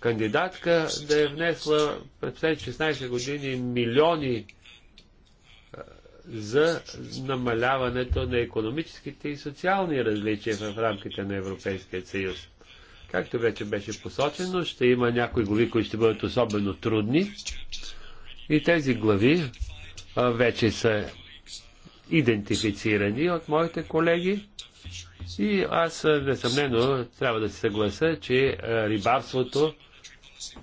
кандидатка, да е внесла през 16 години милиони е, за намаляването на економическите и социални различия в рамките на Европейския съюз. Както вече беше посочено, ще има някои глави, които ще бъдат особено трудни. И тези глави а, вече са идентифицирани от моите колеги. И аз, несъмнено, трябва да се съглася, че рибарството,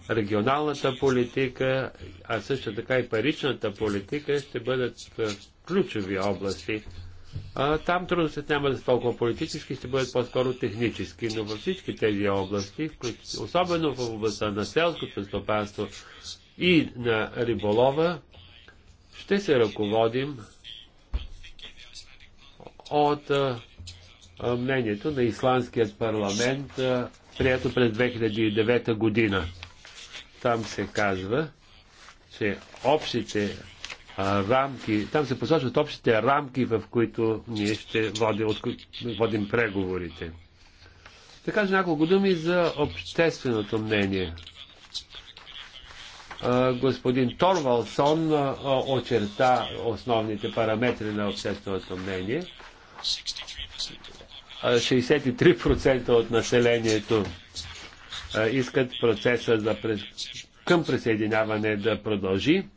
регионалната политика, а също така и паричната политика ще бъдат ключови области. там трудностите няма да са толкова политически, ще бъдат по-скоро технически, но във всички тези области, особено в областта на селското стопанство и на риболова, ще се ръководим от мнението на Исландският парламент, прието през 2009 година. Там се казва, че общите рамки, там се посочват общите рамки, в които ние ще водим, от, водим преговорите. Да кажа няколко думи за общественото мнение. Господин Торвалсон очерта основните параметри на общественото мнение – 63% от населението искат процеса за през... към присъединяване да продължи.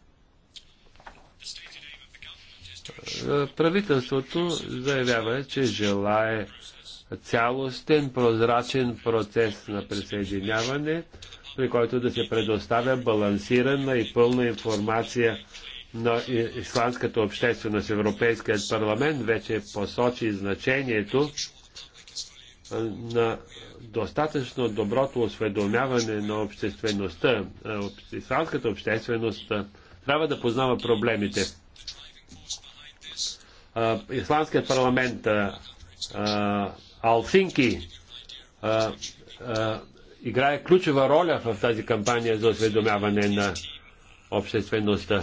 Правителството заявява, че желае цялостен, прозрачен процес на присъединяване, при който да се предоставя балансирана и пълна информация на исландската общественост, Европейският парламент вече посочи значението на достатъчно доброто осведомяване на обществеността. Исландската общественост трябва да познава проблемите. Исландският парламент Алсинки играе ключова роля в тази кампания за осведомяване на обществеността.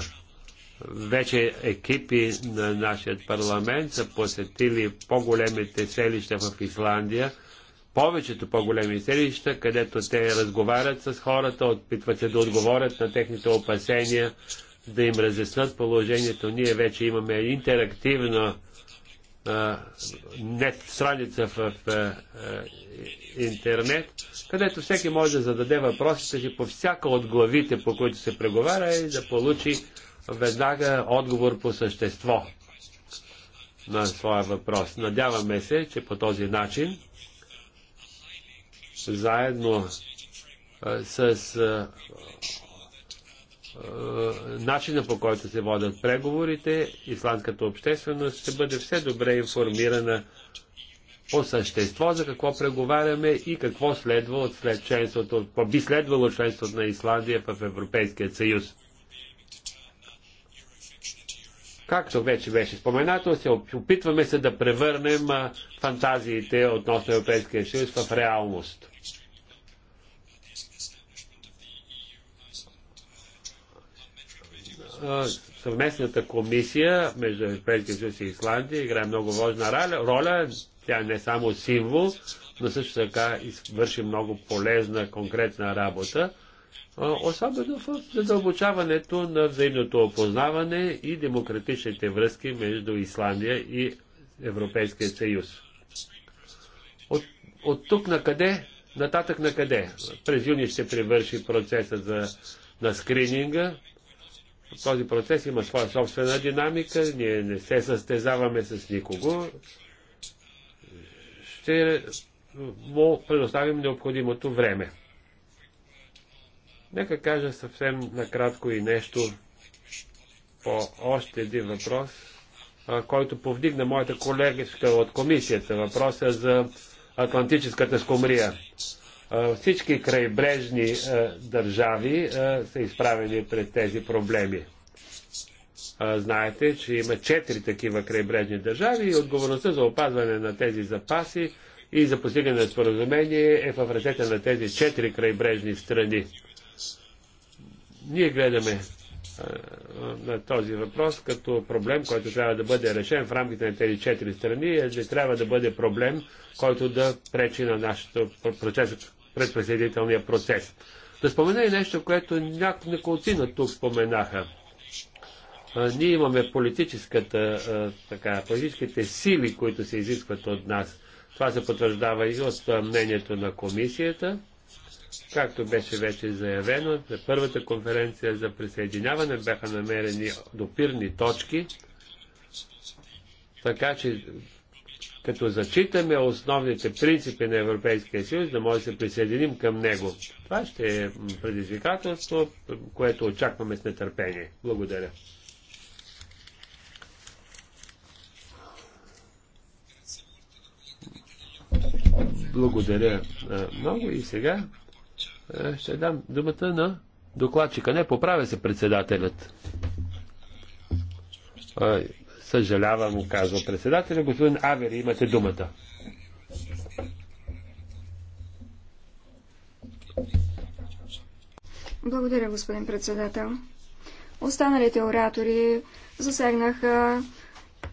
Вече екипи на нашия парламент са посетили по-големите селища в Исландия, повечето по-големи селища, където те разговарят с хората, опитват се да отговорят на техните опасения, да им разяснат положението. Ние вече имаме интерактивна нет страница в а, интернет, където всеки може да зададе въпросите си по всяка от главите, по които се преговаря и да получи веднага отговор по същество на своя въпрос. Надяваме се, че по този начин, заедно с начина по който се водят преговорите, исландската общественост ще бъде все добре информирана по същество за какво преговаряме и какво следва от след членството, би следвало членството на Исландия в Европейския съюз. Както вече беше споменато, се опитваме се да превърнем фантазиите относно Европейския съюз в реалност. съвместната комисия между Европейския съюз и Исландия играе много важна роля. Тя не е само символ, но също така върши много полезна, конкретна работа особено в задълбочаването на взаимното опознаване и демократичните връзки между Исландия и Европейския съюз. От, от тук на къде, нататък на къде? През юни ще превърши процеса за, на скрининга. Този процес има своя собствена динамика, ние не се състезаваме с никого. Ще му предоставим необходимото време. Нека кажа съвсем накратко и нещо по още един въпрос, който повдигна моята колегичка от комисията. Въпроса за Атлантическата скумрия. Всички крайбрежни държави са изправени пред тези проблеми. Знаете, че има четири такива крайбрежни държави и отговорността за опазване на тези запаси и за постигане на споразумение е в ръцете на тези четири крайбрежни страни. Ние гледаме на този въпрос като проблем, който трябва да бъде решен в рамките на тези четири страни, е, че трябва да бъде проблем, който да пречи на нашата процес, предпредседителния процес. Да спомена и нещо, което няколцина тук споменаха. А, ние имаме политическата, а, така, политическите сили, които се изискват от нас. Това се потвърждава и от мнението на комисията Както беше вече заявено, на първата конференция за присъединяване бяха намерени допирни точки, така че като зачитаме основните принципи на Европейския съюз, да може да се присъединим към него. Това ще е предизвикателство, което очакваме с нетърпение. Благодаря. Благодаря много и сега е, ще дам думата на докладчика. Не, поправя се председателят. Съжалявам, казва председателя. Господин Авери, имате думата. Благодаря, господин председател. Останалите оратори засегнаха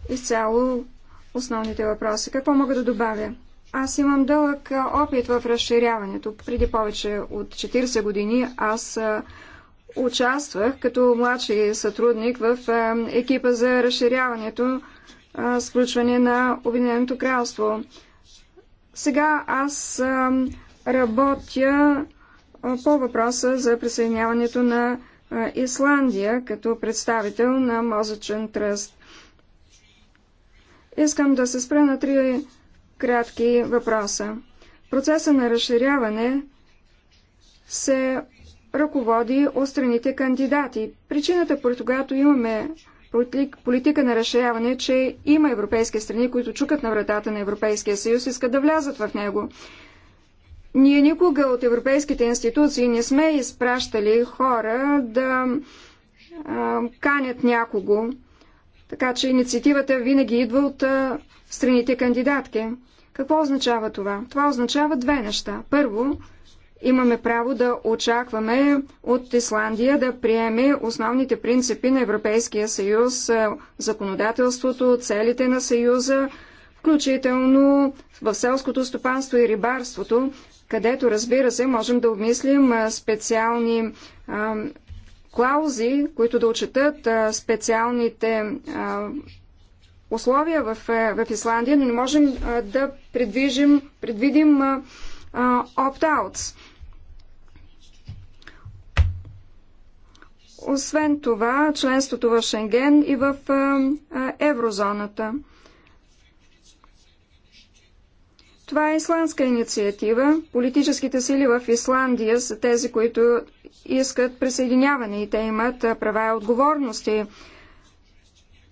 изцяло основните въпроси. Какво мога да добавя? Аз имам дълъг опит в разширяването. Преди повече от 40 години аз участвах като младши сътрудник в екипа за разширяването с включване на Обединеното кралство. Сега аз работя по въпроса за присъединяването на Исландия като представител на мозъчен тръст. Искам да се спра на три кратки въпроса. Процеса на разширяване се ръководи от страните кандидати. Причината, поред когато имаме политика на разширяване, е, че има европейски страни, които чукат на вратата на Европейския съюз, искат да влязат в него. Ние никога от европейските институции не сме изпращали хора да а, канят някого, така че инициативата винаги идва от а, страните кандидатки. Какво означава това? Това означава две неща. Първо, имаме право да очакваме от Исландия да приеме основните принципи на Европейския съюз, е, законодателството, целите на съюза, включително в селското стопанство и рибарството, където, разбира се, можем да обмислим е, специални а, е, клаузи, които да отчитат специалните а, условия в, е, в Исландия, но не можем е, да предвижим, предвидим опт-аутс. Е, Освен това, членството в Шенген и в еврозоната. Това е исландска инициатива. Политическите сили в Исландия са тези, които искат присъединяване и те имат права и отговорности.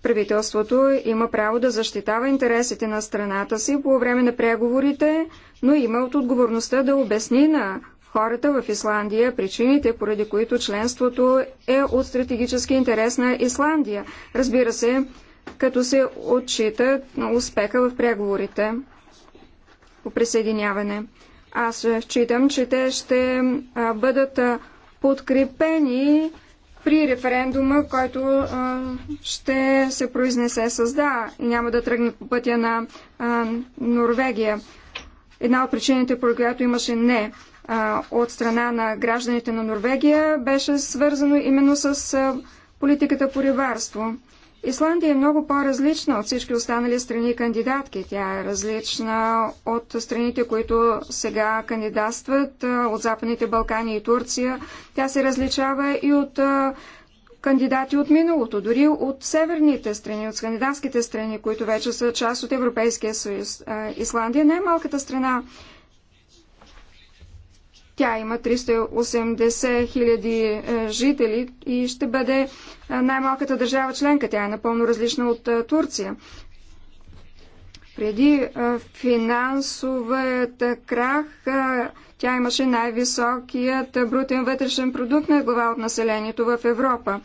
Правителството има право да защитава интересите на страната си по време на преговорите, но има от отговорността да обясни на хората в Исландия причините, поради които членството е от стратегически интерес на Исландия. Разбира се, като се отчита успеха в преговорите по присъединяване. Аз считам, че те ще бъдат подкрепени при референдума, който а, ще се произнесе с да и няма да тръгне по пътя на а, Норвегия. Една от причините, по която имаше не а, от страна на гражданите на Норвегия, беше свързано именно с а, политиката по рибарство. Исландия е много по-различна от всички останали страни кандидатки. Тя е различна от страните, които сега кандидатстват, от Западните Балкани и Турция. Тя се различава и от кандидати от миналото, дори от северните страни, от скандинавските страни, които вече са част от Европейския съюз. Исландия е най-малката страна тя има 380 хиляди е, жители и ще бъде е, най-малката държава членка. Тя е напълно различна от е, Турция. Преди финансовата крах тя имаше най-високият брутен вътрешен продукт на глава от населението в Европа.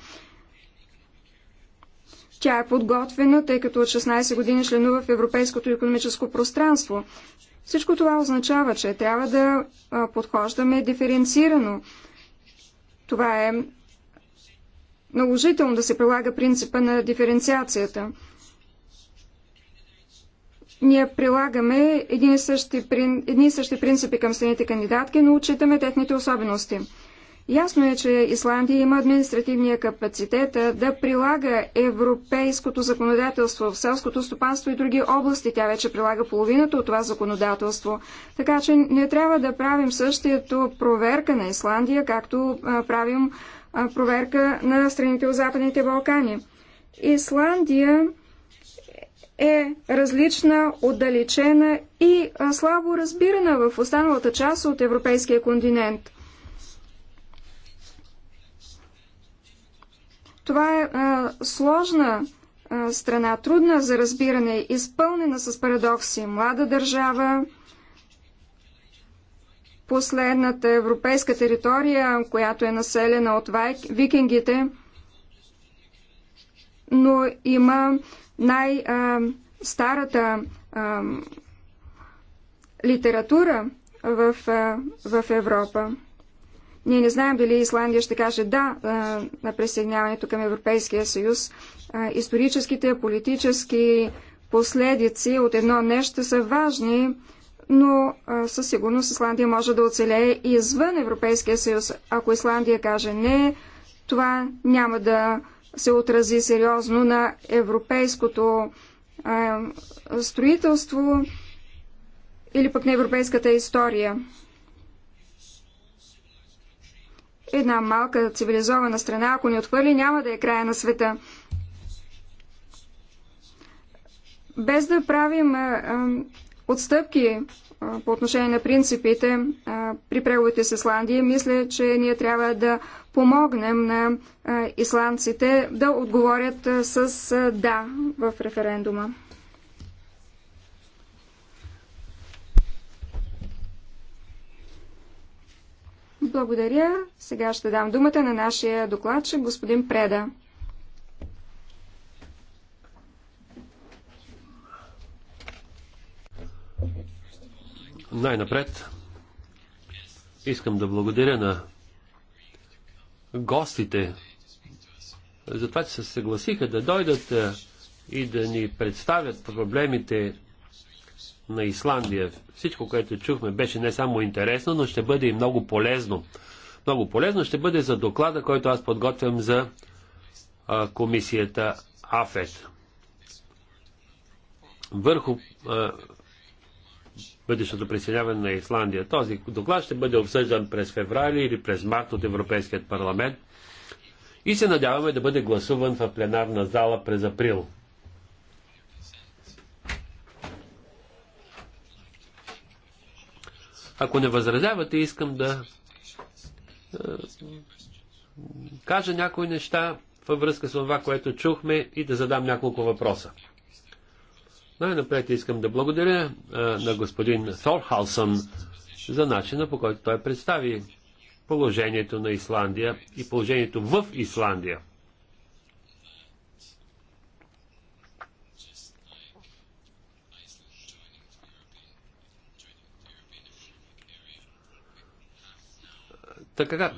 Тя е подготвена, тъй като от 16 години членува в Европейското економическо пространство. Всичко това означава, че трябва да подхождаме диференцирано. Това е наложително да се прилага принципа на диференциацията. Ние прилагаме едни и същи, и същи принципи към следните кандидатки, но отчитаме техните особености. Ясно е, че Исландия има административния капацитет да прилага европейското законодателство в селското стопанство и други области. Тя вече прилага половината от това законодателство. Така че не трябва да правим същото проверка на Исландия, както правим проверка на страните от Западните Балкани. Исландия е различна, отдалечена и слабо разбирана в останалата част от европейския континент – Това е а, сложна а, страна, трудна за разбиране, изпълнена с парадокси. Млада държава, последната европейска територия, която е населена от викингите, но има най-старата литература в, в Европа. Ние не знаем дали Исландия ще каже да на присъединяването към Европейския съюз. Историческите, политически последици от едно нещо са важни, но със сигурност Исландия може да оцелее и извън Европейския съюз. Ако Исландия каже не, това няма да се отрази сериозно на европейското строителство или пък на европейската история. една малка цивилизована страна, ако ни отхвърли, няма да е края на света. Без да правим отстъпки по отношение на принципите при преговорите с Исландия, мисля, че ние трябва да помогнем на исландците да отговорят с да в референдума. Благодаря. Сега ще дам думата на нашия докладчик, господин Преда. Най-напред искам да благодаря на гостите за това, че се съгласиха да дойдат и да ни представят проблемите на Исландия. Всичко, което чухме, беше не само интересно, но ще бъде и много полезно. Много полезно ще бъде за доклада, който аз подготвям за а, комисията АФЕТ. Върху а, бъдещото присъединяване на Исландия. Този доклад ще бъде обсъждан през феврали или през март от Европейският парламент и се надяваме да бъде гласуван в пленарна зала през април. Ако не възразявате, искам да е, кажа някои неща във връзка с това, което чухме и да задам няколко въпроса. Най-напред искам да благодаря е, на господин Сорхалсън за начина по който той представи положението на Исландия и положението в Исландия. Така,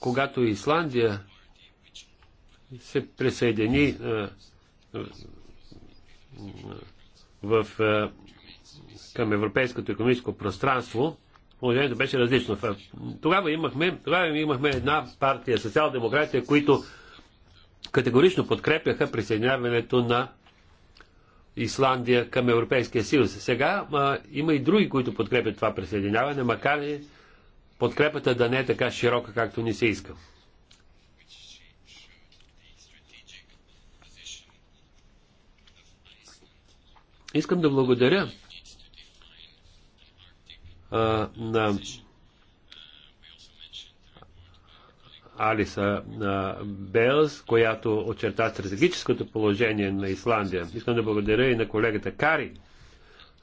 когато Исландия се присъедини а, в, а, към европейското економическо пространство, положението беше различно. Тогава имахме, тогава имахме една партия, социал-демократия, които категорично подкрепяха присъединяването на Исландия към Европейския съюз. Сега а, има и други, които подкрепят това присъединяване, макар и подкрепата да не е така широка, както ни се иска. Искам да благодаря а, на Алиса а, Белс, която очерта стратегическото положение на Исландия. Искам да благодаря и на колегата Кари,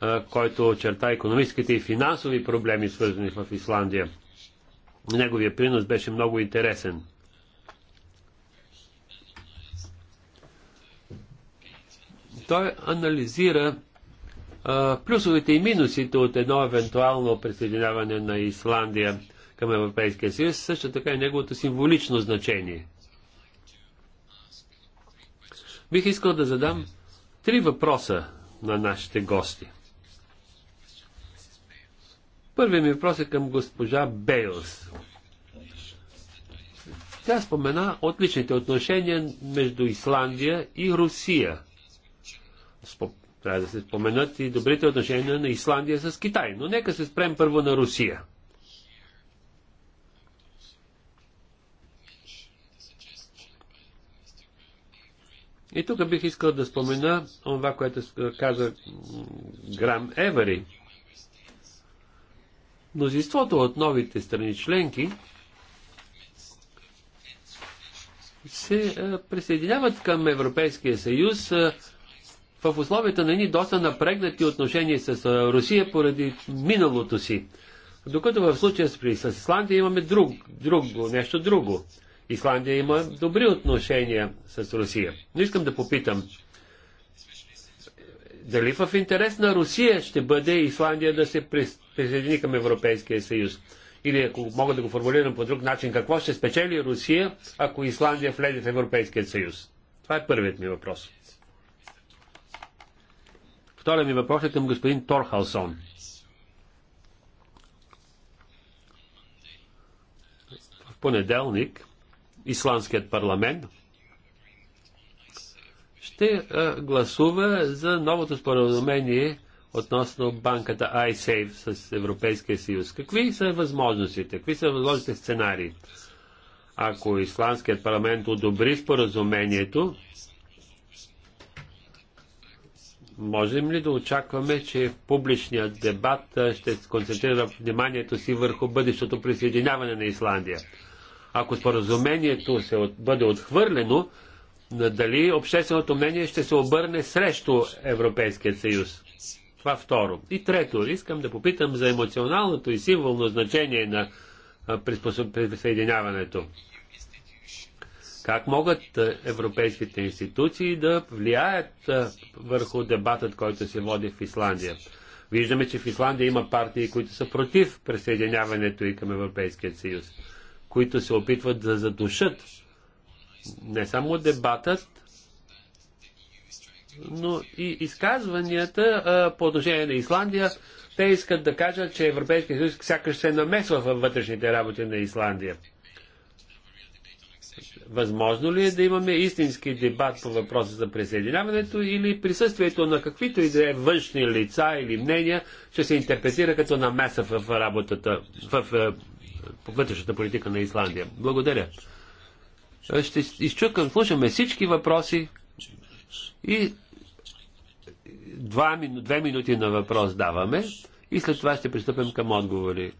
а, който очерта економическите и финансови проблеми, свързани в Исландия. Неговия принос беше много интересен. Той анализира а, плюсовете и минусите от едно евентуално присъединяване на Исландия към Европейския съюз, също така и неговото символично значение. Бих искал да задам три въпроса на нашите гости – Първият ми въпрос е към госпожа Бейлс. Тя спомена отличните отношения между Исландия и Русия. Трябва да се споменат и добрите отношения на Исландия с Китай. Но нека се спрем първо на Русия. И тук бих искал да спомена това, което каза Грам Евери Мнозинството от новите страни членки се присъединяват към Европейския съюз в условията на едни доста напрегнати отношения с Русия поради миналото си. Докато в случая с Исландия имаме друг, друго, нещо друго. Исландия има добри отношения с Русия. Но искам да попитам, дали в интерес на Русия ще бъде Исландия да се присъедини към Европейския съюз? Или ако мога да го формулирам по друг начин, какво ще спечели Русия, ако Исландия влезе в Европейския съюз? Това е първият ми въпрос. Вторият ми въпрос е към господин Торхалсон. В понеделник Исландският парламент ще гласува за новото споразумение относно банката iSafe с Европейския съюз. Какви са възможностите? Какви са възможните сценарии? Ако Исландският парламент одобри споразумението, можем ли да очакваме, че в публичният дебат ще се концентрира вниманието си върху бъдещото присъединяване на Исландия? Ако споразумението се от, бъде отхвърлено, дали общественото мнение ще се обърне срещу Европейският съюз? Това второ. И трето, искам да попитам за емоционалното и символно значение на присъединяването. Как могат европейските институции да влияят върху дебатът, който се води в Исландия? Виждаме, че в Исландия има партии, които са против присъединяването и към Европейския съюз, които се опитват да задушат не само дебатът, но и изказванията а, по отношение на Исландия, те искат да кажат, че Европейския съюз сякаш се намесва във вътрешните работи на Исландия. Възможно ли е да имаме истински дебат по въпроса за присъединяването или присъствието на каквито и да е външни лица или мнения ще се интерпретира като намеса в работата, в, в вътрешната политика на Исландия? Благодаря. Ще изчукам, слушаме всички въпроси и Два, две минути на въпрос даваме и след това ще пристъпим към отговори.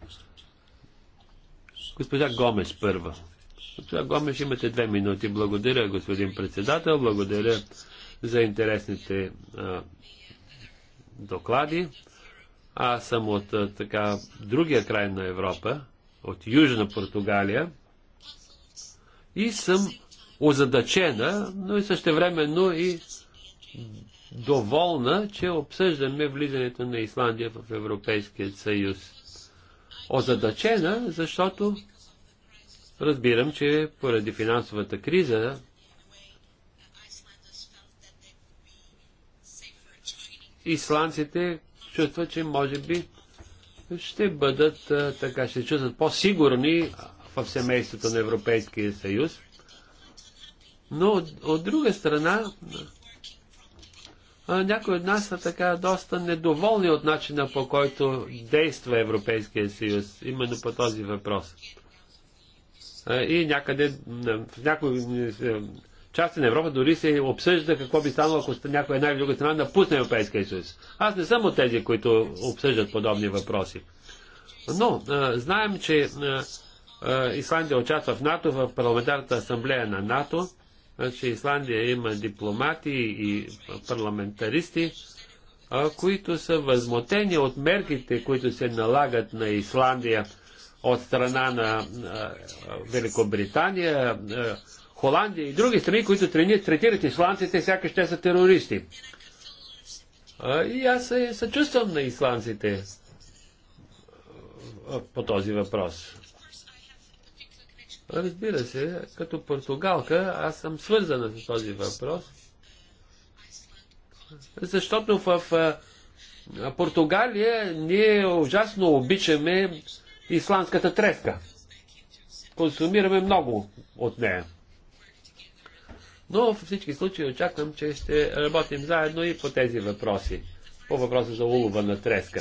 Госпожа Гомеш първа. Госпожа Гомеш, имате две минути. Благодаря, господин председател. Благодаря за интересните а, доклади. Аз съм от а, така другия край на Европа, от Южна Португалия и съм озадачена, но и също времено и доволна, че обсъждаме влизането на Исландия в Европейския съюз. Озадачена, защото разбирам, че поради финансовата криза исландците чувстват, че може би ще бъдат така, ще чувстват по-сигурни в семейството на Европейския съюз. Но от, друга страна, някои от нас са така доста недоволни от начина по който действа Европейския съюз, именно по този въпрос. И някъде, в някои е, части на Европа дори се обсъжда какво би станало, ако някоя една или друга страна напусне Европейския съюз. Аз не съм от тези, които обсъждат подобни въпроси. Но знаем, че Исландия участва в НАТО, в парламентарната асамблея на НАТО. Значи, Исландия има дипломати и парламентаристи, които са възмутени от мерките, които се налагат на Исландия от страна на Великобритания, Холандия и други страни, които третират исландците, сякаш те са терористи. И аз се съчувствам на исландците по този въпрос. Разбира се, като португалка аз съм свързана с този въпрос, защото в Португалия ние ужасно обичаме исландската треска. Консумираме много от нея. Но във всички случаи очаквам, че ще работим заедно и по тези въпроси. По въпроса за улова на треска.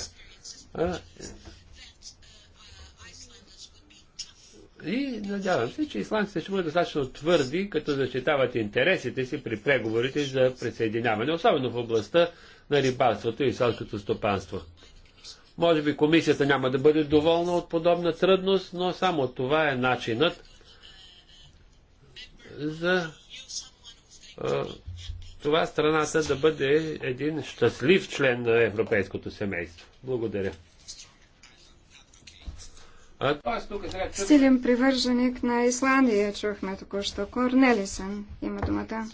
И надявам се, че исландците ще бъдат достатъчно твърди, като защитават интересите си при преговорите за присъединяване, особено в областта на рибарството и селското стопанство. Може би комисията няма да бъде доволна от подобна трудност, но само това е начинът за а, това страната да бъде един щастлив член на европейското семейство. Благодаря. Силен привърженик на Исландия, чухме току-що. Корнелисън има думата.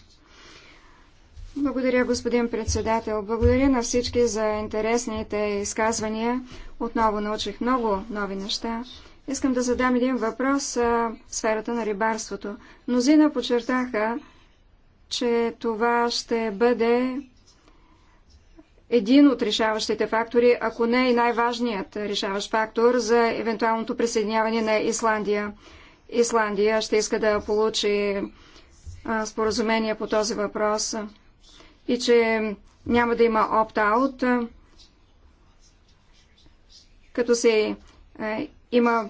Благодаря, господин председател. Благодаря на всички за интересните изказвания. Отново научих много нови неща. Искам да задам един въпрос в сферата на рибарството. Мнозина почертаха, че това ще бъде един от решаващите фактори, ако не и най-важният решаващ фактор за евентуалното присъединяване на Исландия. Исландия ще иска да получи споразумение по този въпрос и че няма да има опт-аут, като се има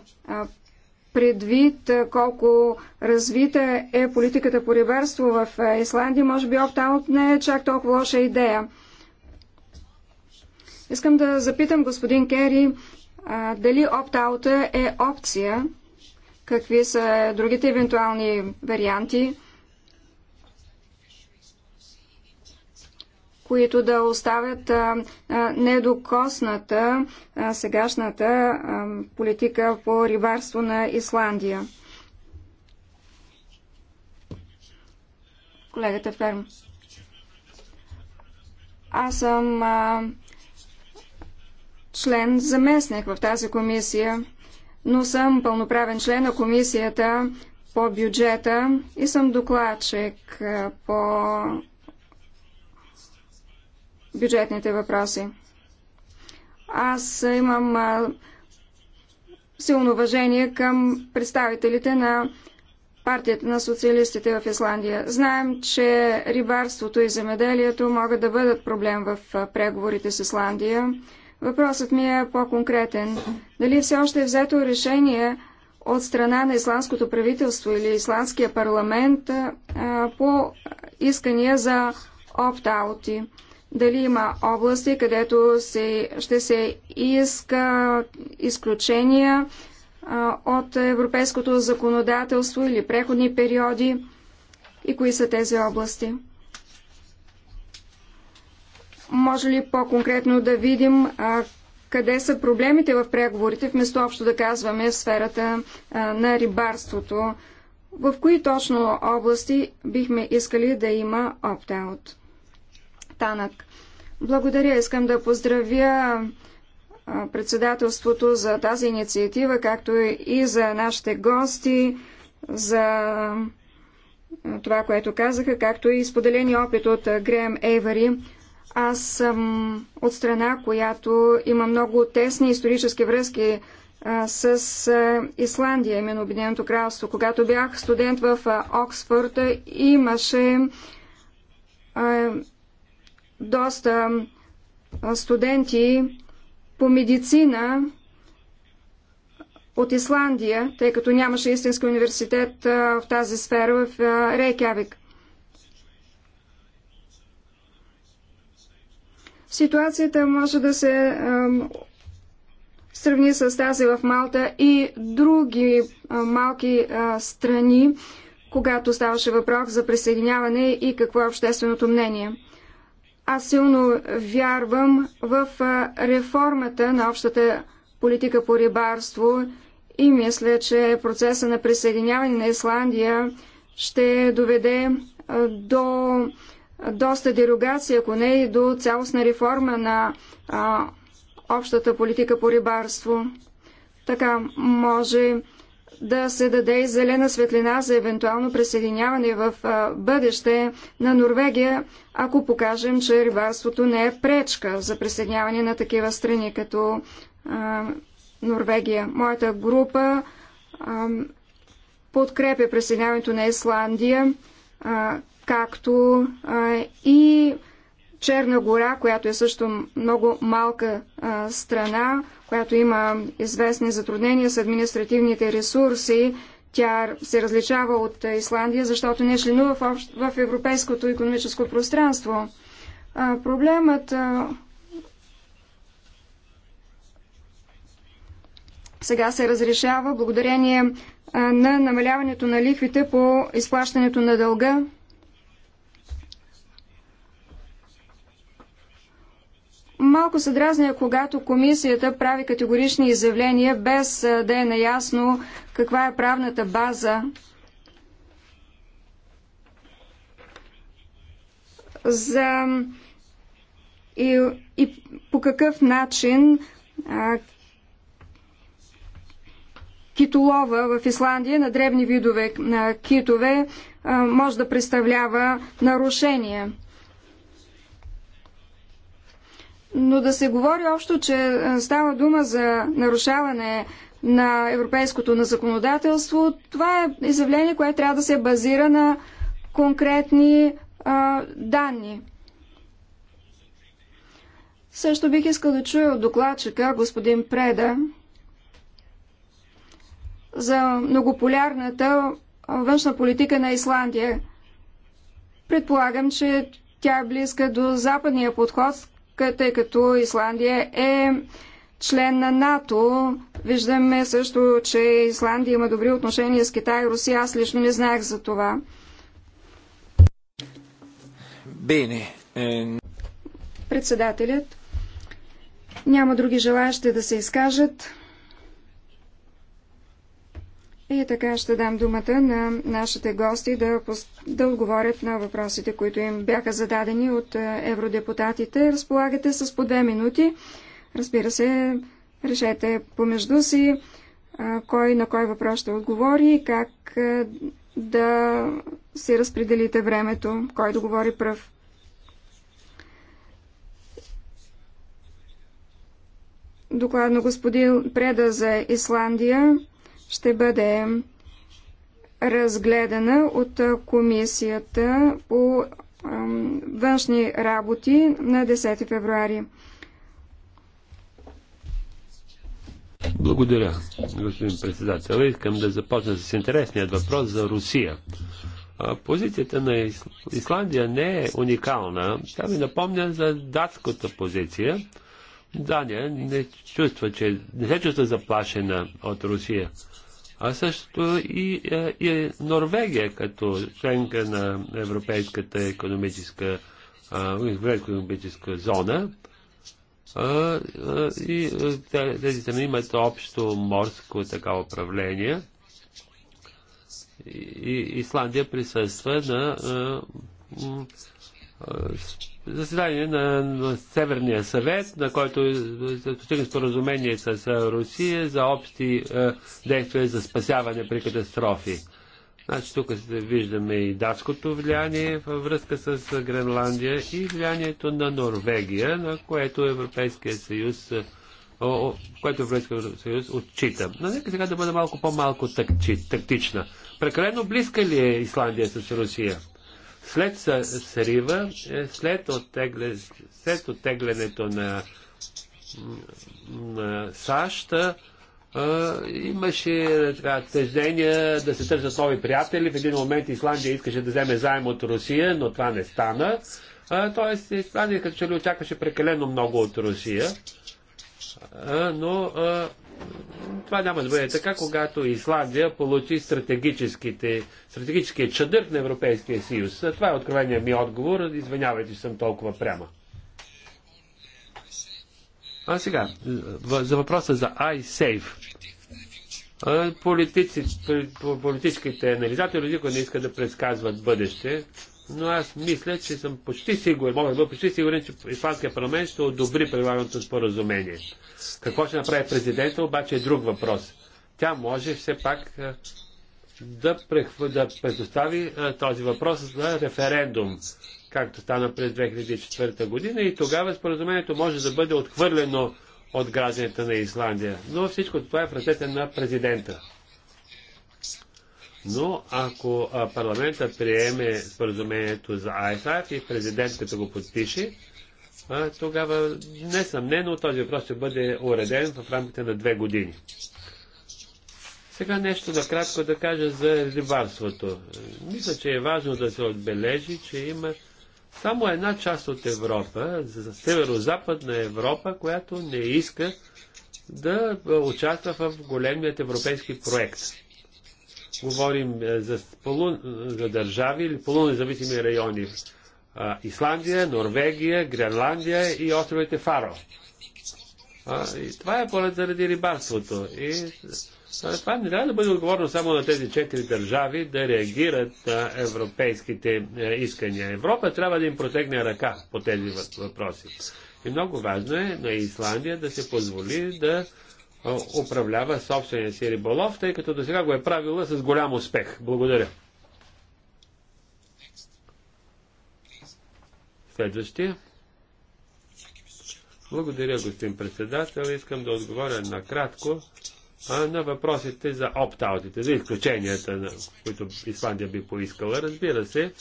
предвид колко развита е политиката по рибарство в Исландия, може би опт-аут не е чак толкова лоша идея. Искам да запитам господин Кери а, дали опт-аута е опция, какви са другите евентуални варианти, които да оставят а, а, недокосната а, сегашната а, политика по рибарство на Исландия. Колегата Ферм. Аз съм а, член заместник в тази комисия, но съм пълноправен член на комисията по бюджета и съм докладчик по бюджетните въпроси. Аз имам силно уважение към представителите на партията на социалистите в Исландия. Знаем, че рибарството и земеделието могат да бъдат проблем в преговорите с Исландия. Въпросът ми е по-конкретен. Дали все още е взето решение от страна на исландското правителство или исландския парламент а, по искания за опт-аути? Дали има области, където се, ще се иска изключения а, от европейското законодателство или преходни периоди? И кои са тези области? Може ли по-конкретно да видим а, къде са проблемите в преговорите, вместо общо да казваме в сферата а, на рибарството? В кои точно области бихме искали да има опт-аут? Танък. Благодаря. Искам да поздравя председателството за тази инициатива, както и за нашите гости, за това, което казаха, както и споделени опит от Греем Ейвари. Аз съм от страна, която има много тесни исторически връзки а, с а, Исландия, именно Обединеното кралство. Когато бях студент в а, Оксфорд, имаше а, доста а, студенти по медицина от Исландия, тъй като нямаше истински университет а, в тази сфера в Рейкявик. Ситуацията може да се сравни с тази в Малта и други малки а, страни, когато ставаше въпрос за присъединяване и какво е общественото мнение. Аз силно вярвам в реформата на общата политика по рибарство и мисля, че процеса на присъединяване на Исландия ще доведе до доста дерогация, ако не и до цялостна реформа на а, общата политика по рибарство. Така може да се даде и зелена светлина за евентуално присъединяване в а, бъдеще на Норвегия, ако покажем, че рибарството не е пречка за присъединяване на такива страни като а, Норвегия. Моята група а, подкрепя присъединяването на Исландия както и Черна гора, която е също много малка а, страна, която има известни затруднения с административните ресурси. Тя се различава от Исландия, защото не е членува в, общ... в европейското економическо пространство. А, проблемът а... сега се разрешава благодарение а, на намаляването на лихвите по изплащането на дълга Малко се дразня, когато комисията прави категорични изявления, без да е наясно каква е правната база за и, и по какъв начин а, китолова в Исландия на древни видове на китове а, може да представлява нарушение но да се говори общо, че е, става дума за нарушаване на европейското на законодателство, това е изявление, което трябва да се базира на конкретни а, е, данни. Също бих искал да чуя от докладчика господин Преда за многополярната е, външна политика на Исландия. Предполагам, че тя е близка до западния подход, тъй като Исландия е член на НАТО. Виждаме също, че Исландия има добри отношения с Китай и Русия. Аз лично не знаех за това. Бене. Е, Председателят. Няма други желаящи да се изкажат. И така ще дам думата на нашите гости да, да отговорят на въпросите, които им бяха зададени от е, евродепутатите. Разполагате с по две минути. Разбира се, решете помежду си е, кой на кой въпрос ще отговори и как е, да си разпределите времето, кой да говори пръв. Докладно господин Преда за Исландия ще бъде разгледана от комисията по външни работи на 10 февруари. Благодаря, господин председател. Искам да започна с интересният въпрос за Русия. Позицията на Исландия не е уникална. Тя ми напомня за датската позиция. Дания не чувства, че не се чувства заплашена от Русия а също и, е, и е Норвегия като членка на Европейската економическа, економическа зона. И тези страни имат общо морско така управление. И Исландия присъства на заседание на, Северния съвет, на който постигне споразумение с Русия за общи действия за спасяване при катастрофи. Значи тук виждаме и датското влияние във връзка с Гренландия и влиянието на Норвегия, на което Европейския съюз което Европейския съюз отчита. Но нека сега да бъде малко по-малко тактична. Прекалено близка ли е Исландия с Русия? След срива, е, след, оттегле, след оттеглянето на, на САЩ, имаше така, теждения да се търсят нови приятели. В един момент Исландия искаше да вземе заем от Русия, но това не стана. Тоест, Исландия като че ли очакваше прекалено много от Русия но това няма да бъде така, когато Исландия получи стратегическите, стратегическия чадър на Европейския съюз. Това е откровеният ми отговор. Извинявайте, че съм толкова прямо. А сега, за въпроса за iSafe. Политици, политическите анализатори никога не искат да предсказват бъдеще но аз мисля, че съм почти сигурен, мога да бъда почти сигурен, че Испанския парламент ще одобри предлаганото споразумение. Какво ще направи президента, обаче е друг въпрос. Тя може все пак да, прехв... да предостави този въпрос за референдум, както стана през 2004 година и тогава споразумението може да бъде отхвърлено от гражданите на Исландия. Но всичко това е в ръцете на президента. Но ако парламента приеме споразумението за IFAF и президентът го подпише, тогава несъмнено този въпрос ще бъде уреден в рамките на две години. Сега нещо накратко да кажа за рибарството. Мисля, че е важно да се отбележи, че има само една част от Европа, за северо-западна Европа, която не иска да участва в големият европейски проект. Говорим е, за, полу... за държави или полунезависими райони. Исландия, Норвегия, Гренландия и островите Фаро. А, и това е поред заради рибарството. И това не трябва да бъде отговорно само на тези четири държави да реагират на европейските е, искания. Европа трябва да им протегне ръка по тези въпроси. И много важно е на Исландия да се позволи да управлява собствения си риболов, тъй като до сега го е правила с голям успех. Благодаря. Следващия. Благодаря, господин председател. Искам да отговоря накратко на въпросите за оптаутите, аутите за изключенията, на които Исландия би поискала. Разбира се,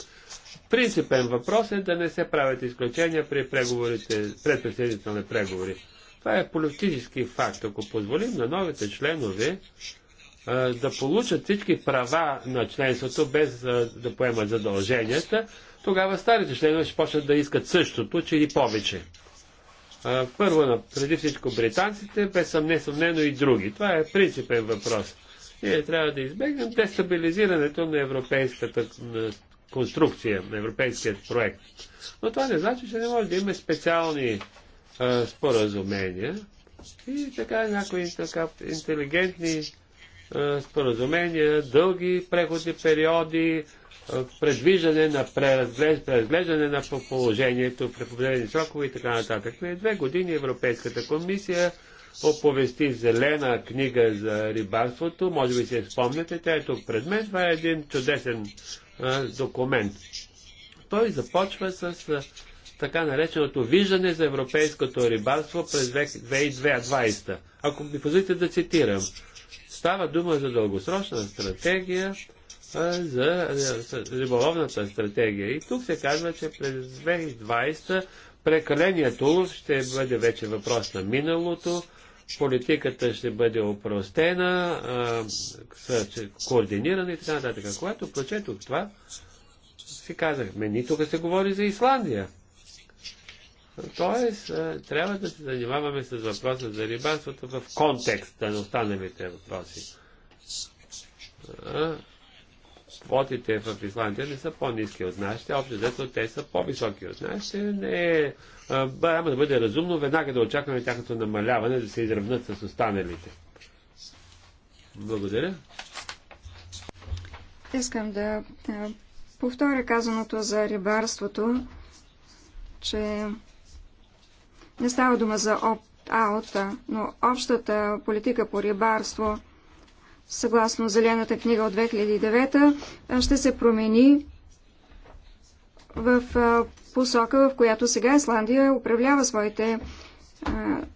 принципен въпрос е да не се правят изключения при преговорите, предпредседителни преговори. Това е политически факт. Ако позволим на новите членове а, да получат всички права на членството, без а, да поемат задълженията, тогава старите членове ще почнат да искат същото, че и повече. А, първо, преди всичко британците, без съмнено и други. Това е принципен въпрос. Ние трябва да избегнем дестабилизирането на европейската конструкция, на европейският проект. Но това не значи, че не може да има специални споразумения и така някои така интелигентни а, споразумения, дълги преходни периоди, а, предвиждане на преразглеждане, на положението, преподелени срокове и така нататък. На две години Европейската комисия оповести зелена книга за рибарството. Може би се спомняте, тя е тук пред мен. Това е един чудесен а, документ. Той започва с така нареченото виждане за европейското рибарство през 2020. Ако ми позволите да цитирам, става дума за дългосрочна стратегия, за е, риболовната стратегия. И тук се казва, че през 2020 прекаленият улов ще бъде вече въпрос на миналото, политиката ще бъде опростена, координирана и така нататък. Когато прочетох това, си казахме, ни тук се говори за Исландия. Тоест, е, трябва да се занимаваме с въпроса за рибарството в контекста на останалите въпроси. Е, квотите в Исландия не са по-низки от нашите, общо взето те са по-високи от нашите. Не е, е да бъде разумно веднага да очакваме тяхното намаляване, да се изравнат с останалите. Благодаря. Искам да повторя казаното за рибарството, че не става дума за опт-аут, но общата политика по рибарство, съгласно Зелената книга от 2009, ще се промени в посока, в която сега Исландия управлява своите,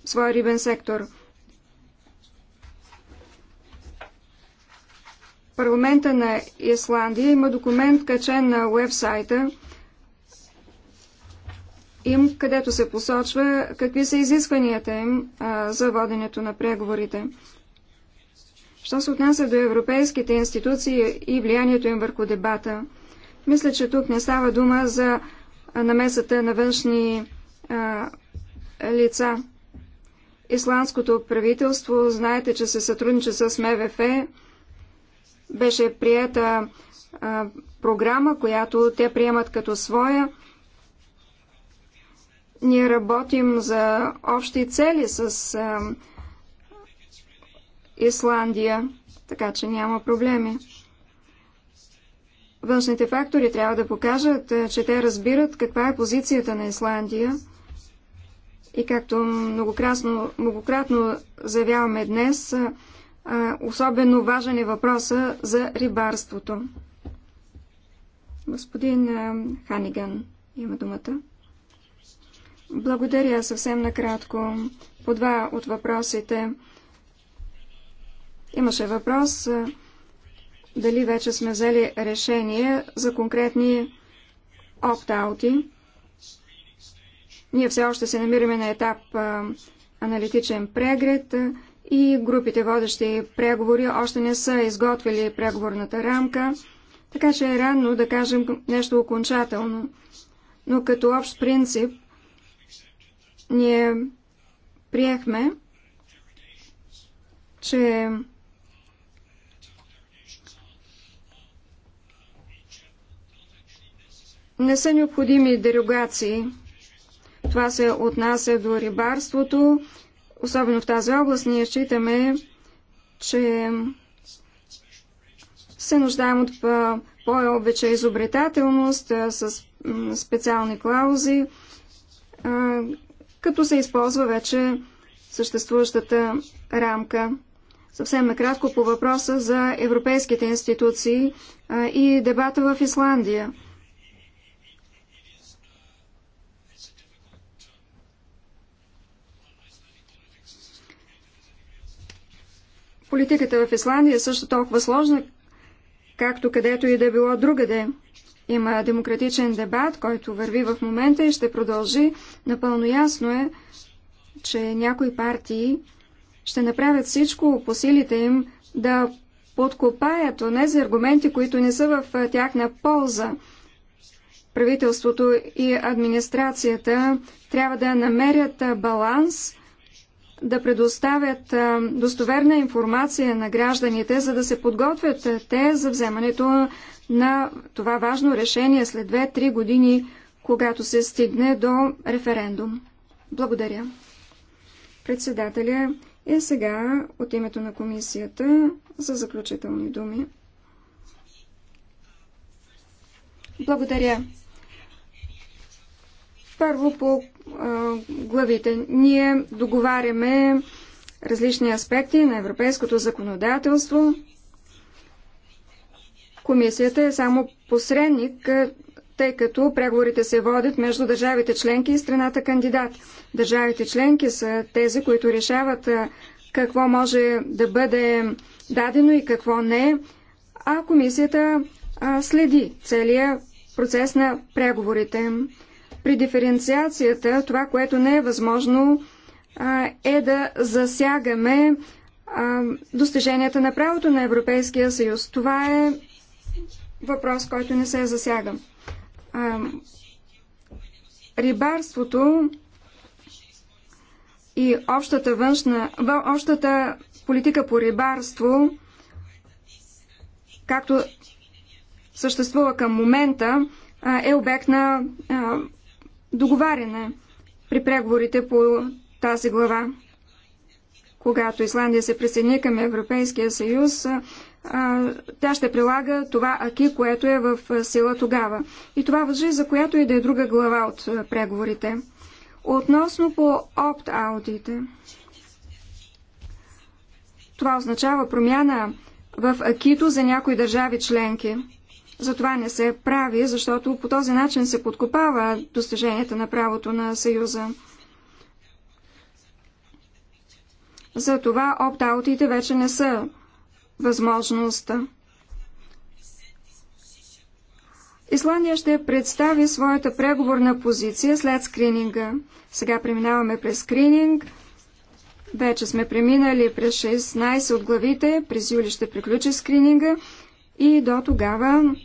своя рибен сектор. Парламента на Исландия има документ, качен на уебсайта – им, където се посочва какви са изискванията им а, за воденето на преговорите. Що се отнася до европейските институции и влиянието им върху дебата, мисля, че тук не става дума за намесата на външни а, лица. Исландското правителство, знаете, че се сътрудничи с МВФ, беше приета а, програма, която те приемат като своя – ние работим за общи цели с Исландия, така че няма проблеми. Външните фактори трябва да покажат, че те разбират каква е позицията на Исландия. И както многократно, многократно заявяваме днес, особено важен е въпроса за рибарството. Господин Ханиган има думата. Благодаря съвсем накратко по два от въпросите. Имаше въпрос дали вече сме взели решение за конкретни опт-аути. Ние все още се намираме на етап аналитичен преглед и групите водещи преговори още не са изготвили преговорната рамка, така че е рано да кажем нещо окончателно. Но като общ принцип ние приехме, че не са необходими дерогации. Това се отнася до рибарството. Особено в тази област ние считаме, че се нуждаем от по-обече изобретателност с специални клаузи, като се използва вече съществуващата рамка. Съвсем накратко по въпроса за европейските институции и дебата в Исландия. Политиката в Исландия е също толкова сложна, както където и да е било другаде. Има демократичен дебат, който върви в момента и ще продължи. Напълно ясно е, че някои партии ще направят всичко по силите им да подкопаят онези аргументи, които не са в тяхна полза. Правителството и администрацията трябва да намерят баланс, да предоставят достоверна информация на гражданите, за да се подготвят те за вземането на това важно решение след 2-3 години, когато се стигне до референдум. Благодаря. Председателя е сега от името на комисията за заключителни думи. Благодаря. Първо по а, главите. Ние договаряме различни аспекти на европейското законодателство. Комисията е само посредник, тъй като преговорите се водят между държавите членки и страната кандидат. Държавите членки са тези, които решават какво може да бъде дадено и какво не, а комисията следи целият процес на преговорите. При диференциацията това, което не е възможно, е да засягаме достиженията на правото на Европейския съюз. Това е въпрос, който не се засяга. А, рибарството и общата външна, общата политика по рибарство, както съществува към момента, е обект на а, договаряне при преговорите по тази глава. Когато Исландия се присъедини към Европейския съюз, тя ще прилага това аки, което е в сила тогава. И това въжи за която и да е друга глава от преговорите. Относно по опт-аутите, това означава промяна в акито за някои държави членки. Затова не се прави, защото по този начин се подкопава достиженията на правото на Съюза. Затова опт-аутите вече не са възможността. Исландия ще представи своята преговорна позиция след скрининга. Сега преминаваме през скрининг. Вече сме преминали през 16 от главите. През юли ще приключи скрининга и до тогава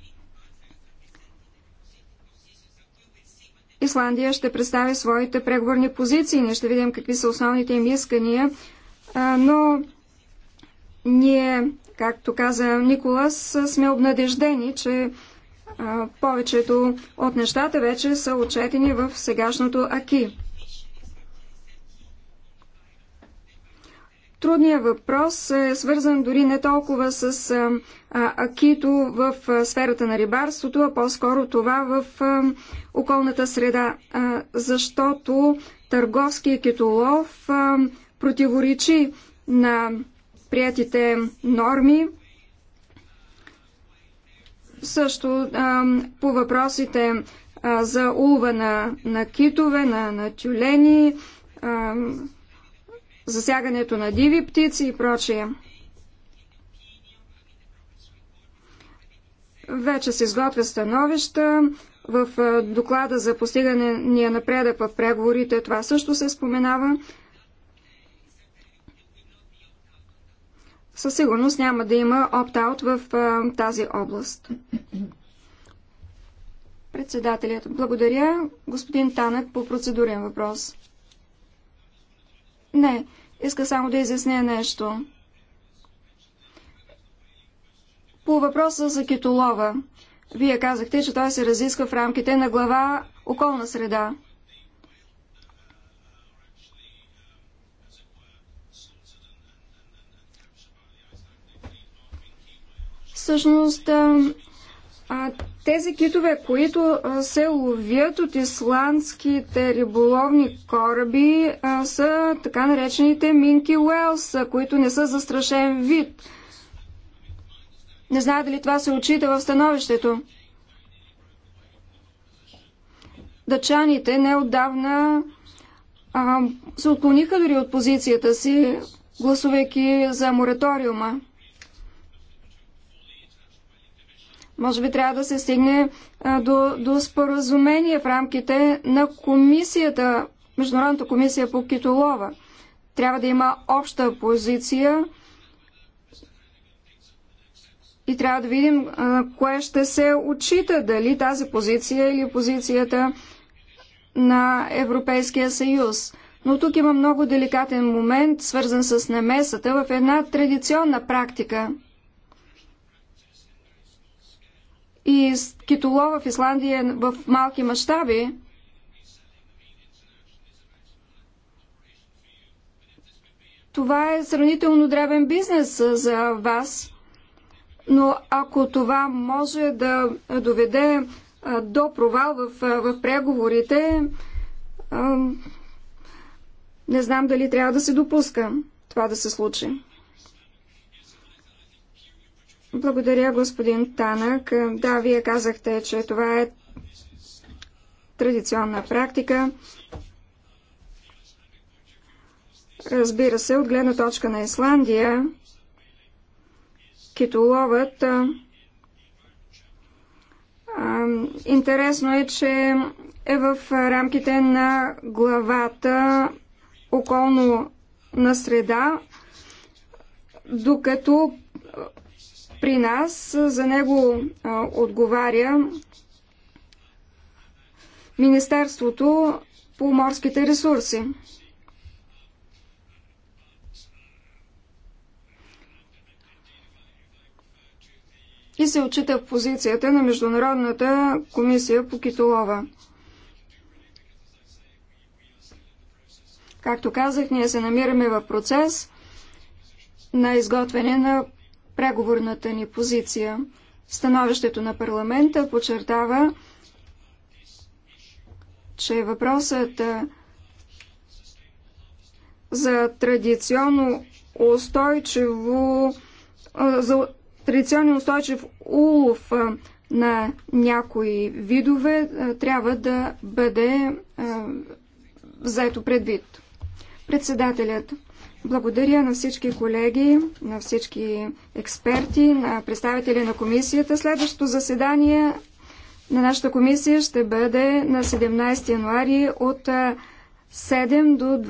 Исландия ще представи своите преговорни позиции. Ние ще видим какви са основните им искания, но ние Както каза Николас, сме обнадеждени, че повечето от нещата вече са отчетени в сегашното АКИ. Трудният въпрос е свързан дори не толкова с акито в сферата на рибарството, а по-скоро това в околната среда, защото търговският китолов противоречи на приятите норми. Също а, по въпросите а, за улва на, на китове, на, на тюлени, а, засягането на диви птици и прочие. Вече се изготвя становища в доклада за постигане ния напредък в преговорите. Това също се споменава. със сигурност няма да има опт-аут в а, тази област. Председателят, благодаря. Господин Танък по процедурен въпрос. Не, иска само да изясня нещо. По въпроса за китолова. Вие казахте, че той се разиска в рамките на глава околна среда. Всъщност, тези китове, които се ловят от исландските риболовни кораби, са така наречените минки уелс, които не са застрашен вид. Не знае дали това се очита в становището. Дъчаните неотдавна а, се отклониха дори от позицията си, гласувайки за мораториума. Може би трябва да се стигне а, до, до споразумение в рамките на комисията, Международната комисия по китолова. Трябва да има обща позиция и трябва да видим а, кое ще се отчита, дали тази позиция или позицията на Европейския съюз. Но тук има много деликатен момент, свързан с намесата в една традиционна практика – и китолова в Исландия в малки мащаби. Това е сравнително древен бизнес за вас, но ако това може да доведе до провал в, в преговорите, не знам дали трябва да се допуска това да се случи. Благодаря, господин Танък. Да, вие казахте, че това е традиционна практика. Разбира се, от гледна точка на Исландия, китоловът. Интересно е, че е в рамките на главата околно на среда, докато при нас. За него отговаря Министерството по морските ресурси. И се отчита в позицията на Международната комисия по китолова. Както казах, ние се намираме в процес на изготвяне на преговорната ни позиция. Становището на парламента подчертава, че въпросът за традиционно устойчиво за традиционно устойчив улов на някои видове трябва да бъде взето предвид. Председателят благодаря на всички колеги, на всички експерти, на представители на комисията. Следващото заседание на нашата комисия ще бъде на 17 януари от 7 до 12.